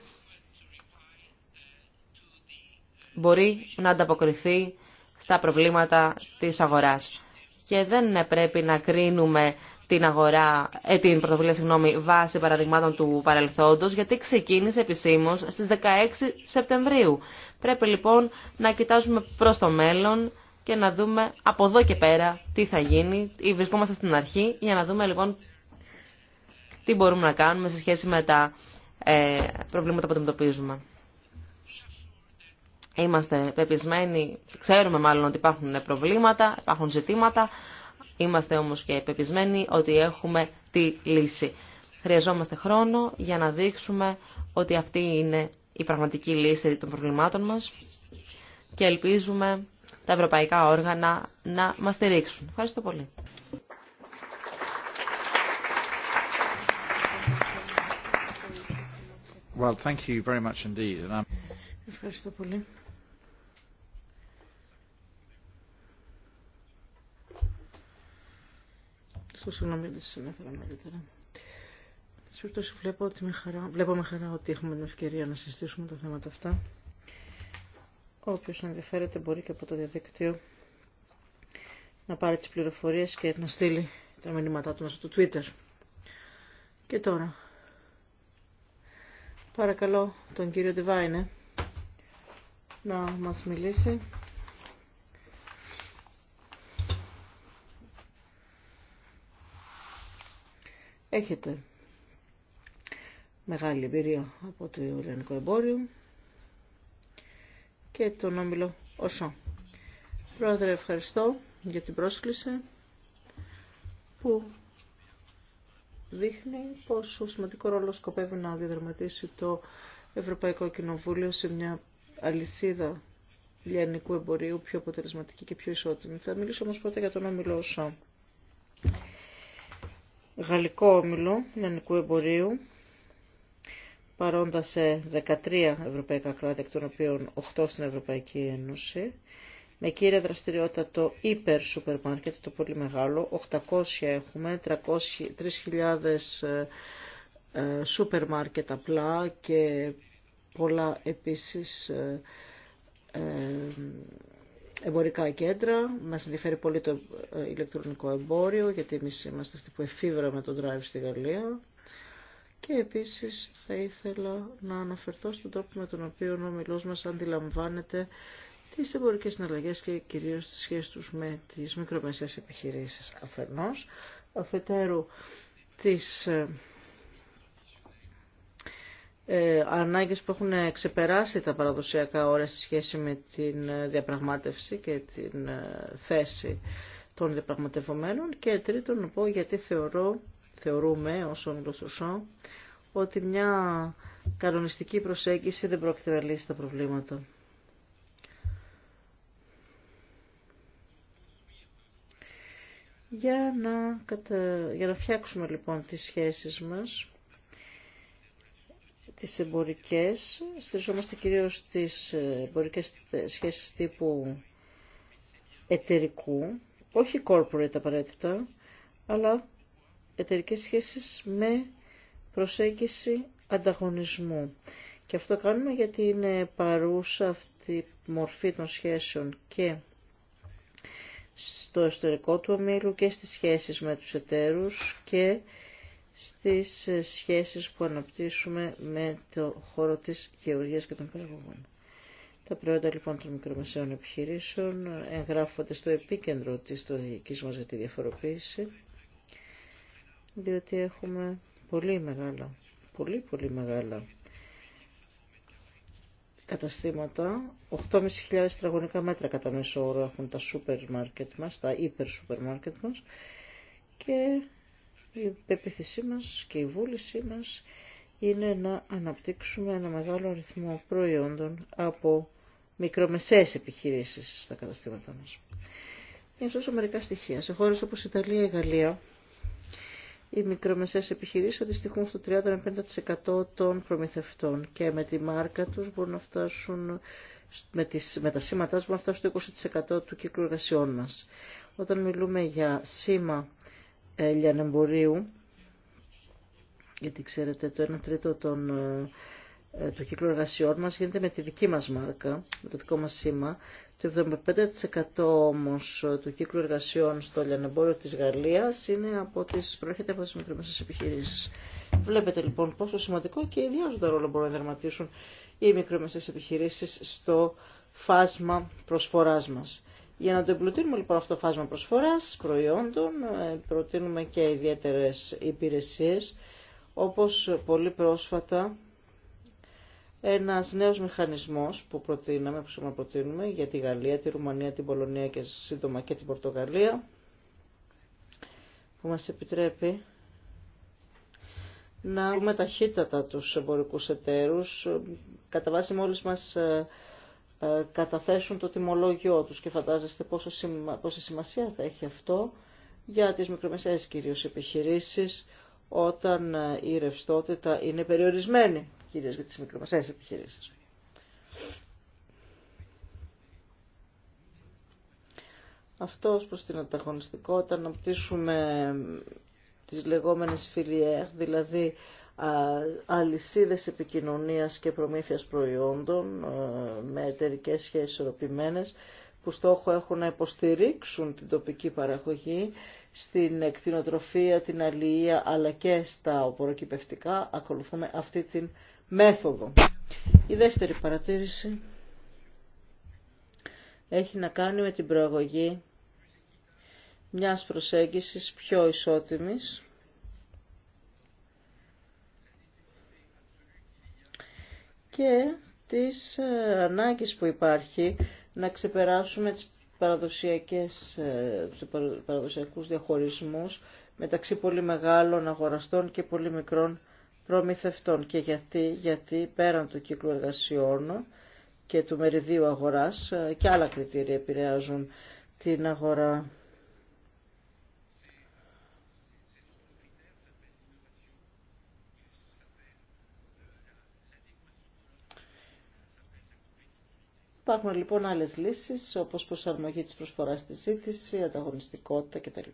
μπορεί να ανταποκριθεί στα προβλήματα της αγοράς. Και δεν πρέπει να κρίνουμε την αγορά, ε, την πρωτοβουλία, συγγνώμη, βάση παραδειγμάτων του παρελθόντος, γιατί ξεκίνησε επισήμως στις 16 Σεπτεμβρίου. Πρέπει λοιπόν να κοιτάζουμε προς το μέλλον και να δούμε από εδώ και πέρα τι θα γίνει. Βρισκόμαστε στην αρχή για να δούμε λοιπόν τι μπορούμε να κάνουμε σε σχέση με τα ε, προβλήματα που αντιμετωπίζουμε. Είμαστε πεπισμένοι, ξέρουμε μάλλον ότι υπάρχουν προβλήματα, υπάρχουν ζητήματα, είμαστε όμως και πεπισμένοι ότι έχουμε τη λύση. Χρειαζόμαστε χρόνο για να δείξουμε ότι αυτή είναι η πραγματική λύση των προβλημάτων μας και ελπίζουμε τα ευρωπαϊκά όργανα να μας στηρίξουν. Ευχαριστώ πολύ. Well, thank you very Ευχαριστώ πολύ. ευχαριστώ. Συγγνώμη, δεν σα ανέφερα μεγαλύτερα. Σε βλέπω, ότι με χαρά, βλέπω με χαρά ότι έχουμε την ευκαιρία να συζητήσουμε τα θέματα αυτά. οποίο ενδιαφέρεται μπορεί και από το διαδίκτυο να πάρει τι πληροφορίες και να στείλει τα μηνύματά του μέσα του Twitter. Και τώρα, παρακαλώ τον κύριο Ντεβάινε να μας μιλήσει. Έχετε μεγάλη εμπειρία από το Ιουλιανικό Εμπόριο και τον Όμιλο Οσό. Πρόεδρε, ευχαριστώ για την πρόσκληση που δείχνει πόσο σημαντικό ρόλο σκοπεύει να διαδραματίσει το Ευρωπαϊκό Κοινοβούλιο σε μια αλυσίδα λιανικού εμπορίου πιο αποτελεσματική και πιο ισότιμη. Θα μιλήσω όμως πρώτα για τον Όμιλο Οσό. Γαλλικό όμιλο Νανικού Εμπορίου παρόντα σε 13 ευρωπαϊκά κράτη, εκ των οποίων 8 στην Ευρωπαϊκή Ένωση, με κύρια δραστηριότητα το υπερ σούπερ μάρκετ, το πολύ μεγάλο, 800 έχουμε, 3.000 σούπερ μάρκετ απλά και πολλά επίσης ε, ε, εμπορικά κέντρα. Μας ενδιαφέρει πολύ το ε, ηλεκτρονικό εμπόριο, γιατί εμείς είμαστε αυτοί που εφήβραμε τον drive στη Γαλλία. Και επίσης θα ήθελα να αναφερθώ στον τρόπο με τον οποίο ο μιλός μας αντιλαμβάνεται τις εμπορικές συναλλαγές και κυρίως τις σχέσεις τους με τις μικρομεσαίες επιχειρήσεις αφενός, αφετέρου τις ε, ε, ανάγκες που έχουν ξεπεράσει τα παραδοσιακά όρια σε σχέση με την ε, διαπραγμάτευση και την ε, θέση των διαπραγματευομένων και τρίτον να πω γιατί θεωρώ, θεωρούμε ως ομιλοσουσό ότι μια κανονιστική προσέγγιση δεν πρόκειται να λύσει τα προβλήματα. Για να, κατα... για να φτιάξουμε λοιπόν τις σχέσεις μας τις εμπορικές, στηριζόμαστε κυρίως στις εμπορικές σχέσεις τύπου εταιρικού, όχι corporate απαραίτητα, αλλά εταιρικές σχέσεις με προσέγγιση ανταγωνισμού. Και αυτό κάνουμε γιατί είναι παρούσα αυτή η μορφή των σχέσεων και στο εσωτερικό του ομίλου και στις σχέσεις με τους εταίρους και στις σχέσεις που αναπτύσσουμε με το χώρο της γεωργίας και των παραγωγών. Τα προϊόντα λοιπόν των μικρομεσαίων επιχειρήσεων εγγράφονται στο επίκεντρο της στρατηγικής μας για τη διαφοροποίηση, διότι έχουμε πολύ μεγάλα, πολύ πολύ μεγάλα καταστήματα. 8.500 τετραγωνικά μέτρα κατά μέσο όρο έχουν τα σούπερ μάρκετ μας, τα υπερ σούπερ μάρκετ μας και η πεποίθησή μας και η βούλησή μας είναι να αναπτύξουμε ένα μεγάλο αριθμό προϊόντων από μικρομεσαίες επιχειρήσεις στα καταστήματά μας. Για να μερικά στοιχεία. Σε χώρες όπως η Ιταλία και η Γαλλία, οι μικρομεσαίες επιχειρήσεις αντιστοιχούν στο 30 50% των προμηθευτών και με τη μάρκα τους μπορούν να φτάσουν, με, τις, με τα σήματά τους μπορούν να φτάσουν στο 20% του κύκλου εργασιών μας. Όταν μιλούμε για σήμα λιανεμπορίου, γιατί ξέρετε το 1 τρίτο των, ε, ε, του κύκλου εργασιών μας γίνεται με τη δική μας μάρκα, με το δικό μας σήμα. Το 75% όμως του κύκλου εργασιών στο λιανεμπόριο της Γαλλίας είναι από τις, προέρχεται από τις μικρομεσαίες επιχειρήσεις. Βλέπετε λοιπόν πόσο σημαντικό και ιδιαίτερο ρόλο μπορούν να δερματίσουν οι μικρομεσές επιχειρήσεις στο φάσμα προσφοράς μας. Για να το εμπλουτίνουμε λοιπόν αυτό το φάσμα προσφοράς προϊόντων, ε, προτείνουμε και ιδιαίτερες υπηρεσίες, όπως πολύ πρόσφατα ένας νέος μηχανισμός που προτείναμε, που προτείνουμε για τη Γαλλία, τη Ρουμανία, την Πολωνία και σύντομα και την Πορτογαλία, που μας επιτρέπει να δούμε ταχύτατα τους εμπορικούς εταίρους, ε, κατά βάση μόλις μας ε, ε, καταθέσουν το τιμολόγιο τους και φαντάζεστε πόσο πόση σημασία θα έχει αυτό για τις μικρομεσαίες κυρίως επιχειρήσεις όταν ε, η ρευστότητα είναι περιορισμένη κυρίως για τις μικρομεσαίες επιχειρήσεις. Αυτό ως προς την ανταγωνιστικότητα να πτήσουμε τις λεγόμενες φιλιέρ, δηλαδή αλυσίδες επικοινωνίας και προμήθειας προϊόντων με εταιρικέ σχέσεις ισορροπημένες που στόχο έχουν να υποστηρίξουν την τοπική παραγωγή στην εκτινοτροφία, την αλληλεία αλλά και στα οποροκυπευτικά ακολουθούμε αυτή την μέθοδο. Η δεύτερη παρατήρηση έχει να κάνει με την προαγωγή μιας προσέγγισης πιο ισότιμης και της ε, ανάγκης που υπάρχει να ξεπεράσουμε τις παραδοσιακές, ε, τους παραδοσιακούς διαχωρισμούς μεταξύ πολύ μεγάλων αγοραστών και πολύ μικρών προμηθευτών. Και γιατί, γιατί πέραν του κύκλου εργασιών και του μεριδίου αγοράς ε, και άλλα κριτήρια επηρεάζουν την αγορά. Υπάρχουν λοιπόν άλλες λύσεις όπως προσαρμογή της προσφοράς στη ζήτηση, ανταγωνιστικότητα κτλ.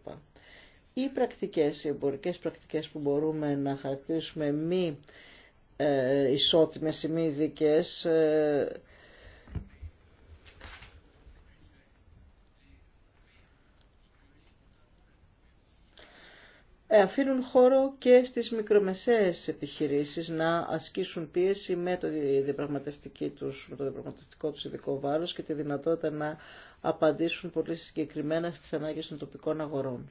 Οι πρακτικές, οι εμπορικές πρακτικές που μπορούμε να χαρακτηρίσουμε μη ε, ισότιμες ή μη ε, Ε, αφήνουν χώρο και στις μικρομεσαίες επιχειρήσεις να ασκήσουν πίεση με το, διαπραγματευτική τους, με διαπραγματευτικό τους ειδικό βάρος και τη δυνατότητα να απαντήσουν πολύ συγκεκριμένα στις ανάγκες των τοπικών αγορών.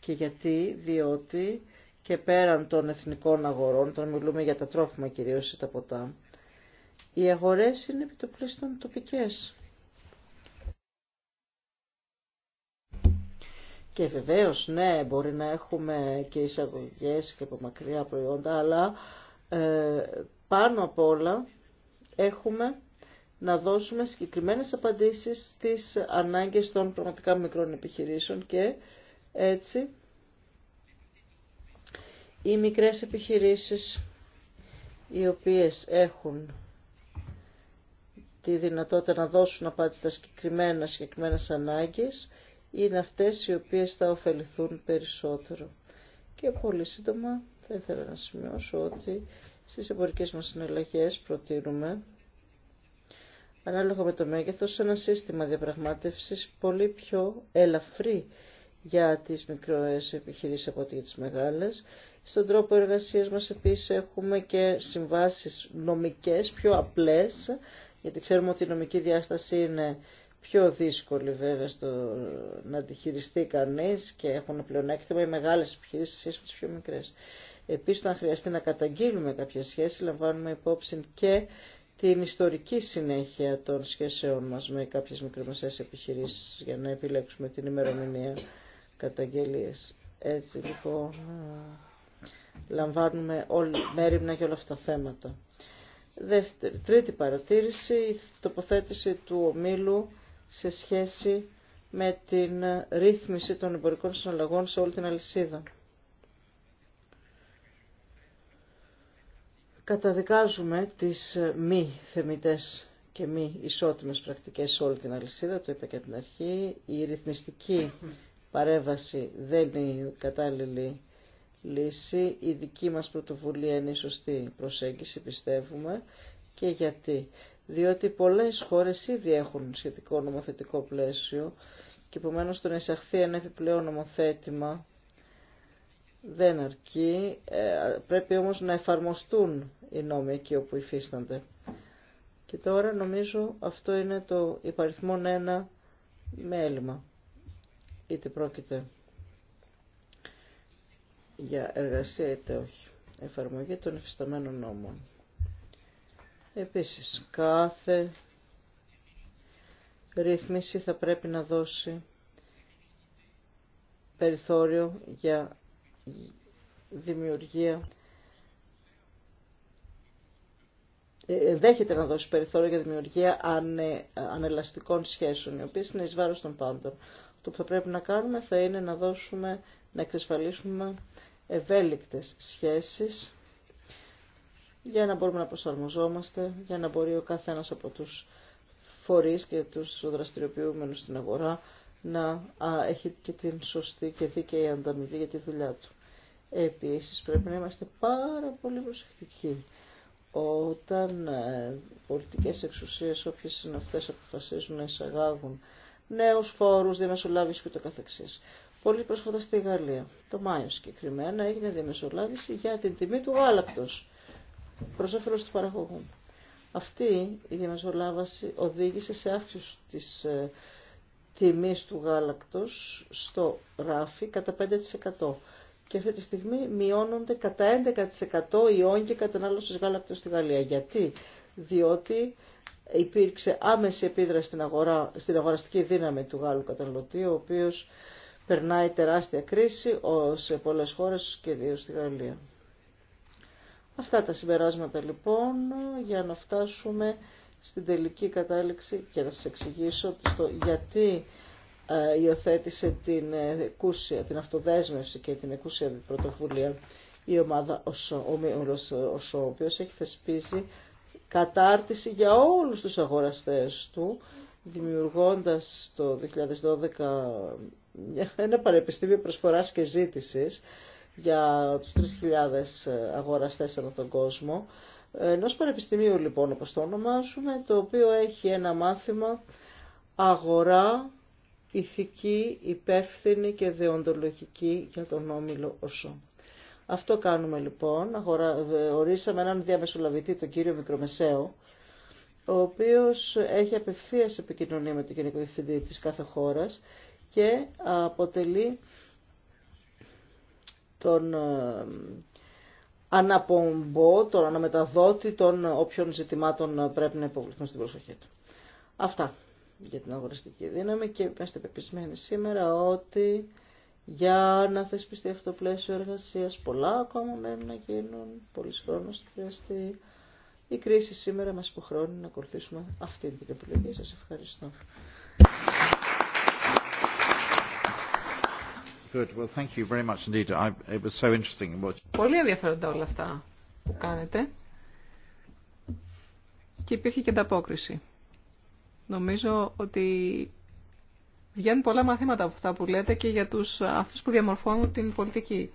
Και γιατί, διότι και πέραν των εθνικών αγορών, όταν μιλούμε για τα τρόφιμα κυρίως ή τα ποτά, οι αγορές είναι επί το τοπικές. Και βεβαίως, ναι, μπορεί να έχουμε και εισαγωγές και από μακριά προϊόντα, αλλά ε, πάνω απ' όλα έχουμε να δώσουμε συγκεκριμένες απαντήσεις στις ανάγκες των πραγματικά μικρών επιχειρήσεων και έτσι οι μικρές επιχειρήσεις οι οποίες έχουν τη δυνατότητα να δώσουν απάντηση στα συγκεκριμένα συγκεκριμένες ανάγκες είναι αυτές οι οποίες θα ωφεληθούν περισσότερο. Και πολύ σύντομα θα ήθελα να σημειώσω ότι στις εμπορικές μας συναλλαγές προτείνουμε ανάλογα με το μέγεθος ένα σύστημα διαπραγμάτευσης πολύ πιο ελαφρύ για τις μικρές επιχειρήσεις από ό,τι για τις μεγάλες. Στον τρόπο εργασίας μας επίσης έχουμε και συμβάσεις νομικές, πιο απλές, γιατί ξέρουμε ότι η νομική διάσταση είναι πιο δύσκολη βέβαια στο να τη χειριστεί κανείς και έχουν πλεονέκτημα οι μεγάλε επιχείρησει σχέση με τις πιο μικρέ. Επίση, αν χρειαστεί να καταγγείλουμε κάποια σχέση, λαμβάνουμε υπόψη και την ιστορική συνέχεια των σχέσεών μα με κάποιε μικρομεσαίες επιχειρήσει για να επιλέξουμε την ημερομηνία καταγγελίε. Έτσι λοιπόν λαμβάνουμε όλη, μέρημνα για όλα αυτά τα θέματα. Δεύτερη, τρίτη παρατήρηση, η τοποθέτηση του ομίλου σε σχέση με την ρύθμιση των εμπορικών συναλλαγών σε όλη την αλυσίδα. Καταδικάζουμε τις μη θεμητές και μη ισότιμες πρακτικές σε όλη την αλυσίδα, το είπα και την αρχή. Η ρυθμιστική παρέμβαση δεν είναι η κατάλληλη λύση. Η δική μας πρωτοβουλία είναι η σωστή προσέγγιση, πιστεύουμε. Και γιατί. Διότι πολλές χώρες ήδη έχουν σχετικό νομοθετικό πλαίσιο και επομένω το να εισαχθεί ένα επιπλέον νομοθέτημα δεν αρκεί. Ε, πρέπει όμως να εφαρμοστούν οι νόμοι εκεί όπου υφίστανται. Και τώρα νομίζω αυτό είναι το υπαριθμόν ένα μέλημα. Είτε πρόκειται για εργασία είτε όχι. Εφαρμογή των υφισταμένων νόμων. Επίσης, κάθε ρύθμιση θα πρέπει να δώσει περιθώριο για δημιουργία ε, ε, δέχεται να δώσει περιθώριο για δημιουργία ανε, ανελαστικών σχέσεων, οι οποίε είναι εις βάρος των πάντων. Το που θα πρέπει να κάνουμε θα είναι να δώσουμε, να εξασφαλίσουμε ευέλικτες σχέσεις για να μπορούμε να προσαρμοζόμαστε, για να μπορεί ο καθένας από τους φορείς και τους δραστηριοποιούμενους στην αγορά να έχει και την σωστή και δίκαιη ανταμοιβή για τη δουλειά του. Επίσης πρέπει να είμαστε πάρα πολύ προσεκτικοί όταν ε, πολιτικές εξουσίες, όποιες είναι αυτές, αποφασίζουν να εισαγάγουν νέους φόρους, διαμεσολάβηση και το καθεξής. Πολύ πρόσφατα στη Γαλλία, το Μάιο συγκεκριμένα, έγινε διαμεσολάβηση για την τιμή του γάλακτος προς όφελος του παραγωγού. Αυτή η διαμεσολάβαση οδήγησε σε αύξηση της ε, τιμής του γάλακτος στο ράφι κατά 5% και αυτή τη στιγμή μειώνονται κατά 11% οι όγκοι κατανάλωσης γάλακτος στη Γαλλία. Γιατί? Διότι υπήρξε άμεση επίδραση στην, αγορά, στην αγοραστική δύναμη του Γάλλου καταναλωτή, ο οποίος περνάει τεράστια κρίση σε πολλές χώρες και ιδίως στη Γαλλία. Αυτά τα συμπεράσματα λοιπόν για να φτάσουμε στην τελική κατάληξη και να σας εξηγήσω στο γιατί ε, υιοθέτησε την, εκούσια, την αυτοδέσμευση και την εκούσια πρωτοβουλία η ομάδα ΟΣΟ, ο οποίο οποίος έχει θεσπίσει κατάρτιση για όλους τους αγοραστές του, δημιουργώντας το 2012 ένα πανεπιστήμιο προσφοράς και ζήτησης, για τους 3.000 ε, αγοραστές ανά τον κόσμο. Ενός πανεπιστημίου λοιπόν όπως το ονομάζουμε, το οποίο έχει ένα μάθημα αγορά ηθική, υπεύθυνη και δεοντολογική για τον Όμιλο Οσό. Αυτό κάνουμε λοιπόν, αγορα... Ε, ορίσαμε έναν διαμεσολαβητή, τον κύριο Μικρομεσαίο, ο οποίος έχει απευθείας επικοινωνία με τον Γενικό Διευθυντή της κάθε χώρας και αποτελεί τον αναπομπό, τον αναμεταδότη των ε, όποιων ζητημάτων ε, πρέπει να υποβληθούν στην προσοχή του. Αυτά για την αγοραστική δύναμη και είμαστε πεπισμένοι σήμερα ότι για να θεσπιστεί αυτό το πλαίσιο εργασίας πολλά ακόμα μένουν να γίνουν, πολλοί χρόνος χρειαστεί. Η κρίση σήμερα μας υποχρώνει να ακολουθήσουμε αυτή την επιλογή. Σας ευχαριστώ. Πολύ ενδιαφέροντα όλα αυτά που κάνετε. Και υπήρχε και ανταπόκριση. Νομίζω ότι βγαίνουν πολλά μαθήματα από αυτά που λέτε και για τους, αυτούς που διαμορφώνουν την πολιτική.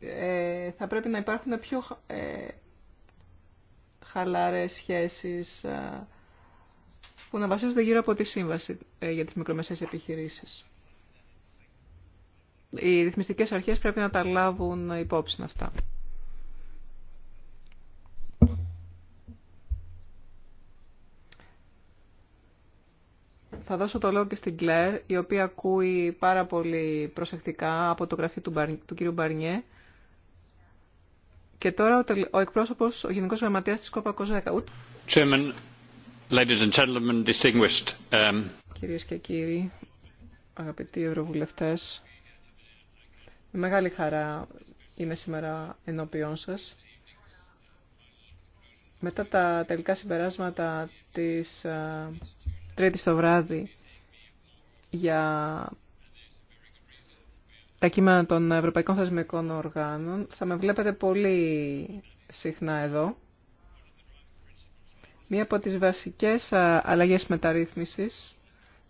Ε, θα πρέπει να υπάρχουν πιο ε, χαλαρές σχέσεις... Ε, που να βασίζονται γύρω από τη Σύμβαση ε, για τις μικρομεσαίες επιχειρήσεις. Οι ρυθμιστικές αρχές πρέπει να τα λάβουν υπόψη αυτά. Θα δώσω το λόγο και στην Κλέρ, η οποία ακούει πάρα πολύ προσεκτικά από το γραφείο του κύριου Μπαρνιέ. Και τώρα ο εκπρόσωπος, ο Γενικός Γραμματέας της ΚΟΠΑ Chairman, Ladies um, Κυρίες και κύριοι, αγαπητοί ευρωβουλευτές, με μεγάλη χαρά είμαι σήμερα ενώπιόν σας. Μετά τα τελικά συμπεράσματα της ε, Τρίτης το βράδυ για τα κείμενα των Ευρωπαϊκών Θεσμικών Οργάνων, θα με βλέπετε πολύ συχνά εδώ. Μία από τις βασικές αλλαγές μεταρρύθμισης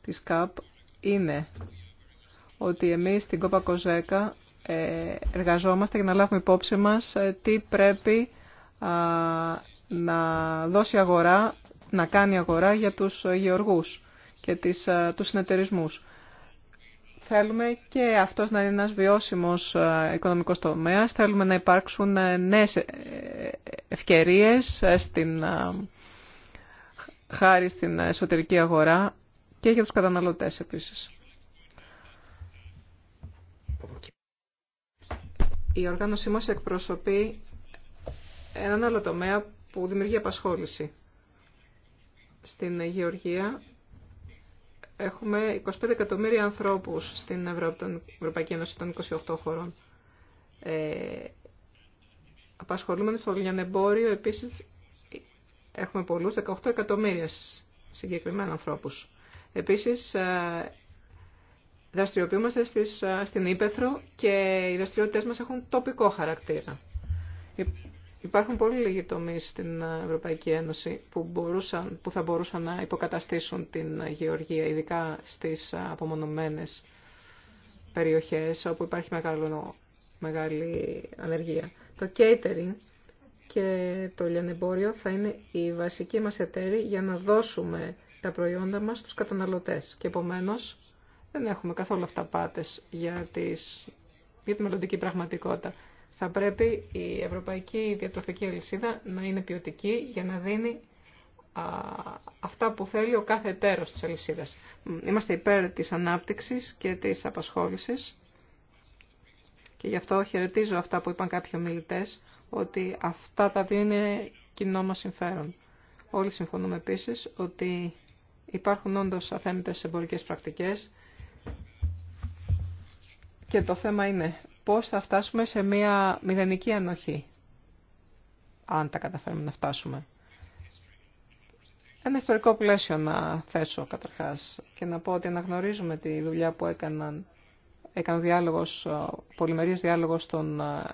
της ΚΑΠ είναι ότι εμείς στην ΚΟΠΑ ΚΟΖΕΚΑ ε, εργαζόμαστε για να λάβουμε υπόψη μας ε, τι πρέπει να δώσει αγορά, να κάνει αγορά για τους γεωργούς και τις, τους συνεταιρισμούς. Θέλουμε και αυτός να είναι ένας βιώσιμος οικονομικός τομέας. Θέλουμε να υπάρξουν ε, νέες ευκαιρίες στην χάρη στην εσωτερική αγορά και για τους καταναλωτές επίσης. Η οργάνωσή μας εκπροσωπεί έναν άλλο τομέα που δημιουργεί απασχόληση. Στην Γεωργία έχουμε 25 εκατομμύρια ανθρώπους στην Ευρώπη, Ευρωπαϊκή Ένωση των 28 χωρών. Ε, απασχολούμενοι στο λιανεμπόριο επίσης Έχουμε πολλούς, 18 εκατομμύρια συγκεκριμένα ανθρώπους. Επίσης, ε, δραστηριοποιούμαστε στις, ε, στην Ήπεθρο και οι δραστηριότητες μας έχουν τοπικό χαρακτήρα. Υπάρχουν πολύ λίγοι τομεί στην Ευρωπαϊκή Ένωση που, που θα μπορούσαν να υποκαταστήσουν την γεωργία, ειδικά στις απομονωμένες περιοχές όπου υπάρχει μεγάλο, μεγάλη ανεργία. Το catering και το λιανεμπόριο θα είναι η βασική μας εταίρη για να δώσουμε τα προϊόντα μας στους καταναλωτές. Και επομένως δεν έχουμε καθόλου αυταπάτες για, τις, για τη μελλοντική πραγματικότητα. Θα πρέπει η ευρωπαϊκή διατροφική αλυσίδα να είναι ποιοτική για να δίνει αυτά που θέλει ο κάθε εταίρος της αλυσίδας. Είμαστε υπέρ της ανάπτυξης και της απασχόλησης και γι' αυτό χαιρετίζω αυτά που είπαν κάποιοι ομιλητές ότι αυτά τα δύο είναι κοινό μας συμφέρον. Όλοι συμφωνούμε επίσης ότι υπάρχουν όντως αφέμητες εμπορικές πρακτικές και το θέμα είναι πώς θα φτάσουμε σε μια μηδενική ανοχή, αν τα καταφέρουμε να φτάσουμε. Ένα ιστορικό πλαίσιο να θέσω καταρχάς και να πω ότι αναγνωρίζουμε τη δουλειά που έκαναν, Έκαναν διάλογος, πολυμερής διάλογος των ε,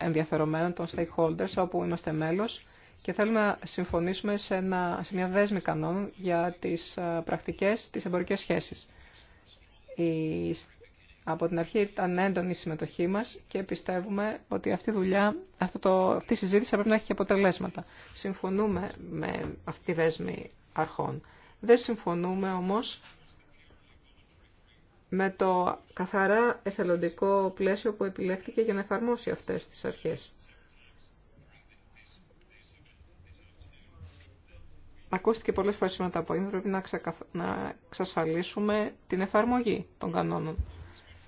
ενδιαφερομένων, των stakeholders, όπου είμαστε μέλος και θέλουμε να συμφωνήσουμε σε, ένα, σε μια δέσμη κανόνων για τις ε, πρακτικές, τις εμπορικές σχέσεις. από την αρχή ήταν έντονη η συμμετοχή μας και πιστεύουμε ότι αυτή η δουλειά, αυτό το, αυτή η συζήτηση πρέπει να έχει αποτελέσματα. Συμφωνούμε με αυτή τη δέσμη αρχών. Δεν συμφωνούμε όμως με το καθαρά εθελοντικό πλαίσιο που επιλέχθηκε για να εφαρμόσει αυτές τις αρχές. Ακούστηκε πολλές φορές σήμερα το απόγευμα, πρέπει να, ξεκαθ... εξασφαλίσουμε την εφαρμογή των κανόνων.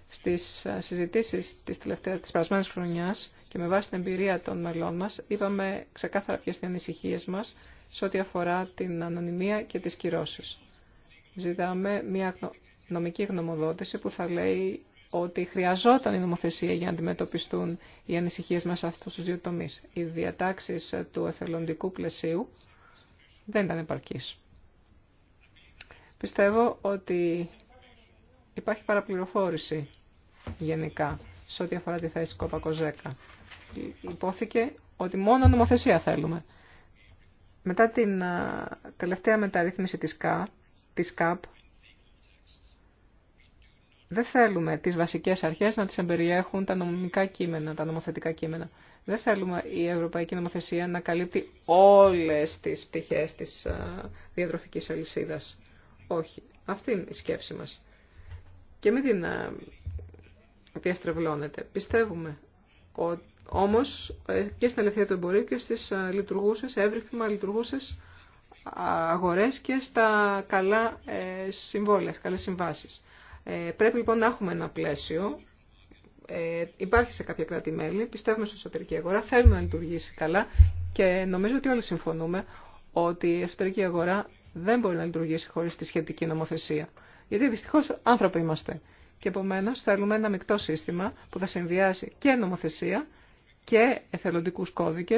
Στις ε, συζητήσεις της, τελευταίας, της περασμένης χρονιάς και με βάση την εμπειρία των μελών μας, είπαμε ξεκάθαρα ποιες είναι οι ανησυχίες μας σε ό,τι αφορά την ανωνυμία και τις κυρώσεις. Ζητάμε μια νομική γνωμοδότηση που θα λέει ότι χρειαζόταν η νομοθεσία για να αντιμετωπιστούν οι ανησυχίες μας σε αυτούς τους δύο τομείς. Οι διατάξεις του εθελοντικού πλαισίου δεν ήταν επαρκείς. Πιστεύω ότι υπάρχει παραπληροφόρηση γενικά σε ό,τι αφορά τη θέση κόπα κοζέκα. Υπόθηκε ότι μόνο νομοθεσία θέλουμε. Μετά την τελευταία μεταρρύθμιση της, ΚΑ, της ΚΑΠ δεν θέλουμε τις βασικές αρχές να τις εμπεριέχουν τα νομικά κείμενα, τα νομοθετικά κείμενα. Δεν θέλουμε η Ευρωπαϊκή Νομοθεσία να καλύπτει όλες τις πτυχές της ε, διατροφικής αλυσίδα. Όχι. Αυτή είναι η σκέψη μας. Και μην την ε, διαστρεβλώνετε. Πιστεύουμε ότι όμως ε, και στην αλευθεία του εμπορίου και στις λειτουργούσες, εύρυθμα λειτουργούσες αγορές και στα καλά συμβόλαια, καλές συμβάσεις. Ε, πρέπει λοιπόν να έχουμε ένα πλαίσιο. Ε, υπάρχει σε κάποια κράτη-μέλη, πιστεύουμε στην εσωτερική αγορά, θέλουμε να λειτουργήσει καλά και νομίζω ότι όλοι συμφωνούμε ότι η εσωτερική αγορά δεν μπορεί να λειτουργήσει χωρί τη σχετική νομοθεσία. Γιατί δυστυχώ άνθρωποι είμαστε. Και επομένω, θέλουμε ένα μεικτό σύστημα που θα συνδυάσει και νομοθεσία και εθελοντικού κώδικε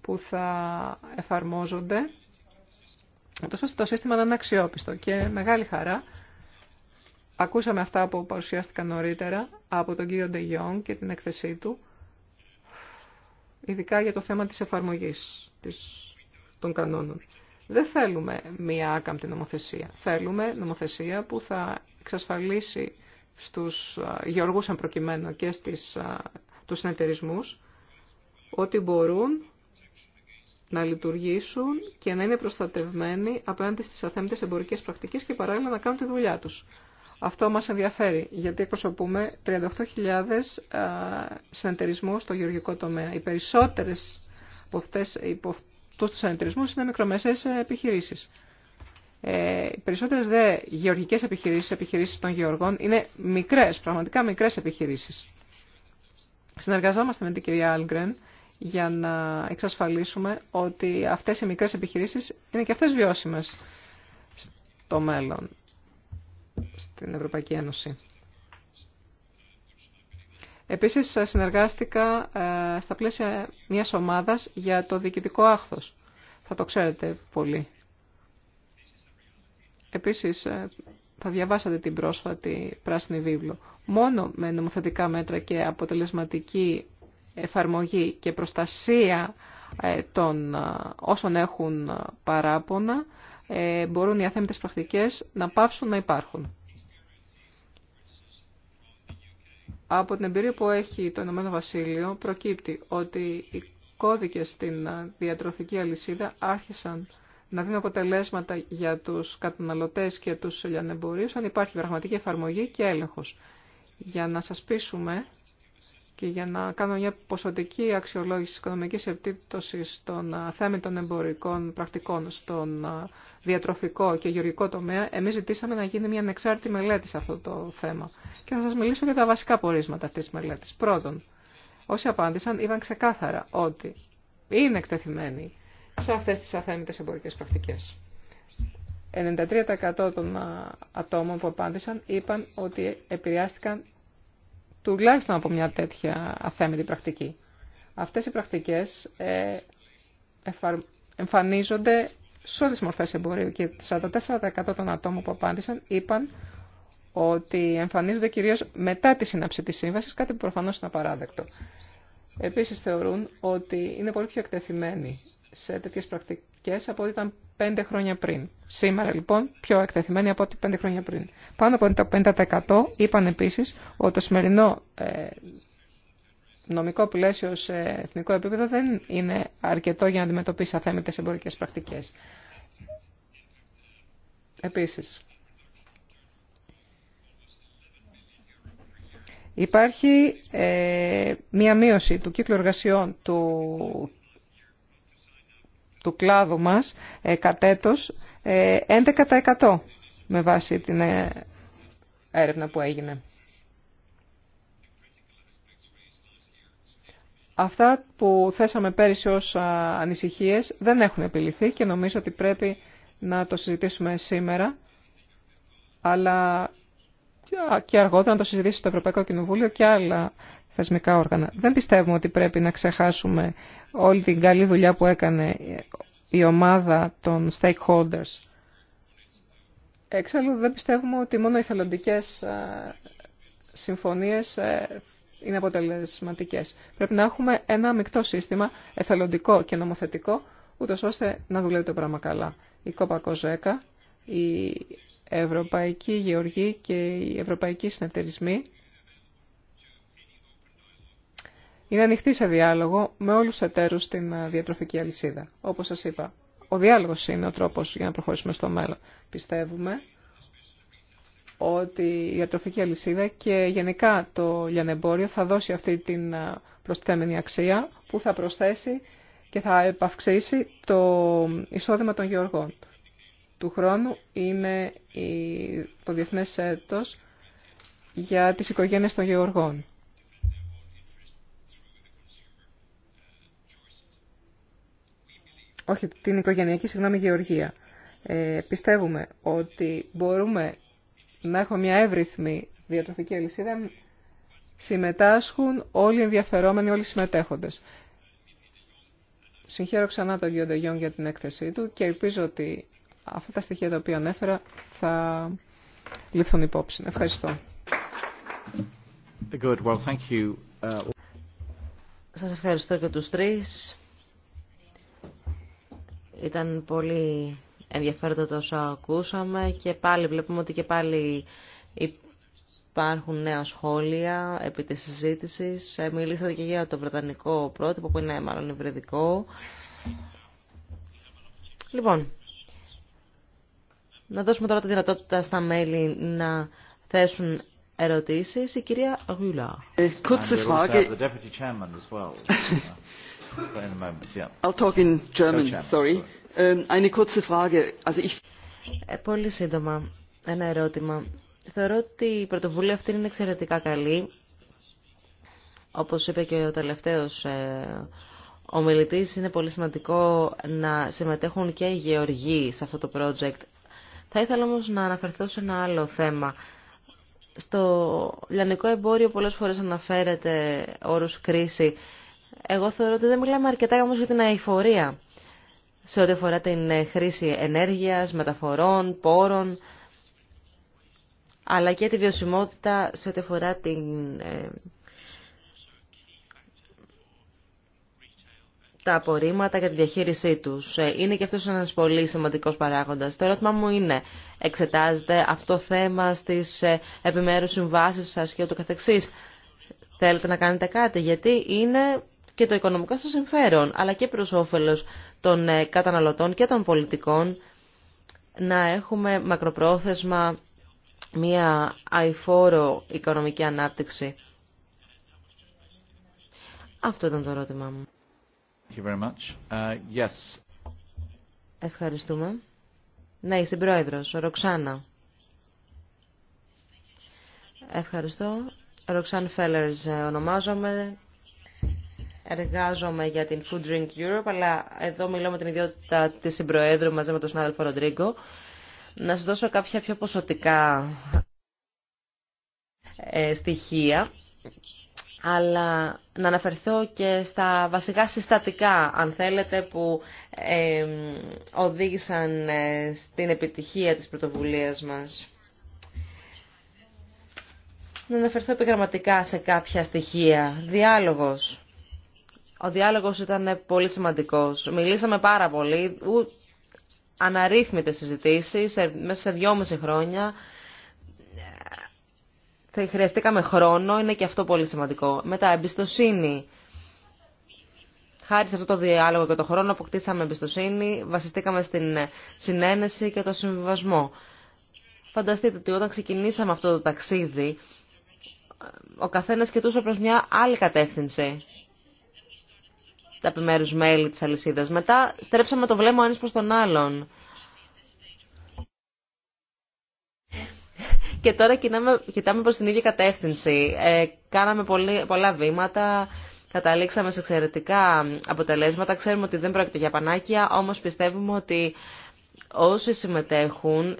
που θα εφαρμόζονται, τόσο το σύστημα να είναι αξιόπιστο. Και μεγάλη χαρά Ακούσαμε αυτά που παρουσιάστηκαν νωρίτερα από τον κύριο Ντεγιόν και την εκθεσή του, ειδικά για το θέμα της εφαρμογής των κανόνων. Δεν θέλουμε μία άκαμπτη νομοθεσία. Θέλουμε νομοθεσία που θα εξασφαλίσει στους γεωργούς αν προκειμένου και στις, τους συνεταιρισμούς ότι μπορούν να λειτουργήσουν και να είναι προστατευμένοι απέναντι στις αθέμητες εμπορικές πρακτικές και παράλληλα να κάνουν τη δουλειά τους. Αυτό μας ενδιαφέρει, γιατί εκπροσωπούμε 38.000 ε, συνεταιρισμού στο γεωργικό τομέα. Οι περισσότερες από, αυτές, από αυτούς τους συνεταιρισμούς είναι μικρομεσαίες ε, επιχειρήσεις. Ε, οι περισσότερες δε γεωργικές επιχειρήσεις, επιχειρήσεις των γεωργών, είναι μικρές, πραγματικά μικρές επιχειρήσεις. Συνεργαζόμαστε με την κυρία Άλγκρεν για να εξασφαλίσουμε ότι αυτές οι μικρές επιχειρήσεις είναι και αυτές βιώσιμες στο μέλλον στην Ευρωπαϊκή Ένωση. Επίσης συνεργάστηκα ε, στα πλαίσια μιας ομάδας για το διοικητικό άχθος. Θα το ξέρετε πολύ. Επίσης ε, θα διαβάσατε την πρόσφατη πράσινη βίβλο. Μόνο με νομοθετικά μέτρα και αποτελεσματική εφαρμογή και προστασία ε, των όσων έχουν παράπονα ε, μπορούν οι αθέμητες πρακτικές να πάψουν να υπάρχουν. Από την εμπειρία που έχει το Ηνωμένο Βασίλειο προκύπτει ότι οι κώδικες στην διατροφική αλυσίδα άρχισαν να δίνουν αποτελέσματα για τους καταναλωτές και τους λιανεμπορίους αν υπάρχει πραγματική εφαρμογή και έλεγχος. Για να σας πείσουμε και για να κάνω μια ποσοτική αξιολόγηση της οικονομικής επιτύπτωσης των θέμητων εμπορικών πρακτικών στον διατροφικό και γεωργικό τομέα, εμείς ζητήσαμε να γίνει μια ανεξάρτητη μελέτη σε αυτό το θέμα. Και θα σας μιλήσω για τα βασικά πορίσματα αυτής της μελέτης. Πρώτον, όσοι απάντησαν είπαν ξεκάθαρα ότι είναι εκτεθειμένοι σε αυτές τις αθέμητες εμπορικές πρακτικές. 93% των ατόμων που απάντησαν είπαν ότι επηρεάστηκαν τουλάχιστον από μια τέτοια αθέμητη πρακτική. Αυτές οι πρακτικές ε, εμφανίζονται σε όλες τις μορφές εμπορίου και 44% των ατόμων που απάντησαν είπαν ότι εμφανίζονται κυρίως μετά τη σύναψη της σύμβασης, κάτι που προφανώς είναι απαράδεκτο. Επίσης θεωρούν ότι είναι πολύ πιο εκτεθειμένοι σε τέτοιες πρακτικές και από ό,τι ήταν πέντε χρόνια πριν. Σήμερα λοιπόν πιο εκτεθειμένοι από ό,τι πέντε χρόνια πριν. Πάνω από το 50% είπαν επίσης ότι το σημερινό ε, νομικό πλαίσιο σε εθνικό επίπεδο δεν είναι αρκετό για να αντιμετωπίσει αθέμητες εμπορικές πρακτικές. Επίσης, υπάρχει ε, μία μείωση του κύκλου εργασιών του του κλάδου μας ε, κατέτος 11% ε, με βάση την ε, έρευνα που έγινε. Αυτά που θέσαμε πέρυσι ως ανησυχίες δεν έχουν επιληθεί και νομίζω ότι πρέπει να το συζητήσουμε σήμερα, αλλά και αργότερα να το συζητήσει στο Ευρωπαϊκό Κοινοβούλιο και άλλα θεσμικά όργανα. Δεν πιστεύουμε ότι πρέπει να ξεχάσουμε όλη την καλή δουλειά που έκανε η ομάδα των stakeholders. Εξάλλου δεν πιστεύουμε ότι μόνο οι θελοντικές ε, συμφωνίες ε, είναι αποτελεσματικές. Πρέπει να έχουμε ένα μεικτό σύστημα εθελοντικό και νομοθετικό, ούτως ώστε να δουλεύει το πράγμα καλά. Η ΚΟΠΑ η Ευρωπαϊκή Γεωργή και οι Ευρωπαϊκοί Συνεταιρισμοί είναι ανοιχτή σε διάλογο με όλους τους εταίρους στην ε, διατροφική αλυσίδα. Όπως σας είπα, ο διάλογος είναι ο τρόπος για να προχωρήσουμε στο μέλλον. Πιστεύουμε ότι η διατροφική αλυσίδα και γενικά το λιανεμπόριο θα δώσει αυτή την ε, προστιθέμενη αξία που θα προσθέσει και θα επαυξήσει το εισόδημα των γεωργών. Του χρόνου είναι το Διεθνές Έτος για τις οικογένειες των γεωργών. όχι, την οικογενειακή, συγγνώμη, γεωργία. Ε, πιστεύουμε ότι μπορούμε να έχουμε μια εύρυθμη διατροφική αλυσίδα, συμμετάσχουν όλοι οι ενδιαφερόμενοι, όλοι οι συμμετέχοντες. Συγχαίρω ξανά τον κύριο Γιόν για την έκθεσή του και ελπίζω ότι αυτά τα στοιχεία τα οποία ανέφερα θα ληφθούν υπόψη. Ευχαριστώ. Good. Well, thank you. Uh, Σας ευχαριστώ και τους τρεις. Ήταν πολύ ενδιαφέροντα το όσα ακούσαμε και πάλι βλέπουμε ότι και πάλι υπάρχουν νέα σχόλια επί της συζήτησης. Ε, μιλήσατε και για το βρετανικό πρότυπο που είναι μάλλον υβριδικό. Λοιπόν, να δώσουμε τώρα τη δυνατότητα στα μέλη να θέσουν ερωτήσεις. Η κυρία Γουλά. (laughs) Πολύ σύντομα, ένα ερώτημα. Θεωρώ ότι η πρωτοβουλία αυτή είναι εξαιρετικά καλή. Όπως είπε και ο τελευταίος ε, ομιλητή είναι πολύ σημαντικό να συμμετέχουν και οι γεωργοί σε αυτό το project. Θα ήθελα όμως να αναφερθώ σε ένα άλλο θέμα. Στο λιανικό εμπόριο πολλές φορές αναφέρεται όρους κρίση εγώ θεωρώ ότι δεν μιλάμε αρκετά όμως για την αηφορία σε ό,τι αφορά την ε, χρήση ενέργειας, μεταφορών, πόρων, αλλά και τη βιωσιμότητα σε ό,τι αφορά την, ε, τα απορρίμματα και τη διαχείρισή τους. Ε, είναι και αυτός ένας πολύ σημαντικός παράγοντας. Το ερώτημα μου είναι, εξετάζετε αυτό θέμα στις επιμέρους συμβάσεις σας και ούτω καθεξής. Θέλετε να κάνετε κάτι, γιατί είναι και το οικονομικό σας συμφέρον, αλλά και προς όφελος των ε, καταναλωτών και των πολιτικών να έχουμε μακροπρόθεσμα μία αηφόρο οικονομική ανάπτυξη. Αυτό ήταν το ερώτημά μου. Uh, Ευχαριστούμε. Ναι, η συμπρόεδρος, Ροξάνα. Ευχαριστώ. Ροξάν Φέλερς ε, ονομάζομαι εργάζομαι για την Food Drink Europe, αλλά εδώ μιλώ με την ιδιότητα της συμπροέδρου μαζί με τον συνάδελφο Ροντρίγκο. Να σα δώσω κάποια πιο ποσοτικά ε, στοιχεία, αλλά να αναφερθώ και στα βασικά συστατικά, αν θέλετε, που οδήγησαν ε, στην επιτυχία της πρωτοβουλίας μας. Να αναφερθώ επιγραμματικά σε κάποια στοιχεία. Διάλογος ο διάλογος ήταν πολύ σημαντικός. Μιλήσαμε πάρα πολύ, αναρρύθμιτες συζητήσεις μέσα σε δυόμιση χρόνια. Θα χρειαστήκαμε χρόνο, είναι και αυτό πολύ σημαντικό. Μετά, εμπιστοσύνη. Χάρη σε αυτό το διάλογο και το χρόνο αποκτήσαμε εμπιστοσύνη, βασιστήκαμε στην συνένεση και το συμβιβασμό. Φανταστείτε ότι όταν ξεκινήσαμε αυτό το ταξίδι, ο καθένας κοιτούσε προς μια άλλη κατεύθυνση τα επιμέρου μέλη της αλυσίδα. Μετά στρέψαμε το βλέμμα ο προ τον άλλον. Και τώρα κοιτάμε, κοιτάμε προς την ίδια κατεύθυνση. Ε, κάναμε πολλά βήματα, καταλήξαμε σε εξαιρετικά αποτελέσματα. Ξέρουμε ότι δεν πρόκειται για πανάκια, όμως πιστεύουμε ότι όσοι συμμετέχουν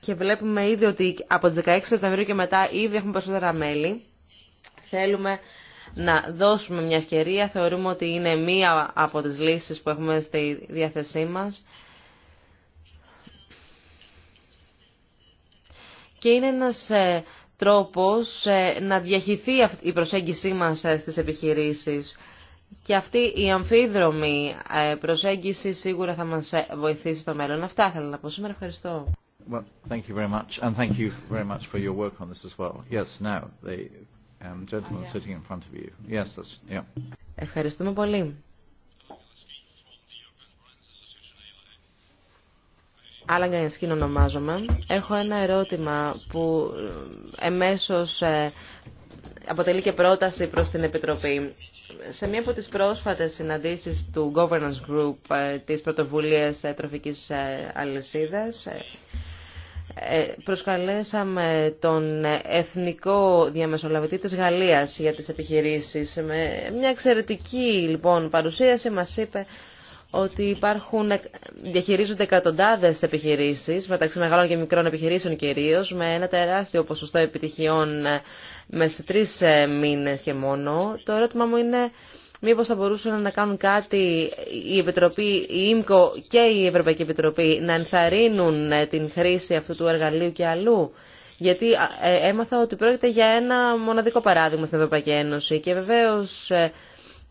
και βλέπουμε ήδη ότι από τις 16 Σεπτεμβρίου και μετά ήδη έχουμε περισσότερα μέλη. Θέλουμε να δώσουμε μια ευκαιρία. Θεωρούμε ότι είναι μία από τις λύσεις που έχουμε στη διάθεσή μας. Και είναι ένας ε, τρόπος ε, να διαχυθεί η προσέγγισή μας ε, στις επιχειρήσεις. Και αυτή η αμφίδρομη προσέγγιση σίγουρα θα μας βοηθήσει στο μέλλον. Αυτά θέλω να πω σήμερα. Ευχαριστώ. Well, thank you very much, and thank you very much for your work on this as well. Yes, now they. Ευχαριστούμε πολύ. Άλλα ονομάζομαι. Έχω ένα ερώτημα που ε, εμέσως ε, αποτελεί και πρόταση προς την Επιτροπή. Σε μία από τις πρόσφατες συναντήσεις του Governance Group ε, της πρωτοβουλίας τροφικής αλυσίδας, ε, προσκαλέσαμε τον Εθνικό Διαμεσολαβητή της Γαλλίας για τις επιχειρήσεις. Με μια εξαιρετική λοιπόν παρουσίαση μας είπε ότι υπάρχουν, διαχειρίζονται εκατοντάδες επιχειρήσεις, μεταξύ μεγάλων και μικρών επιχειρήσεων κυρίως, με ένα τεράστιο ποσοστό επιτυχιών μέσα σε τρεις ε, μήνες και μόνο. Το ερώτημα μου είναι μήπως θα μπορούσαν να κάνουν κάτι η Επιτροπή, η ΙΜΚΟ και η Ευρωπαϊκή Επιτροπή να ενθαρρύνουν ε, την χρήση αυτού του εργαλείου και αλλού. Γιατί ε, έμαθα ότι πρόκειται για ένα μοναδικό παράδειγμα στην Ευρωπαϊκή Ένωση και βεβαίως... Ε,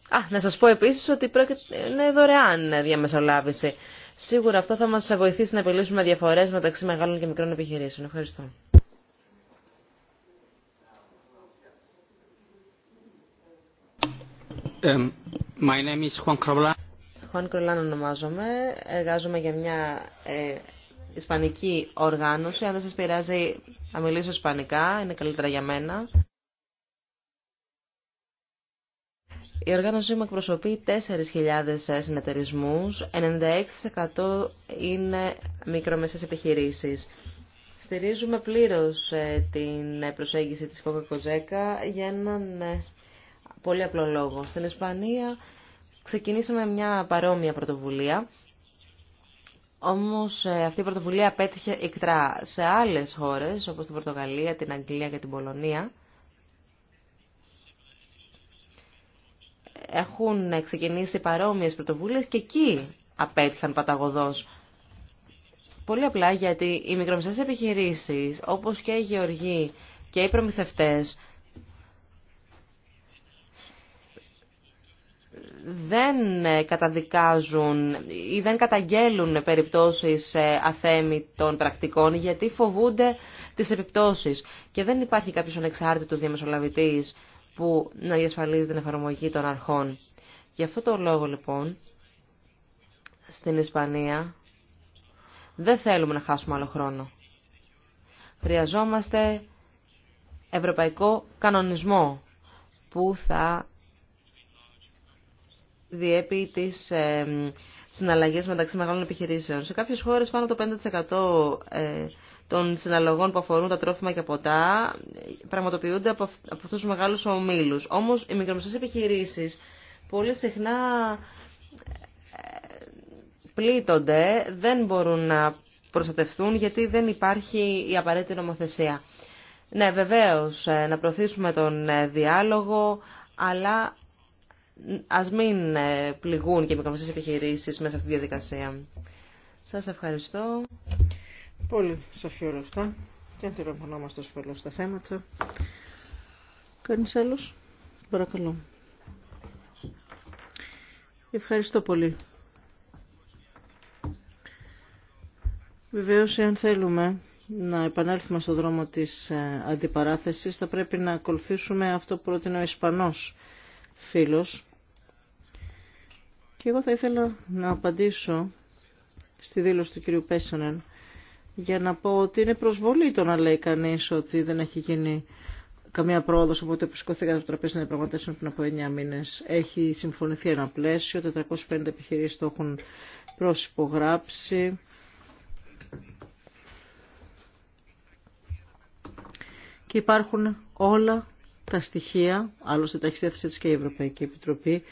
α, να σας πω επίσης ότι πρόκειται, είναι δωρεάν διαμεσολάβηση. Σίγουρα αυτό θα μα βοηθήσει να επιλύσουμε διαφορέ μεταξύ μεγάλων και μικρών επιχειρήσεων. Ευχαριστώ. Um, my name is Juan Juan ονομάζομαι. Εργάζομαι για μια ε, ισπανική οργάνωση. Αν δεν σας πειράζει θα μιλήσω ισπανικά, είναι καλύτερα για μένα. Η οργάνωσή μου εκπροσωπεί 4.000 συνεταιρισμού. 96% είναι μικρομεσαίες επιχειρήσεις. Στηρίζουμε πλήρως ε, την προσέγγιση της Coca-Cola για έναν ε, πολύ απλό λόγο. Στην Ισπανία ξεκινήσαμε μια παρόμοια πρωτοβουλία, όμως ε, αυτή η πρωτοβουλία πέτυχε ικτρά σε άλλες χώρες, όπως την Πορτογαλία, την Αγγλία και την Πολωνία. Έχουν ξεκινήσει παρόμοιες πρωτοβουλίες και εκεί απέτυχαν παταγωδός. Πολύ απλά γιατί οι μικρομεσαίες επιχειρήσεις, όπως και οι γεωργοί και οι προμηθευτές, δεν ε, καταδικάζουν ή δεν καταγγέλουν περιπτώσεις ε, αθέμητων πρακτικών γιατί φοβούνται τις επιπτώσεις. Και δεν υπάρχει κάποιος ανεξάρτητος διαμεσολαβητής που να διασφαλίζει την εφαρμογή των αρχών. Γι' αυτό το λόγο λοιπόν στην Ισπανία δεν θέλουμε να χάσουμε άλλο χρόνο. Χρειαζόμαστε ευρωπαϊκό κανονισμό που θα διέπει τις συναλλαγέ μεταξύ μεγάλων επιχειρήσεων. Σε κάποιε χώρε πάνω το 5% ε, των συναλλαγών που αφορούν τα τρόφιμα και ποτά ε, πραγματοποιούνται από αυτού του μεγάλου ομίλου. Όμω, οι μικρομεσαίε επιχειρήσει πολύ συχνά ε, πλήττονται, δεν μπορούν να προστατευτούν γιατί δεν υπάρχει η απαραίτητη νομοθεσία. Ναι, βεβαίως, να προωθήσουμε τον διάλογο, αλλά Α μην ε, πληγούν και οι μικρομεσαίε επιχειρήσει μέσα σε αυτή τη διαδικασία. Σα ευχαριστώ. Πολύ σαφή όλα αυτά. Και αντιλαμβανόμαστε ασφαλώ τα θέματα. Κανείς άλλος. Παρακαλώ. Ευχαριστώ πολύ. Βεβαίως, εάν θέλουμε να επανέλθουμε στον δρόμο της ε, αντιπαράθεσης, θα πρέπει να ακολουθήσουμε αυτό που πρότεινε ο Ισπανός φίλος και εγώ θα ήθελα να απαντήσω στη δήλωση του κυρίου Πέσσονεν για να πω ότι είναι προσβολή το να λέει κανεί ότι δεν έχει γίνει καμία πρόοδο από το που σηκώθηκα το τραπέζι των διαπραγματεύσεων πριν από 9 μήνε. Έχει συμφωνηθεί ένα πλαίσιο, 450 επιχειρήσει το έχουν προσυπογράψει. Και υπάρχουν όλα τα στοιχεία, άλλωστε τα έχει και η Ευρωπαϊκή Επιτροπή,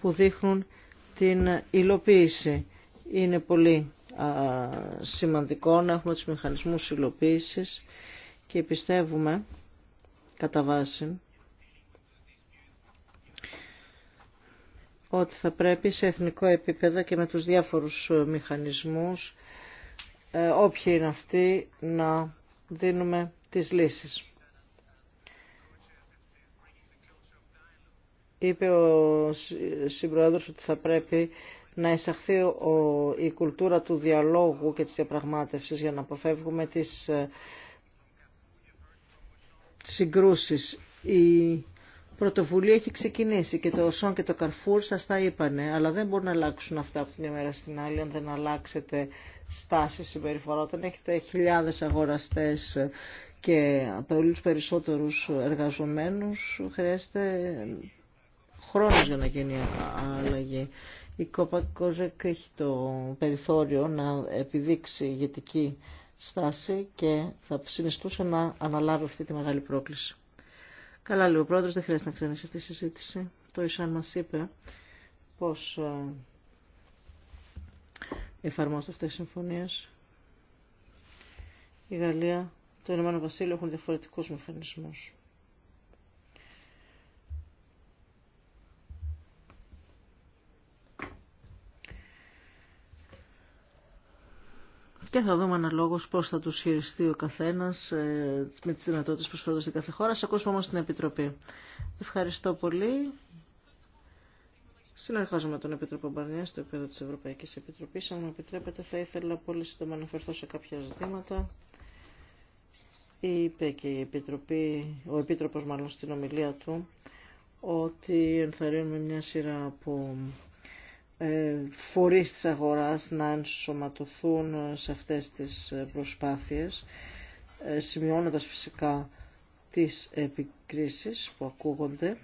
που δείχνουν την υλοποίηση. Είναι πολύ σημαντικό να έχουμε τους μηχανισμούς υλοποίησης και πιστεύουμε, κατά βάση, ότι θα πρέπει σε εθνικό επίπεδο και με τους διάφορους ε, μηχανισμούς, ε, όποιοι είναι αυτοί, να δίνουμε τις λύσεις. είπε ο συμπροέδρος ότι θα πρέπει να εισαχθεί η κουλτούρα του διαλόγου και της διαπραγμάτευσης για να αποφεύγουμε τις ε, συγκρούσεις. Η πρωτοβουλία έχει ξεκινήσει και το ΟΣΟΝ και το Καρφούρ σας τα είπανε, αλλά δεν μπορούν να αλλάξουν αυτά από την μια μέρα στην άλλη αν δεν αλλάξετε στάση συμπεριφορά. Όταν έχετε χιλιάδες αγοραστές και πολλούς περισσότερους εργαζομένους χρειάζεται χρόνος για να γίνει αλλαγή. Η Κόπα Κόζεκ έχει το περιθώριο να επιδείξει ηγετική στάση και θα συνιστούσε να αναλάβει αυτή τη μεγάλη πρόκληση. Καλά λέει ο πρόεδρος, δεν χρειάζεται να ξέρει αυτή τη συζήτηση. Το Ισάν μας είπε πώς ε, εφαρμόζονται αυτές οι συμφωνίες. Η Γαλλία, το Ηνωμένο Βασίλειο έχουν διαφορετικούς μηχανισμούς. και θα δούμε αναλόγως πώς θα τους χειριστεί ο καθένας ε, με τις δυνατότητες προσφέροντας στην κάθε χώρα. Σας ακούσουμε όμως την Επιτροπή. Ευχαριστώ πολύ. Συνεργάζομαι τον Επίτροπο Μπαρνιέ στο επίπεδο της Ευρωπαϊκής Επιτροπής. Αν μου επιτρέπετε θα ήθελα πολύ σύντομα να αναφερθώ σε κάποια ζητήματα. Είπε και η Επιτροπή, ο Επίτροπος μάλλον στην ομιλία του ότι ενθαρρύνουμε μια σειρά από ε, φορείς της αγοράς να ενσωματωθούν σε αυτές τις προσπάθειες, ε, σημειώνοντας φυσικά τις επικρίσεις που ακούγονται,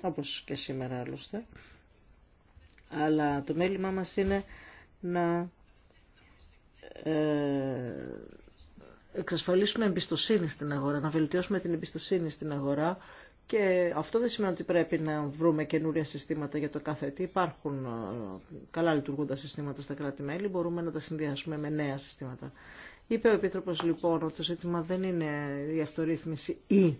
όπως και σήμερα άλλωστε. Αλλά το μέλημά μας είναι να ε, εξασφαλίσουμε εμπιστοσύνη στην αγορά, να βελτιώσουμε την εμπιστοσύνη στην αγορά και αυτό δεν σημαίνει ότι πρέπει να βρούμε καινούρια συστήματα για το κάθε τι. Υπάρχουν ε, καλά λειτουργούντα συστήματα στα κράτη-μέλη, μπορούμε να τα συνδυάσουμε με νέα συστήματα. Είπε ο Επίτροπος λοιπόν ότι το ζήτημα δεν είναι η αυτορύθμιση ή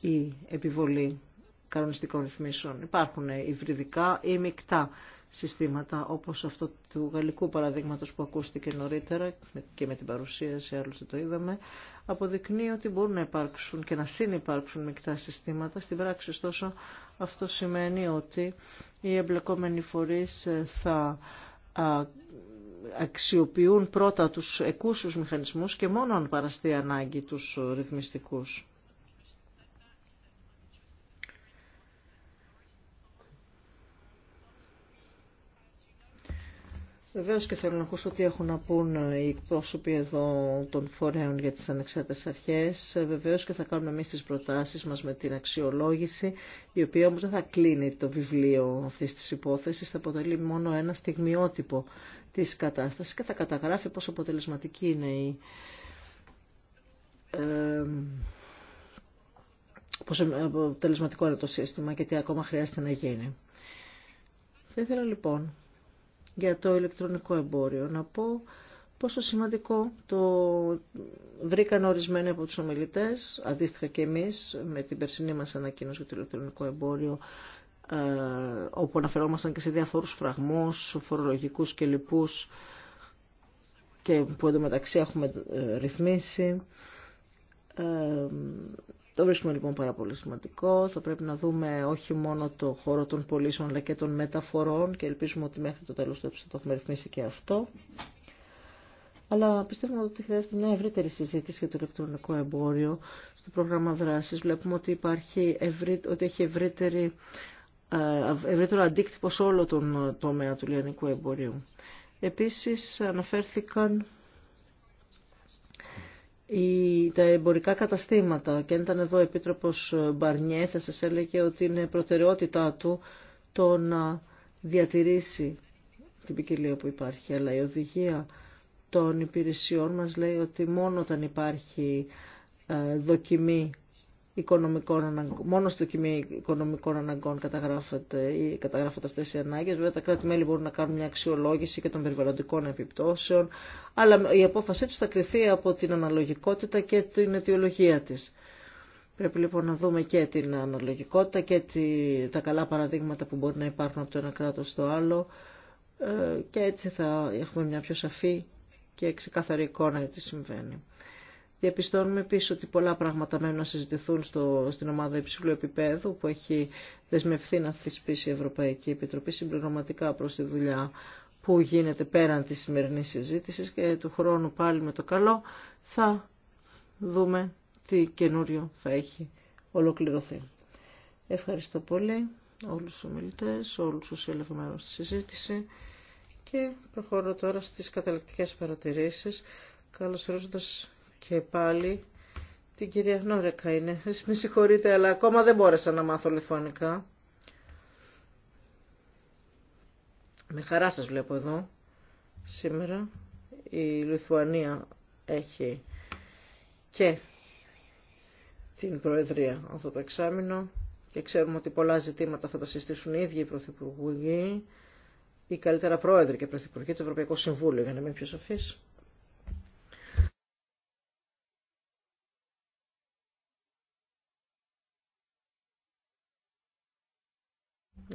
η επιβολή κανονιστικών ρυθμίσεων. Υπάρχουν υβριδικά ή μεικτά συστήματα όπως αυτό του γαλλικού παραδείγματος που ακούστηκε νωρίτερα και με την παρουσίαση άλλωστε το είδαμε αποδεικνύει ότι μπορούν να υπάρξουν και να συνυπάρξουν μεικτά συστήματα στην πράξη ωστόσο αυτό σημαίνει ότι οι εμπλεκόμενοι φορείς ε, θα αξιοποιούν πρώτα τους εκούσιους μηχανισμούς και μόνο αν παραστεί ανάγκη τους ρυθμιστικούς. Βεβαίως και θέλω να ακούσω τι έχουν να πούν οι πρόσωποι εδώ των φορέων για τις ανεξάρτητες αρχές. Βεβαίως και θα κάνουμε εμεί τις προτάσει μας με την αξιολόγηση, η οποία όμως δεν θα κλείνει το βιβλίο αυτής της υπόθεσης, θα αποτελεί μόνο ένα στιγμιότυπο της κατάστασης και θα καταγράφει πόσο αποτελεσματική είναι η... Ε, πόσο αποτελεσματικό είναι το σύστημα και τι ακόμα χρειάζεται να γίνει. Θα ήθελα λοιπόν για το ηλεκτρονικό εμπόριο. Να πω πόσο σημαντικό το βρήκαν ορισμένοι από τους ομιλητές, αντίστοιχα και εμείς με την περσινή μας ανακοίνωση για το ηλεκτρονικό εμπόριο, ε, όπου αναφερόμασταν και σε διαφόρους φραγμούς, φορολογικούς και λοιπούς, και που εντωμεταξύ έχουμε ε, ρυθμίσει ε, το βρίσκουμε λοιπόν πάρα πολύ σημαντικό. Θα πρέπει να δούμε όχι μόνο το χώρο των πωλήσεων αλλά και των μεταφορών και ελπίζουμε ότι μέχρι το τέλος του το έχουμε ρυθμίσει και αυτό. Αλλά πιστεύουμε ότι χρειάζεται μια ευρύτερη συζήτηση για το ηλεκτρονικό εμπόριο. Στο πρόγραμμα δράσης βλέπουμε ότι, υπάρχει ευρύ, ότι έχει ε, ευρύτερο αντίκτυπο σε όλο τον τομέα του λιανικού εμπορίου. Επίσης αναφέρθηκαν οι τα εμπορικά καταστήματα. Και αν ήταν εδώ ο Επίτροπος Μπαρνιέ θα σας έλεγε ότι είναι προτεραιότητά του το να διατηρήσει την ποικιλία που υπάρχει. Αλλά η οδηγία των υπηρεσιών μας λέει ότι μόνο όταν υπάρχει ε, δοκιμή οικονομικών μόνο στο κοιμή Οικονομικών Αναγκών καταγράφεται, ή καταγράφονται αυτές οι ανάγκες. Βέβαια τα κράτη-μέλη μπορούν να κάνουν μια αξιολόγηση και των περιβαλλοντικών επιπτώσεων, αλλά η απόφασή τους θα κρυθεί από την αναλογικότητα και την αιτιολογία της. Πρέπει λοιπόν να δούμε και την αναλογικότητα και τα καλά παραδείγματα που μπορεί να υπάρχουν από το ένα κράτος στο άλλο ε, και έτσι θα έχουμε μια πιο σαφή και ξεκάθαρη εικόνα για τι συμβαίνει. Διαπιστώνουμε επίση ότι πολλά πράγματα μένουν να συζητηθούν στο, στην ομάδα υψηλού επίπεδου που έχει δεσμευθεί να θυσπίσει η Ευρωπαϊκή Επιτροπή συμπληρωματικά προ τη δουλειά που γίνεται πέραν τη σημερινή συζήτηση και του χρόνου πάλι με το καλό θα δούμε τι καινούριο θα έχει ολοκληρωθεί. Ευχαριστώ πολύ όλους τους ομιλητές, όλους τους ελευμένους στη συζήτηση και προχωρώ τώρα στις καταληκτικές παρατηρήσεις καλωσορίζοντας και πάλι την κυρία Γνώρεκα είναι. Με συγχωρείτε, αλλά ακόμα δεν μπόρεσα να μάθω λιθουανικά. Με χαρά σας βλέπω εδώ. Σήμερα η Λιθουανία έχει και την Προεδρία αυτό το εξάμεινο και ξέρουμε ότι πολλά ζητήματα θα τα συστήσουν οι ίδιοι οι Πρωθυπουργοί ή καλύτερα Πρόεδροι και Πρωθυπουργοί του Ευρωπαϊκού Συμβούλου για να μην πιο σαφής.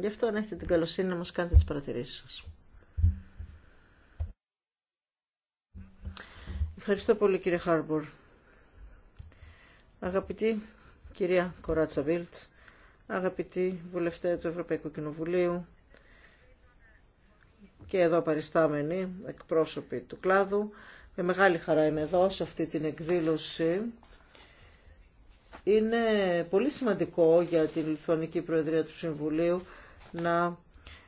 Γι' αυτό αν έχετε την καλοσύνη να μας κάνετε τις παρατηρήσεις σας. Ευχαριστώ πολύ κύριε Χάρμπορ. Αγαπητή κυρία Κοράτσα Βίλτ, αγαπητή βουλευτέ του Ευρωπαϊκού Κοινοβουλίου και εδώ παριστάμενοι εκπρόσωποι του κλάδου, με μεγάλη χαρά είμαι εδώ σε αυτή την εκδήλωση. Είναι πολύ σημαντικό για την Λιθουανική Προεδρία του Συμβουλίου να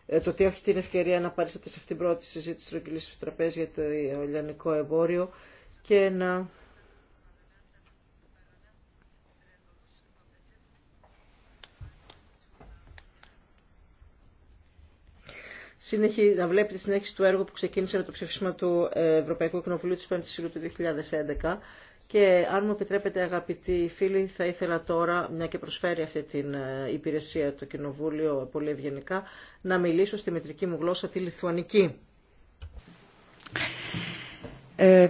ε, το ότι έχει την ευκαιρία να παρήσετε σε αυτήν την πρώτη συζήτηση του Ρογγυλής Τραπέζι για το ελληνικό εμπόριο και να συνεχί, να βλέπει τη συνέχιση του έργου που ξεκίνησε με το ψήφισμα του ε, Ευρωπαϊκού Κοινοβουλίου της 5 Ιουλίου του 2011 και αν μου επιτρέπετε αγαπητοί φίλοι, θα ήθελα τώρα, μια και προσφέρει αυτή την ε, υπηρεσία το Κοινοβούλιο πολύ ευγενικά, να μιλήσω στη μετρική μου γλώσσα τη λιθουανική. Ε,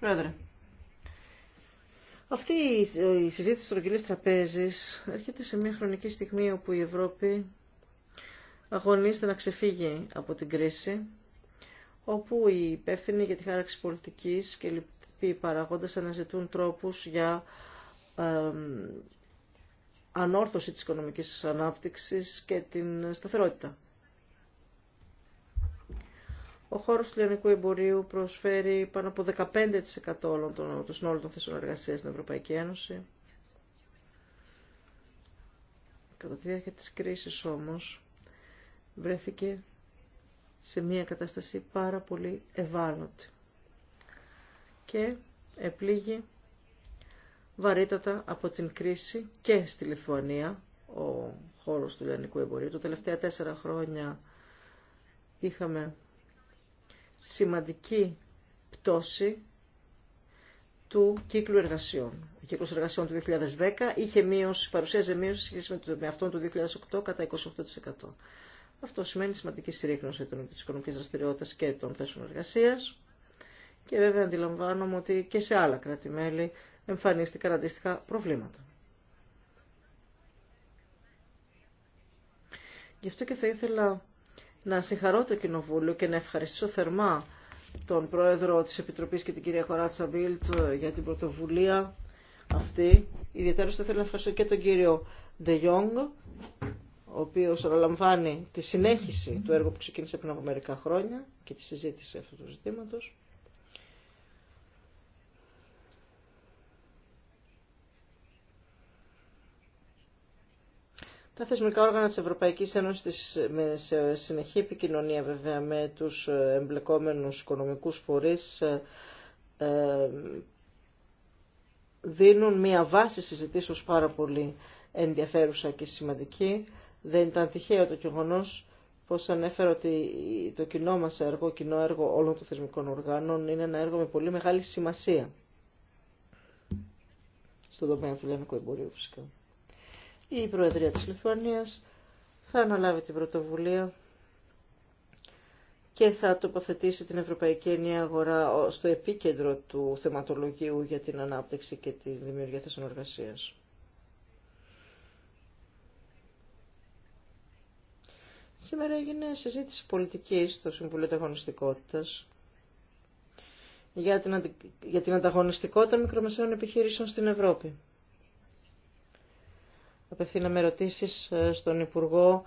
Πρόεδρε, αυτή η συζήτηση στρογγυλής τραπέζης έρχεται σε μια χρονική στιγμή όπου η Ευρώπη αγωνίζεται να ξεφύγει από την κρίση όπου οι υπεύθυνοι για τη χάραξη πολιτικής και λοιποί παραγόντες αναζητούν τρόπους για ανόρθωση της οικονομικής ανάπτυξης και την σταθερότητα. Ο χώρος του λιανικού εμπορίου προσφέρει πάνω από 15% όλων των, των συνόλων των θέσεων εργασίας στην Ευρωπαϊκή Ένωση. Κατά τη διάρκεια της κρίσης όμως βρέθηκε σε μια κατάσταση πάρα πολύ ευάλωτη και επλήγει βαρύτατα από την κρίση και στη Λιθουανία, ο χώρος του λιανικού εμπορίου. Τα τελευταία τέσσερα χρόνια είχαμε σημαντική πτώση του κύκλου εργασιών. Ο κύκλος εργασιών του 2010 είχε μείωση, παρουσίαζε μείωση σχέση με αυτόν του 2008 κατά 28%. Αυτό σημαίνει σημαντική συρρήκνωση των οικονομική δραστηριότητα και των θέσεων εργασία. Και βέβαια αντιλαμβάνομαι ότι και σε άλλα κράτη-μέλη εμφανίστηκαν αντίστοιχα προβλήματα. Γι' αυτό και θα ήθελα να συγχαρώ το Κοινοβούλιο και να ευχαριστήσω θερμά τον Πρόεδρο της Επιτροπής και την κυρία Κοράτσα Μπίλτ ε, για την πρωτοβουλία αυτή. Ιδιαίτερα θα ήθελα να ευχαριστήσω και τον κύριο Ντε ο οποίο αναλαμβάνει τη συνέχιση του έργου που ξεκίνησε πριν από μερικά χρόνια και τη συζήτηση αυτού του ζητήματος. Τα θεσμικά όργανα της Ευρωπαϊκής Ένωσης με σε συνεχή επικοινωνία βέβαια με τους εμπλεκόμενους οικονομικούς φορείς ε, ε, δίνουν μια βάση συζητήσεως πάρα πολύ ενδιαφέρουσα και σημαντική δεν ήταν τυχαίο το γεγονό πώ ανέφερα ότι το κοινό μα έργο, κοινό έργο όλων των θεσμικών οργάνων, είναι ένα έργο με πολύ μεγάλη σημασία. Στον τομέα του λιανικού εμπορίου φυσικά. Η Προεδρία της Λιθουανίας θα αναλάβει την πρωτοβουλία και θα τοποθετήσει την Ευρωπαϊκή Ενία Αγορά στο επίκεντρο του θεματολογίου για την ανάπτυξη και τη δημιουργία θέσεων Σήμερα έγινε συζήτηση πολιτικής στο Συμβουλίο Ταγωνιστικότητας για την, για την ανταγωνιστικότητα μικρομεσαίων επιχειρήσεων στην Ευρώπη. Απευθύναμε ερωτήσει ε, στον Υπουργό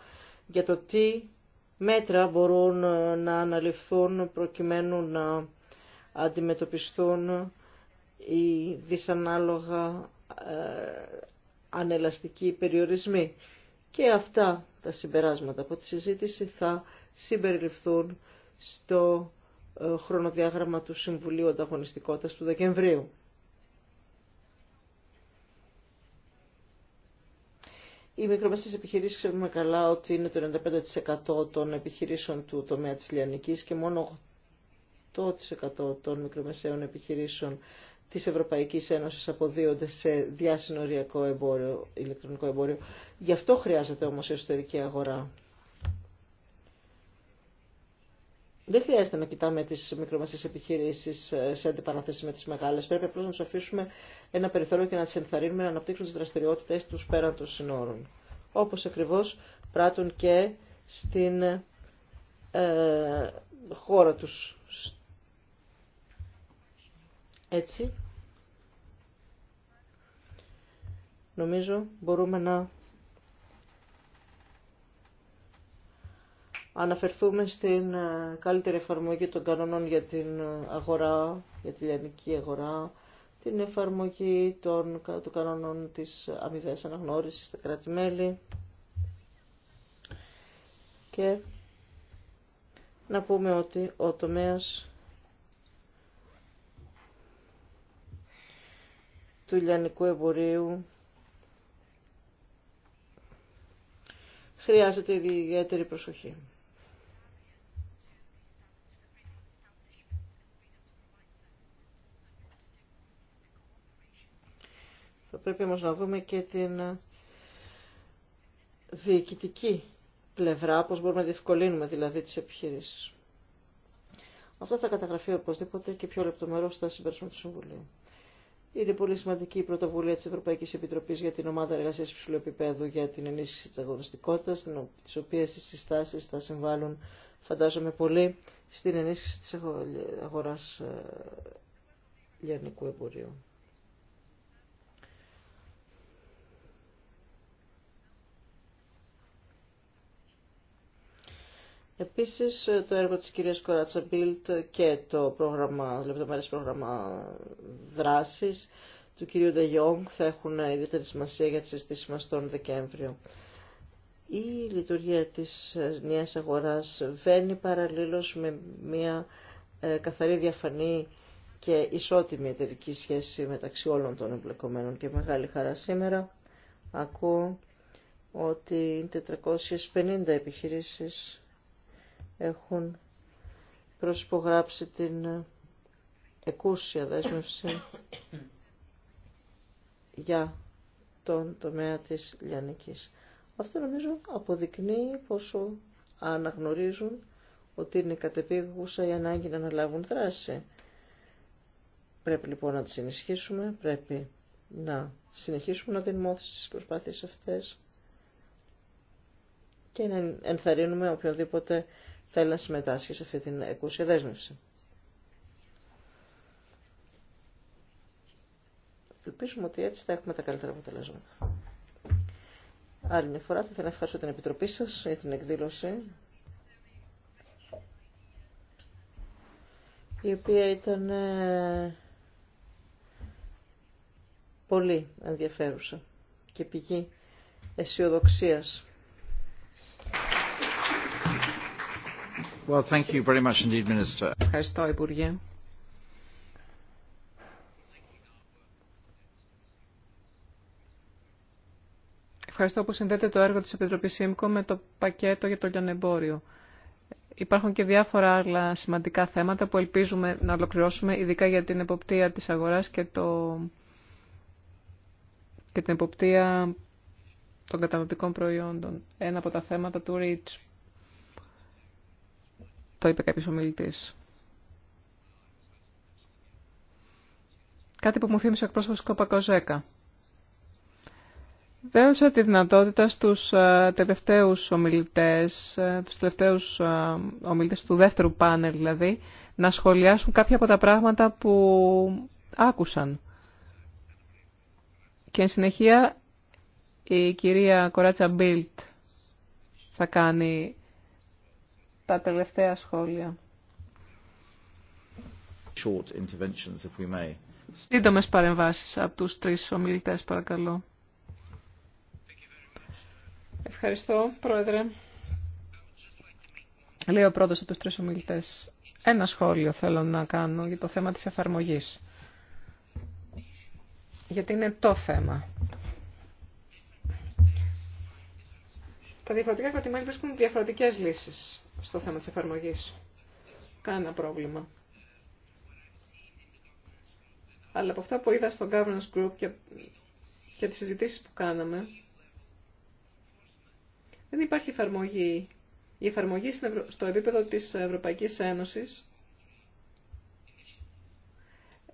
για το τι μέτρα μπορούν ε, να αναλυφθούν προκειμένου να αντιμετωπιστούν οι δυσανάλογα ε, ανελαστικοί περιορισμοί και αυτά τα συμπεράσματα από τη συζήτηση θα συμπεριληφθούν στο ε, χρονοδιάγραμμα του Συμβουλίου Ανταγωνιστικότητας του Δεκεμβρίου. Οι μικρομεσαίες επιχειρήσεις ξέρουμε καλά ότι είναι το 95% των επιχειρήσεων του τομέα της Λιανικής και μόνο 8% των μικρομεσαίων επιχειρήσεων της Ευρωπαϊκής Ένωσης αποδίονται σε διασυνοριακό εμπόριο, ηλεκτρονικό εμπόριο. Γι' αυτό χρειάζεται όμως η εσωτερική αγορά. Δεν χρειάζεται να κοιτάμε τις μικρομεσαίες επιχειρήσεις ε, σε αντιπαράθεση με τις μεγάλες. Πρέπει απλώς να τους αφήσουμε ένα περιθώριο και να τις ενθαρρύνουμε να αναπτύξουν τις δραστηριότητες τους πέραν των συνόρων. Όπως ακριβώς πράττουν και στην ε, χώρα τους έτσι, νομίζω μπορούμε να αναφερθούμε στην ε, καλύτερη εφαρμογή των κανόνων για την ε, αγορά, για τη λιανική αγορά, την εφαρμογή των, των κανόνων της αμοιβέ αναγνώρισης στα κράτη-μέλη και να πούμε ότι ο τομέας του λιανικού εμπορίου. Χρειάζεται ιδιαίτερη προσοχή. Θα πρέπει όμως να δούμε και την διοικητική πλευρά, πώς μπορούμε να διευκολύνουμε δηλαδή τις επιχειρήσεις. Αυτό θα καταγραφεί οπωσδήποτε και πιο λεπτομερώς στα συμπέρασμα του Συμβουλίου. Είναι πολύ σημαντική η πρωτοβουλία τη Ευρωπαϊκή Επιτροπή για την ομάδα εργασία υψηλού επίπεδου για την ενίσχυση τη αγωνιστικότητα, τι οποίε οι συστάσει θα συμβάλλουν, φαντάζομαι, πολύ στην ενίσχυση τη αγορά ε, λιανικού εμπορίου. Επίσης το έργο της κυρίας Κοράτσα Μπίλτ και το πρόγραμμα, λεπτομέρειες πρόγραμμα δράσης του κυρίου Ιόγκ θα έχουν ιδιαίτερη σημασία για τις αισθήσεις μας τον Δεκέμβριο. Η λειτουργία της νέας αγοράς βαίνει παραλλήλως με μια ε, καθαρή διαφανή και ισότιμη εταιρική σχέση μεταξύ όλων των εμπλεκομένων και μεγάλη χαρά σήμερα ακούω ότι είναι 450 επιχειρήσεις έχουν προσπογράψει την εκούσια δέσμευση για τον τομέα της λιανικής. Αυτό νομίζω αποδεικνύει πόσο αναγνωρίζουν ότι είναι κατεπίγουσα η ανάγκη να αναλάβουν δράση. Πρέπει λοιπόν να τις ενισχύσουμε, πρέπει να συνεχίσουμε να δίνουμε όθηση στις προσπάθειες αυτές και να ενθαρρύνουμε οποιοδήποτε θέλει να συμμετάσχει σε αυτή την εκούσια δέσμευση. Ελπίζουμε ότι έτσι θα έχουμε τα καλύτερα αποτελέσματα. Άλλη μια φορά θα ήθελα να ευχαριστώ την Επιτροπή σας για την εκδήλωση, η οποία ήταν ε, πολύ ενδιαφέρουσα και πηγή αισιοδοξίας Ευχαριστώ, Υπουργέ. Ευχαριστώ που συνδέεται το έργο της Επιτροπής ΣΥΜΚΟ με το πακέτο για το λιανεμπόριο. Υπάρχουν και διάφορα άλλα σημαντικά θέματα που ελπίζουμε να ολοκληρώσουμε, ειδικά για την εποπτεία της αγοράς και, το... και την εποπτεία των καταναλωτικών προϊόντων. Ένα από τα θέματα του REACH είπε κάποιος ομιλητής. Κάτι που μου θύμισε ο εκπρόσωπος Κοπακοζέκα. Δέωσα τη δυνατότητα στους ε, τελευταίους ομιλητές, ε, τους τελευταίους ε, ομιλητές του δεύτερου πάνελ δηλαδή, να σχολιάσουν κάποια από τα πράγματα που άκουσαν. Και εν συνεχεία η κυρία Κοράτσα Μπίλτ θα κάνει τα τελευταία σχόλια. Short interventions, από τους τρεις ομιλητές, παρακαλώ. Ευχαριστώ, Πρόεδρε. Λέω ο πρώτος από τους τρεις ομιλητές. Ένα σχόλιο θέλω να κάνω για το θέμα της εφαρμογής. Γιατί είναι το θέμα. Τα διαφορετικά κρατημέλη βρίσκουν διαφορετικές λύσεις στο θέμα της εφαρμογής. Κάνα πρόβλημα. Αλλά από αυτά που είδα στο governance group και, και τις συζητήσεις που κάναμε, δεν υπάρχει εφαρμογή. Η εφαρμογή στο επίπεδο της Ευρωπαϊκής Ένωσης,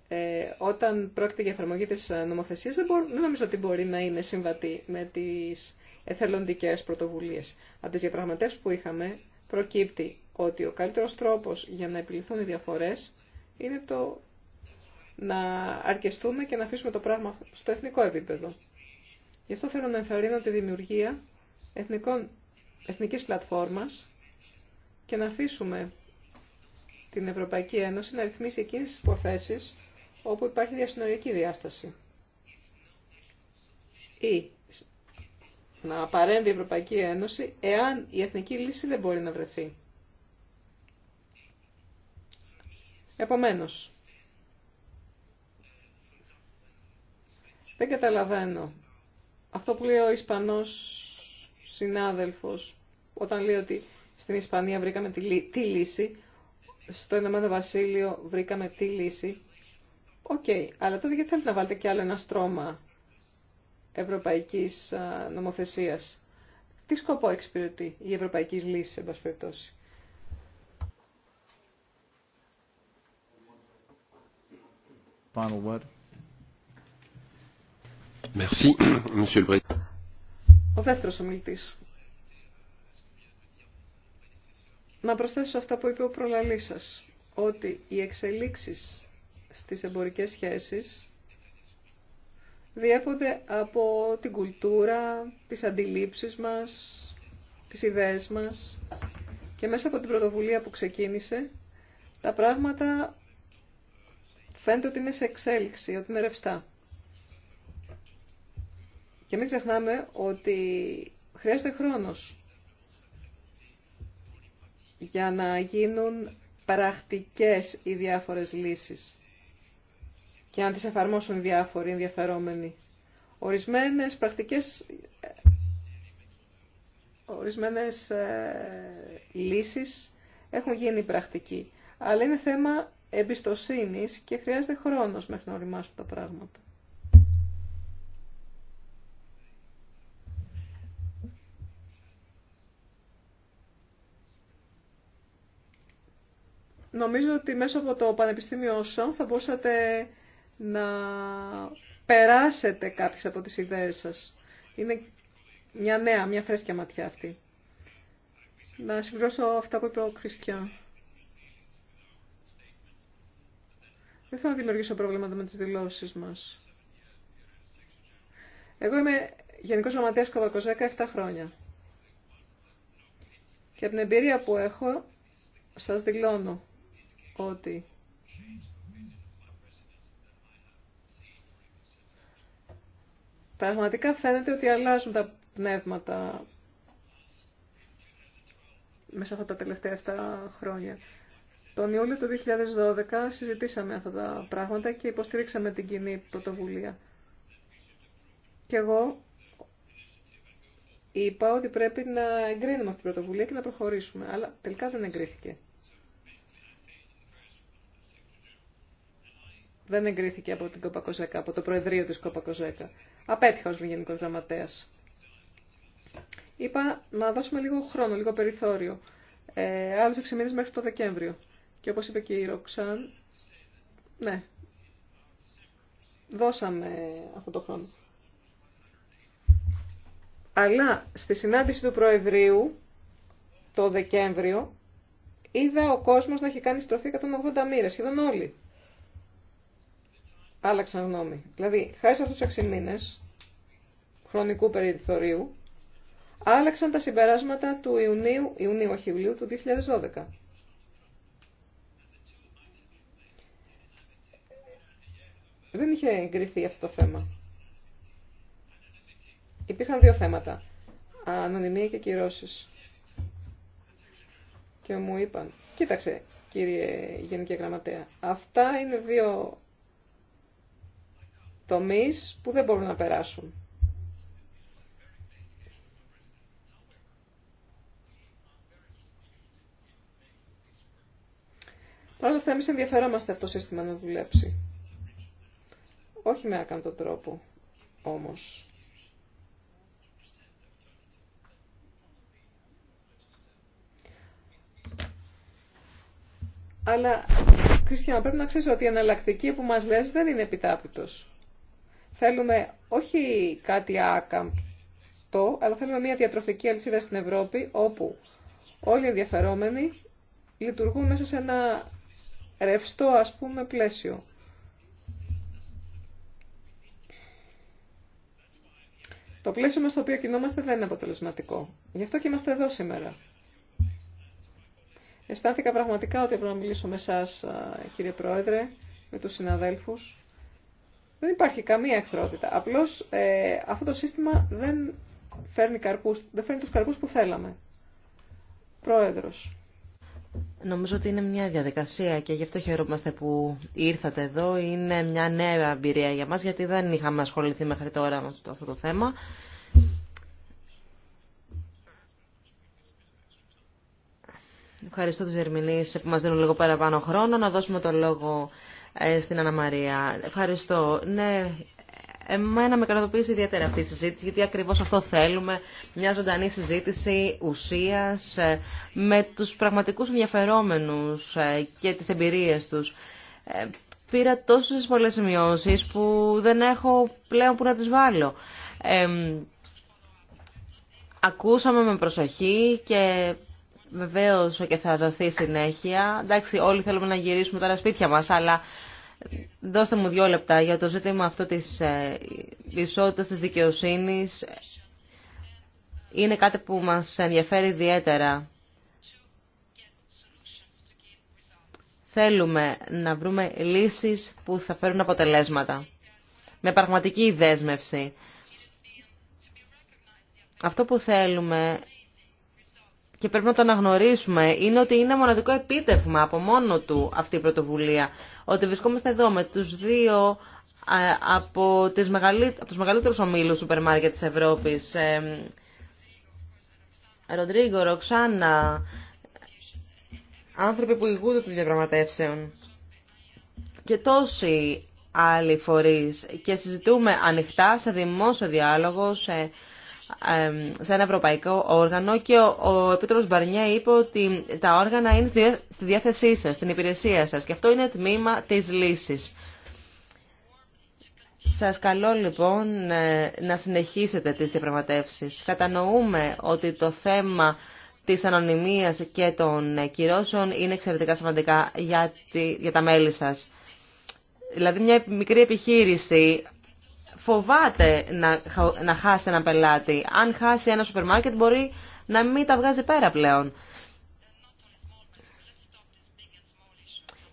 ε, όταν πρόκειται για εφαρμογή της νομοθεσίας, δεν, δεν νομίζω ότι μπορεί να είναι συμβατή με τις εθελοντικές πρωτοβουλίες. Από τις διαπραγματεύσεις που είχαμε, προκύπτει ότι ο καλύτερος τρόπος για να επιληθούν οι διαφορές είναι το να αρκεστούμε και να αφήσουμε το πράγμα στο εθνικό επίπεδο. Γι' αυτό θέλω να ενθαρρύνω τη δημιουργία εθνικών, εθνικής πλατφόρμας και να αφήσουμε την Ευρωπαϊκή Ένωση να ρυθμίσει εκείνες τις υποθέσεις όπου υπάρχει διασυνοριακή διάσταση να παρέμβει η Ευρωπαϊκή Ένωση εάν η εθνική λύση δεν μπορεί να βρεθεί. Επομένως, δεν καταλαβαίνω αυτό που λέει ο Ισπανός συνάδελφος όταν λέει ότι στην Ισπανία βρήκαμε τη, λύση, στο Ηνωμένο Βασίλειο βρήκαμε τη λύση. Οκ, αλλά τότε γιατί θέλετε να βάλετε και άλλο ένα στρώμα ευρωπαϊκής νομοθεσίας. Τι σκοπό εξυπηρετεί η ευρωπαϊκή λύση, εν πάση περιπτώσει. Merci, (coughs) Ο δεύτερος ομιλητής. Να προσθέσω αυτά που είπε ο προλαλής σας, ότι οι εξελίξεις στις εμπορικές σχέσεις διέπονται από την κουλτούρα, τις αντιλήψεις μας, τις ιδέες μας και μέσα από την πρωτοβουλία που ξεκίνησε τα πράγματα φαίνεται ότι είναι σε εξέλιξη, ότι είναι ρευστά. Και μην ξεχνάμε ότι χρειάζεται χρόνος για να γίνουν πρακτικές οι διάφορες λύσεις και να τις εφαρμόσουν διάφοροι ενδιαφερόμενοι. Ορισμένες πρακτικές, ορισμένες ε, λύσεις έχουν γίνει πρακτική, αλλά είναι θέμα εμπιστοσύνης και χρειάζεται χρόνος μέχρι να οριμάσουν τα πράγματα. Νομίζω ότι μέσα από το Πανεπιστήμιο ΣΟΝ θα μπορούσατε να περάσετε κάποιες από τις ιδέες σας. Είναι μια νέα, μια φρέσκια ματιά αυτή. Να συμπληρώσω αυτά που είπε ο Χριστιαν. Δεν θέλω να δημιουργήσω προβλήματα με τις δηλώσεις μας. Εγώ είμαι Γενικό Γραμματέα Κοβακοζέκα 7 χρόνια. Και από την εμπειρία που έχω, σας δηλώνω ότι Πραγματικά φαίνεται ότι αλλάζουν τα πνεύματα μέσα αυτά τα τελευταία 7 χρόνια. Τον Ιούλιο του 2012 συζητήσαμε αυτά τα πράγματα και υποστήριξαμε την κοινή πρωτοβουλία. Και εγώ είπα ότι πρέπει να εγκρίνουμε αυτή την πρωτοβουλία και να προχωρήσουμε, αλλά τελικά δεν εγκρίθηκε. Δεν εγκρίθηκε από την Κοπακοζέκα, από το Προεδρείο της Κοπακοζέκα. Απέτυχα ως Γενικός Γραμματέας. Είπα να δώσουμε λίγο χρόνο, λίγο περιθώριο. Ε, άλλους 6 μήνες μέχρι το Δεκέμβριο. Και όπως είπε και η Ροξάν, ναι, δώσαμε αυτό το χρόνο. Αλλά στη συνάντηση του Προεδρείου, το Δεκέμβριο, είδα ο κόσμος να έχει κάνει στροφή 180 μοίρες, σχεδόν όλοι άλλαξαν γνώμη. Δηλαδή, χάρη σε αυτού τους 6 μήνε χρονικού περιθωρίου, άλλαξαν τα συμπεράσματα του Ιουνίου, Ιουνίου όχι του 2012. Δεν είχε εγκριθεί αυτό το θέμα. Υπήρχαν δύο θέματα. Ανωνυμία και κυρώσει. Και μου είπαν, κοίταξε κύριε Γενική Γραμματέα, αυτά είναι δύο τομείς που δεν μπορούν να περάσουν. Παρ' όλα αυτά, εμεί ενδιαφερόμαστε αυτό το σύστημα να δουλέψει. Όχι με άκαντο τρόπο, όμως. Αλλά, Κρίστιαν, πρέπει να ξέρεις ότι η εναλλακτική που μας λες δεν είναι επιτάπητος. Θέλουμε όχι κάτι άκαμπτο, αλλά θέλουμε μια διατροφική αλυσίδα στην Ευρώπη, όπου όλοι οι ενδιαφερόμενοι λειτουργούν μέσα σε ένα ρευστό, ας πούμε, πλαίσιο. Το πλαίσιο μας στο οποίο κινούμαστε δεν είναι αποτελεσματικό. Γι' αυτό και είμαστε εδώ σήμερα. Αισθάνθηκα πραγματικά ότι έπρεπε να μιλήσω με εσά, κύριε Πρόεδρε, με τους συναδέλφους. Δεν υπάρχει καμία εχθρότητα. Απλώς ε, αυτό το σύστημα δεν φέρνει, καρπούς, δεν φέρνει τους καρπούς που θέλαμε. Πρόεδρος. Νομίζω ότι είναι μια διαδικασία και γι' αυτό χαιρόμαστε που ήρθατε εδώ. Είναι μια νέα εμπειρία για μας γιατί δεν είχαμε ασχοληθεί μέχρι τώρα με αυτό το θέμα. Ευχαριστώ τους Ερμηνείς που μας δίνουν λίγο παραπάνω χρόνο. Να δώσουμε το λόγο ε, στην Αναμαρία. Ευχαριστώ. Ναι, εμένα με κατατοπίζει ιδιαίτερα αυτή η συζήτηση, γιατί ακριβώς αυτό θέλουμε, μια ζωντανή συζήτηση ουσίας ε, με τους πραγματικούς ενδιαφερόμενους ε, και τις εμπειρίες τους. Πήρα τόσες πολλές σημειώσεις που δεν έχω πλέον που να τις βάλω. ακούσαμε με προσοχή και Βεβαίω και θα δοθεί συνέχεια. Εντάξει, όλοι θέλουμε να γυρίσουμε τώρα σπίτια μα, αλλά δώστε μου δύο λεπτά για το ζήτημα αυτό της ε, ισότητα της δικαιοσύνης. Είναι κάτι που μας ενδιαφέρει ιδιαίτερα. Θέλουμε να βρούμε λύσεις που θα φέρουν αποτελέσματα. Με πραγματική δέσμευση. Αυτό που θέλουμε και πρέπει να το αναγνωρίσουμε, είναι ότι είναι μοναδικό επίτευγμα από μόνο του αυτή η πρωτοβουλία. Ότι βρισκόμαστε εδώ με τους δύο ε, από, τις μεγαλύτερου από τους μεγαλύτερους ομίλους σούπερ μάρκετ της Ευρώπης. Ε, Ροντρίγκο, Ροξάνα, άνθρωποι που ηγούνται των διαπραγματεύσεων και τόσοι άλλοι φορείς και συζητούμε ανοιχτά σε δημόσιο διάλογο, σε σε ένα ευρωπαϊκό όργανο και ο, ο Επίτροπος Μπαρνιέ είπε ότι τα όργανα είναι στη διάθεσή σας, στην υπηρεσία σας και αυτό είναι τμήμα της λύσης. Σας καλώ λοιπόν ε, να συνεχίσετε τις διαπραγματεύσεις. Κατανοούμε ότι το θέμα της ανωνυμίας και των κυρώσεων είναι εξαιρετικά σημαντικά για, τη, τα μέλη σας. Δηλαδή μια μικρή επιχείρηση φοβάται να, να χάσει έναν πελάτη. Αν χάσει ένα σούπερ μάρκετ μπορεί να μην τα βγάζει πέρα πλέον.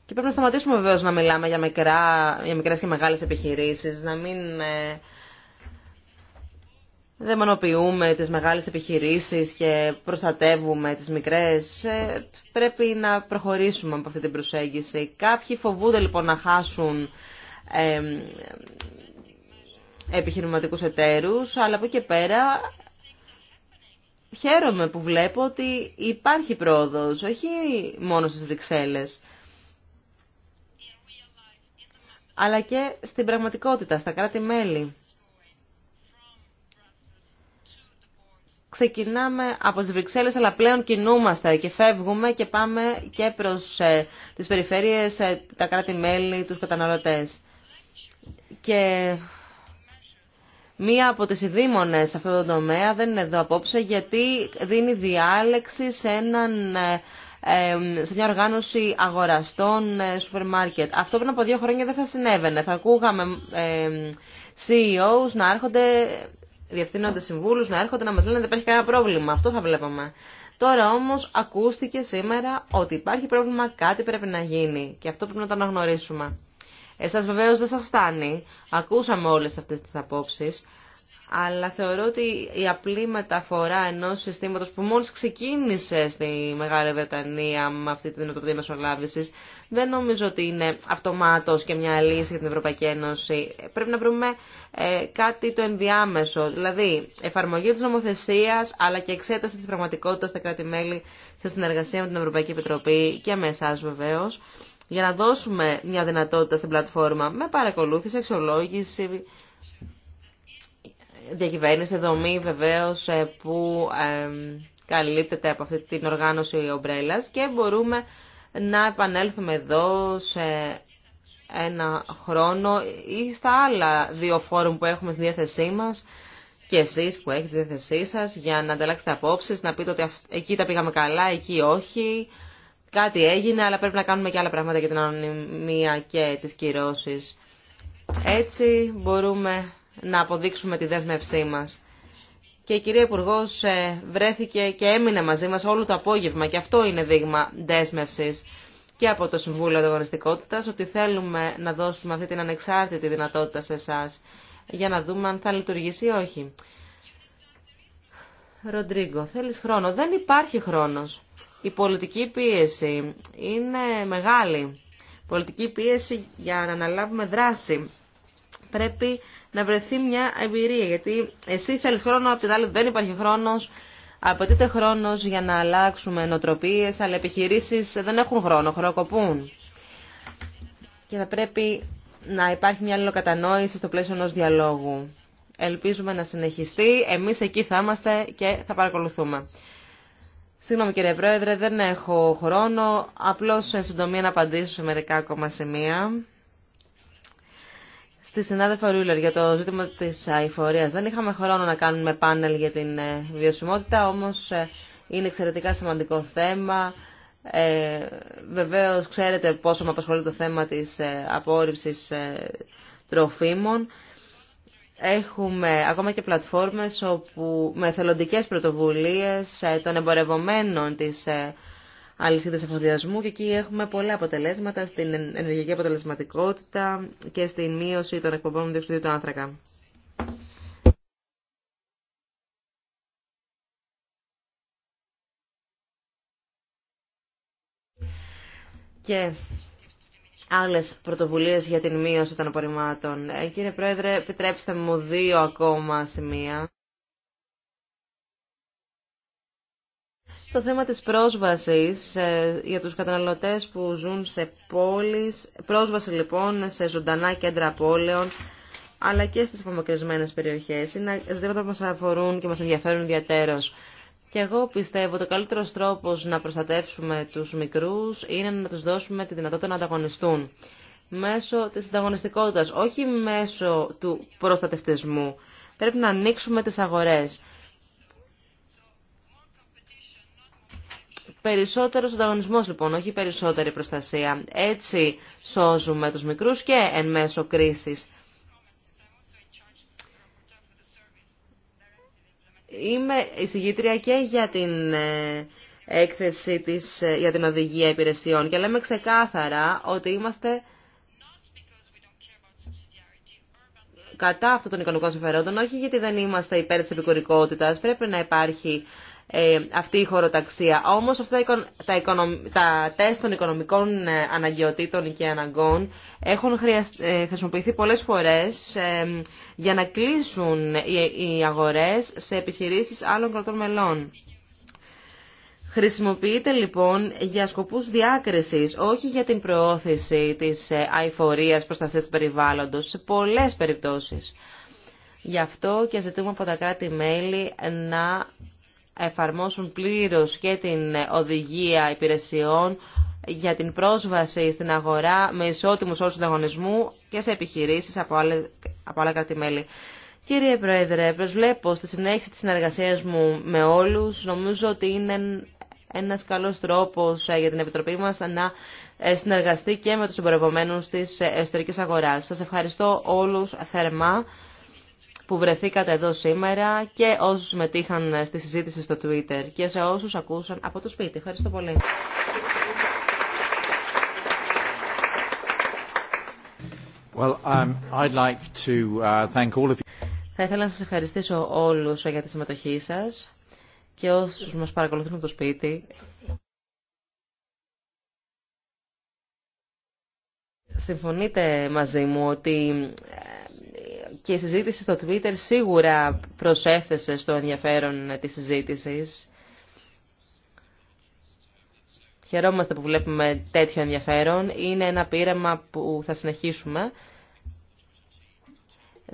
Και πρέπει να σταματήσουμε βεβαίω να μιλάμε για, μικρά, για μικρές και μεγάλες επιχειρήσεις, να μην ε, δαιμονοποιούμε τις μεγάλες επιχειρήσεις και προστατεύουμε τις μικρές. Ε, πρέπει να προχωρήσουμε από αυτή την προσέγγιση. Κάποιοι φοβούνται λοιπόν να χάσουν ε, Επιχειρηματικού εταίρους, αλλά από εκεί και πέρα χαίρομαι που βλέπω ότι υπάρχει πρόοδος, όχι μόνο στις Βρυξέλλες, αλλά και στην πραγματικότητα, στα κράτη-μέλη. ξεκινάμε από τις Βρυξέλλες, αλλά πλέον κινούμαστε και φεύγουμε και πάμε και προς ε, τις περιφέρειες, ε, τα κράτη-μέλη, τους καταναλωτές. Και Μία από τις ειδήμονες σε αυτό το τομέα δεν είναι εδώ απόψε γιατί δίνει διάλεξη σε, έναν, ε, σε μια οργάνωση αγοραστών ε, σούπερ μάρκετ. Αυτό πριν από δύο χρόνια δεν θα συνέβαινε. Θα ακούγαμε CEOs να έρχονται, διευθύνονται συμβούλους να έρχονται να μας λένε δεν υπάρχει κανένα πρόβλημα. Αυτό θα βλέπαμε. Τώρα όμως ακούστηκε σήμερα ότι υπάρχει πρόβλημα, κάτι πρέπει να γίνει και αυτό πρέπει να το αναγνωρίσουμε. Εσάς βεβαίως δεν σας φτάνει. Ακούσαμε όλες αυτές τις απόψεις. Αλλά θεωρώ ότι η απλή μεταφορά ενός συστήματος που μόλις ξεκίνησε στη Μεγάλη Βρετανία με αυτή τη δυνατότητα μεσολάβησης δεν νομίζω ότι είναι αυτομάτως και μια λύση για την Ευρωπαϊκή Ένωση. Πρέπει να βρούμε ε, κάτι το ενδιάμεσο, δηλαδή εφαρμογή της νομοθεσίας αλλά και εξέταση της πραγματικότητας στα κράτη-μέλη σε συνεργασία με την Ευρωπαϊκή Επιτροπή και με εσά βεβαίως για να δώσουμε μια δυνατότητα στην πλατφόρμα με παρακολούθηση, αξιολόγηση, διακυβέρνηση, δομή βεβαίως ε, που καλύπτεται από αυτή την οργάνωση ομπρέλας και μπορούμε να επανέλθουμε εδώ σε ένα χρόνο ή στα άλλα δύο φόρουμ που έχουμε στη διάθεσή μας και εσείς που έχετε τη διάθεσή σας για να ανταλλάξετε απόψεις, να πείτε ότι εκεί τα πήγαμε καλά, εκεί όχι, κάτι έγινε, αλλά πρέπει να κάνουμε και άλλα πράγματα για την ανωνυμία και τις κυρώσεις. Έτσι μπορούμε να αποδείξουμε τη δέσμευσή μας. Και η κυρία Υπουργό ε, βρέθηκε και έμεινε μαζί μας όλο το απόγευμα και αυτό είναι δείγμα δέσμευσης και από το Συμβούλιο Ανταγωνιστικότητας ότι θέλουμε να δώσουμε αυτή την ανεξάρτητη δυνατότητα σε εσά για να δούμε αν θα λειτουργήσει ή όχι. Ροντρίγκο, θέλεις χρόνο. Δεν υπάρχει χρόνος. Η πολιτική πίεση είναι μεγάλη. Πολιτική πίεση για να αναλάβουμε δράση. Πρέπει να βρεθεί μια εμπειρία, γιατί εσύ θέλεις χρόνο, από την άλλη δεν υπάρχει χρόνος. Απαιτείται χρόνος για να αλλάξουμε νοτροπίες, αλλά επιχειρήσεις δεν έχουν χρόνο, χρονοκοπούν. Και θα πρέπει να υπάρχει μια αλληλοκατανόηση στο πλαίσιο ενός διαλόγου. Ελπίζουμε να συνεχιστεί, εμείς εκεί θα είμαστε και θα παρακολουθούμε. Συγγνώμη κύριε Πρόεδρε, δεν έχω χρόνο. Απλώς εν συντομία να απαντήσω σε μερικά ακόμα σημεία. Στη συνάδελφα Ρούλερ για το ζήτημα της αηφορίας. Δεν είχαμε χρόνο να κάνουμε πάνελ για την ε, βιωσιμότητα, όμως ε, είναι εξαιρετικά σημαντικό θέμα. Ε, βεβαίως ξέρετε πόσο με απασχολεί το θέμα της ε, απόρριψης τροφίμων. Έχουμε ακόμα και πλατφόρμες όπου με θελοντικές πρωτοβουλίες ε, των εμπορευομένων της ε, αλυσίδας εφοδιασμού και εκεί έχουμε πολλά αποτελέσματα στην ενεργειακή αποτελεσματικότητα και στην μείωση των εκπομπών διευθυντήτων του άνθρακα. Και άλλες πρωτοβουλίες για την μείωση των απορριμμάτων. Ε, κύριε Πρόεδρε, επιτρέψτε μου δύο ακόμα σημεία. Το θέμα της πρόσβασης ε, για τους καταναλωτές που ζουν σε πόλεις, πρόσβαση λοιπόν σε ζωντανά κέντρα πόλεων, αλλά και στις απομακρυσμένες περιοχές, είναι ζητήματα που μας αφορούν και μας ενδιαφέρουν ιδιαίτερως. Και εγώ πιστεύω ότι ο καλύτερο τρόπο να προστατεύσουμε του μικρού είναι να του δώσουμε τη δυνατότητα να ανταγωνιστούν. Μέσω τη ανταγωνιστικότητα, όχι μέσω του προστατευτισμού. Πρέπει να ανοίξουμε τι αγορέ. Περισσότερο ανταγωνισμό λοιπόν, όχι περισσότερη προστασία. Έτσι σώζουμε του μικρού και εν μέσω κρίση Είμαι εισηγήτρια και για την ε, έκθεση της, ε, για την οδηγία υπηρεσιών και λέμε ξεκάθαρα ότι είμαστε κατά αυτών των οικονομικών συμφερόντων, όχι γιατί δεν είμαστε υπέρ της επικουρικότητας, πρέπει να υπάρχει ε, αυτή η χωροταξία. Όμως αυτά τα, τα τεστ των οικονομικών ε, αναγκαιοτήτων και αναγκών έχουν ε, χρησιμοποιηθεί πολλές φορές για να κλείσουν οι αγορές σε επιχειρήσεις άλλων κρατών μελών. Χρησιμοποιείται λοιπόν για σκοπούς διάκρισης, όχι για την προώθηση της αηφορίας προστασίας του περιβάλλοντος σε πολλές περιπτώσεις. Γι' αυτό και ζητούμε από τα κράτη-μέλη να εφαρμόσουν πλήρως και την οδηγία υπηρεσιών για την πρόσβαση στην αγορά με ισότιμους όρους συνταγωνισμού και σε επιχειρήσεις από άλλα, από άλλα κράτη-μέλη. Κύριε Πρόεδρε, προσβλέπω στη συνέχιση της συνεργασίας μου με όλους. Νομίζω ότι είναι ένας καλός τρόπος ε, για την Επιτροπή μας να ε, συνεργαστεί και με τους εμπορευομένους της ε, εσωτερικής αγοράς. Σας ευχαριστώ όλους θερμά που βρεθήκατε εδώ σήμερα και όσους συμμετείχαν στη συζήτηση στο Twitter και σε όσους ακούσαν από το σπίτι. Ευχαριστώ πολύ. Well, um, I'd like to, uh, thank all of you. Θα ήθελα να σας ευχαριστήσω όλους για τη συμμετοχή σας και όσους μας παρακολουθούν από το σπίτι. Συμφωνείτε μαζί μου ότι και η συζήτηση στο Twitter σίγουρα προσέθεσε στο ενδιαφέρον της συζήτησης. Χαιρόμαστε που βλέπουμε τέτοιο ενδιαφέρον. Είναι ένα πείραμα που θα συνεχίσουμε.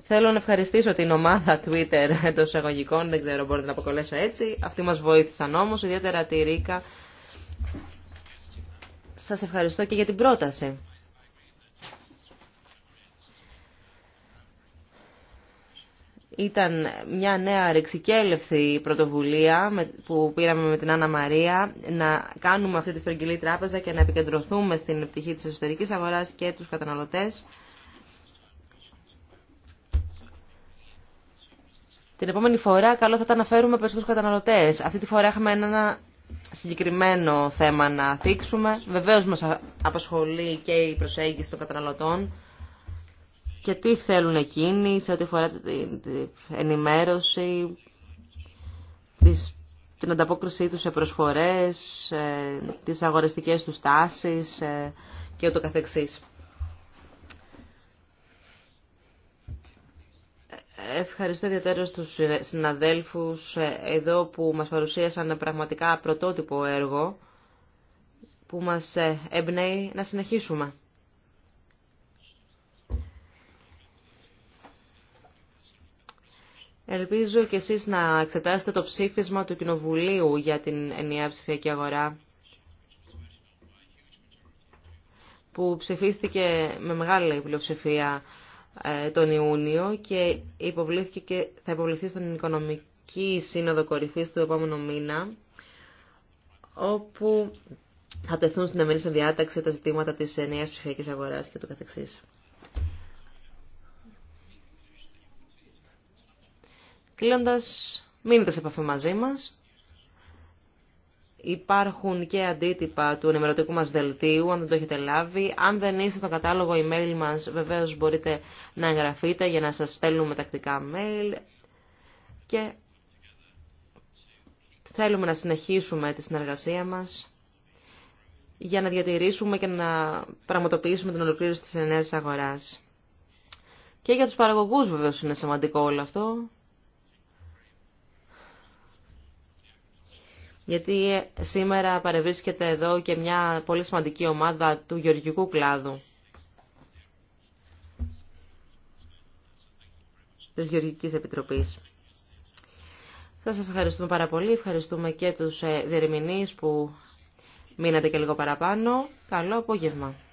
Θέλω να ευχαριστήσω την ομάδα Twitter εντό εισαγωγικών, δεν ξέρω μπορείτε να αποκολέσω έτσι. Αυτοί μας βοήθησαν όμως, ιδιαίτερα τη Ρίκα. Σας ευχαριστώ και για την πρόταση. Ήταν μια νέα ρεξικέλευθη πρωτοβουλία που πήραμε με την Άννα Μαρία να κάνουμε αυτή τη στρογγυλή τράπεζα και να επικεντρωθούμε στην πτυχή της εσωτερικής αγοράς και τους καταναλωτές. Την επόμενη φορά καλό θα τα αναφέρουμε περισσότερους καταναλωτές. Αυτή τη φορά έχουμε ένα συγκεκριμένο θέμα να θίξουμε. Βεβαίως μας απασχολεί και η προσέγγιση των καταναλωτών και τι θέλουν εκείνοι σε ό,τι αφορά την ενημέρωση, την ανταπόκρισή τους σε προσφορές, ε, τις αγοραστικές τους τάσεις ε, και ούτω καθεξής. Ευχαριστώ ιδιαίτερα στους συναδέλφους ε, εδώ που μας παρουσίασαν πραγματικά πρωτότυπο έργο που μας εμπνέει να συνεχίσουμε. Ελπίζω και εσείς να εξετάσετε το ψήφισμα του Κοινοβουλίου για την ενιαία ψηφιακή αγορά που ψηφίστηκε με μεγάλη πλειοψηφία ε, τον Ιούνιο και, υποβλήθηκε και θα υποβληθεί στον Οικονομική Σύνοδο Κορυφής του επόμενου μήνα όπου θα τεθούν στην εμείς διάταξη τα ζητήματα της ενιαίας ψηφιακής αγοράς και του καθεξής. Κλείνοντας, μείνετε σε επαφή μαζί μας. Υπάρχουν και αντίτυπα του ενημερωτικού μας δελτίου, αν δεν το έχετε λάβει. Αν δεν είστε στο κατάλογο email μας, βεβαίως μπορείτε να εγγραφείτε για να σας στέλνουμε τακτικά mail. Και θέλουμε να συνεχίσουμε τη συνεργασία μας για να διατηρήσουμε και να πραγματοποιήσουμε την ολοκλήρωση της ενέργειας αγοράς. Και για τους παραγωγούς βεβαίως είναι σημαντικό όλο αυτό. γιατί ε, σήμερα παρευρίσκεται εδώ και μια πολύ σημαντική ομάδα του γεωργικού κλάδου. Της Γεωργικής Επιτροπής. Σας ευχαριστούμε πάρα πολύ. Ευχαριστούμε και τους ε, διερμηνείς που μείνατε και λίγο παραπάνω. Καλό απόγευμα.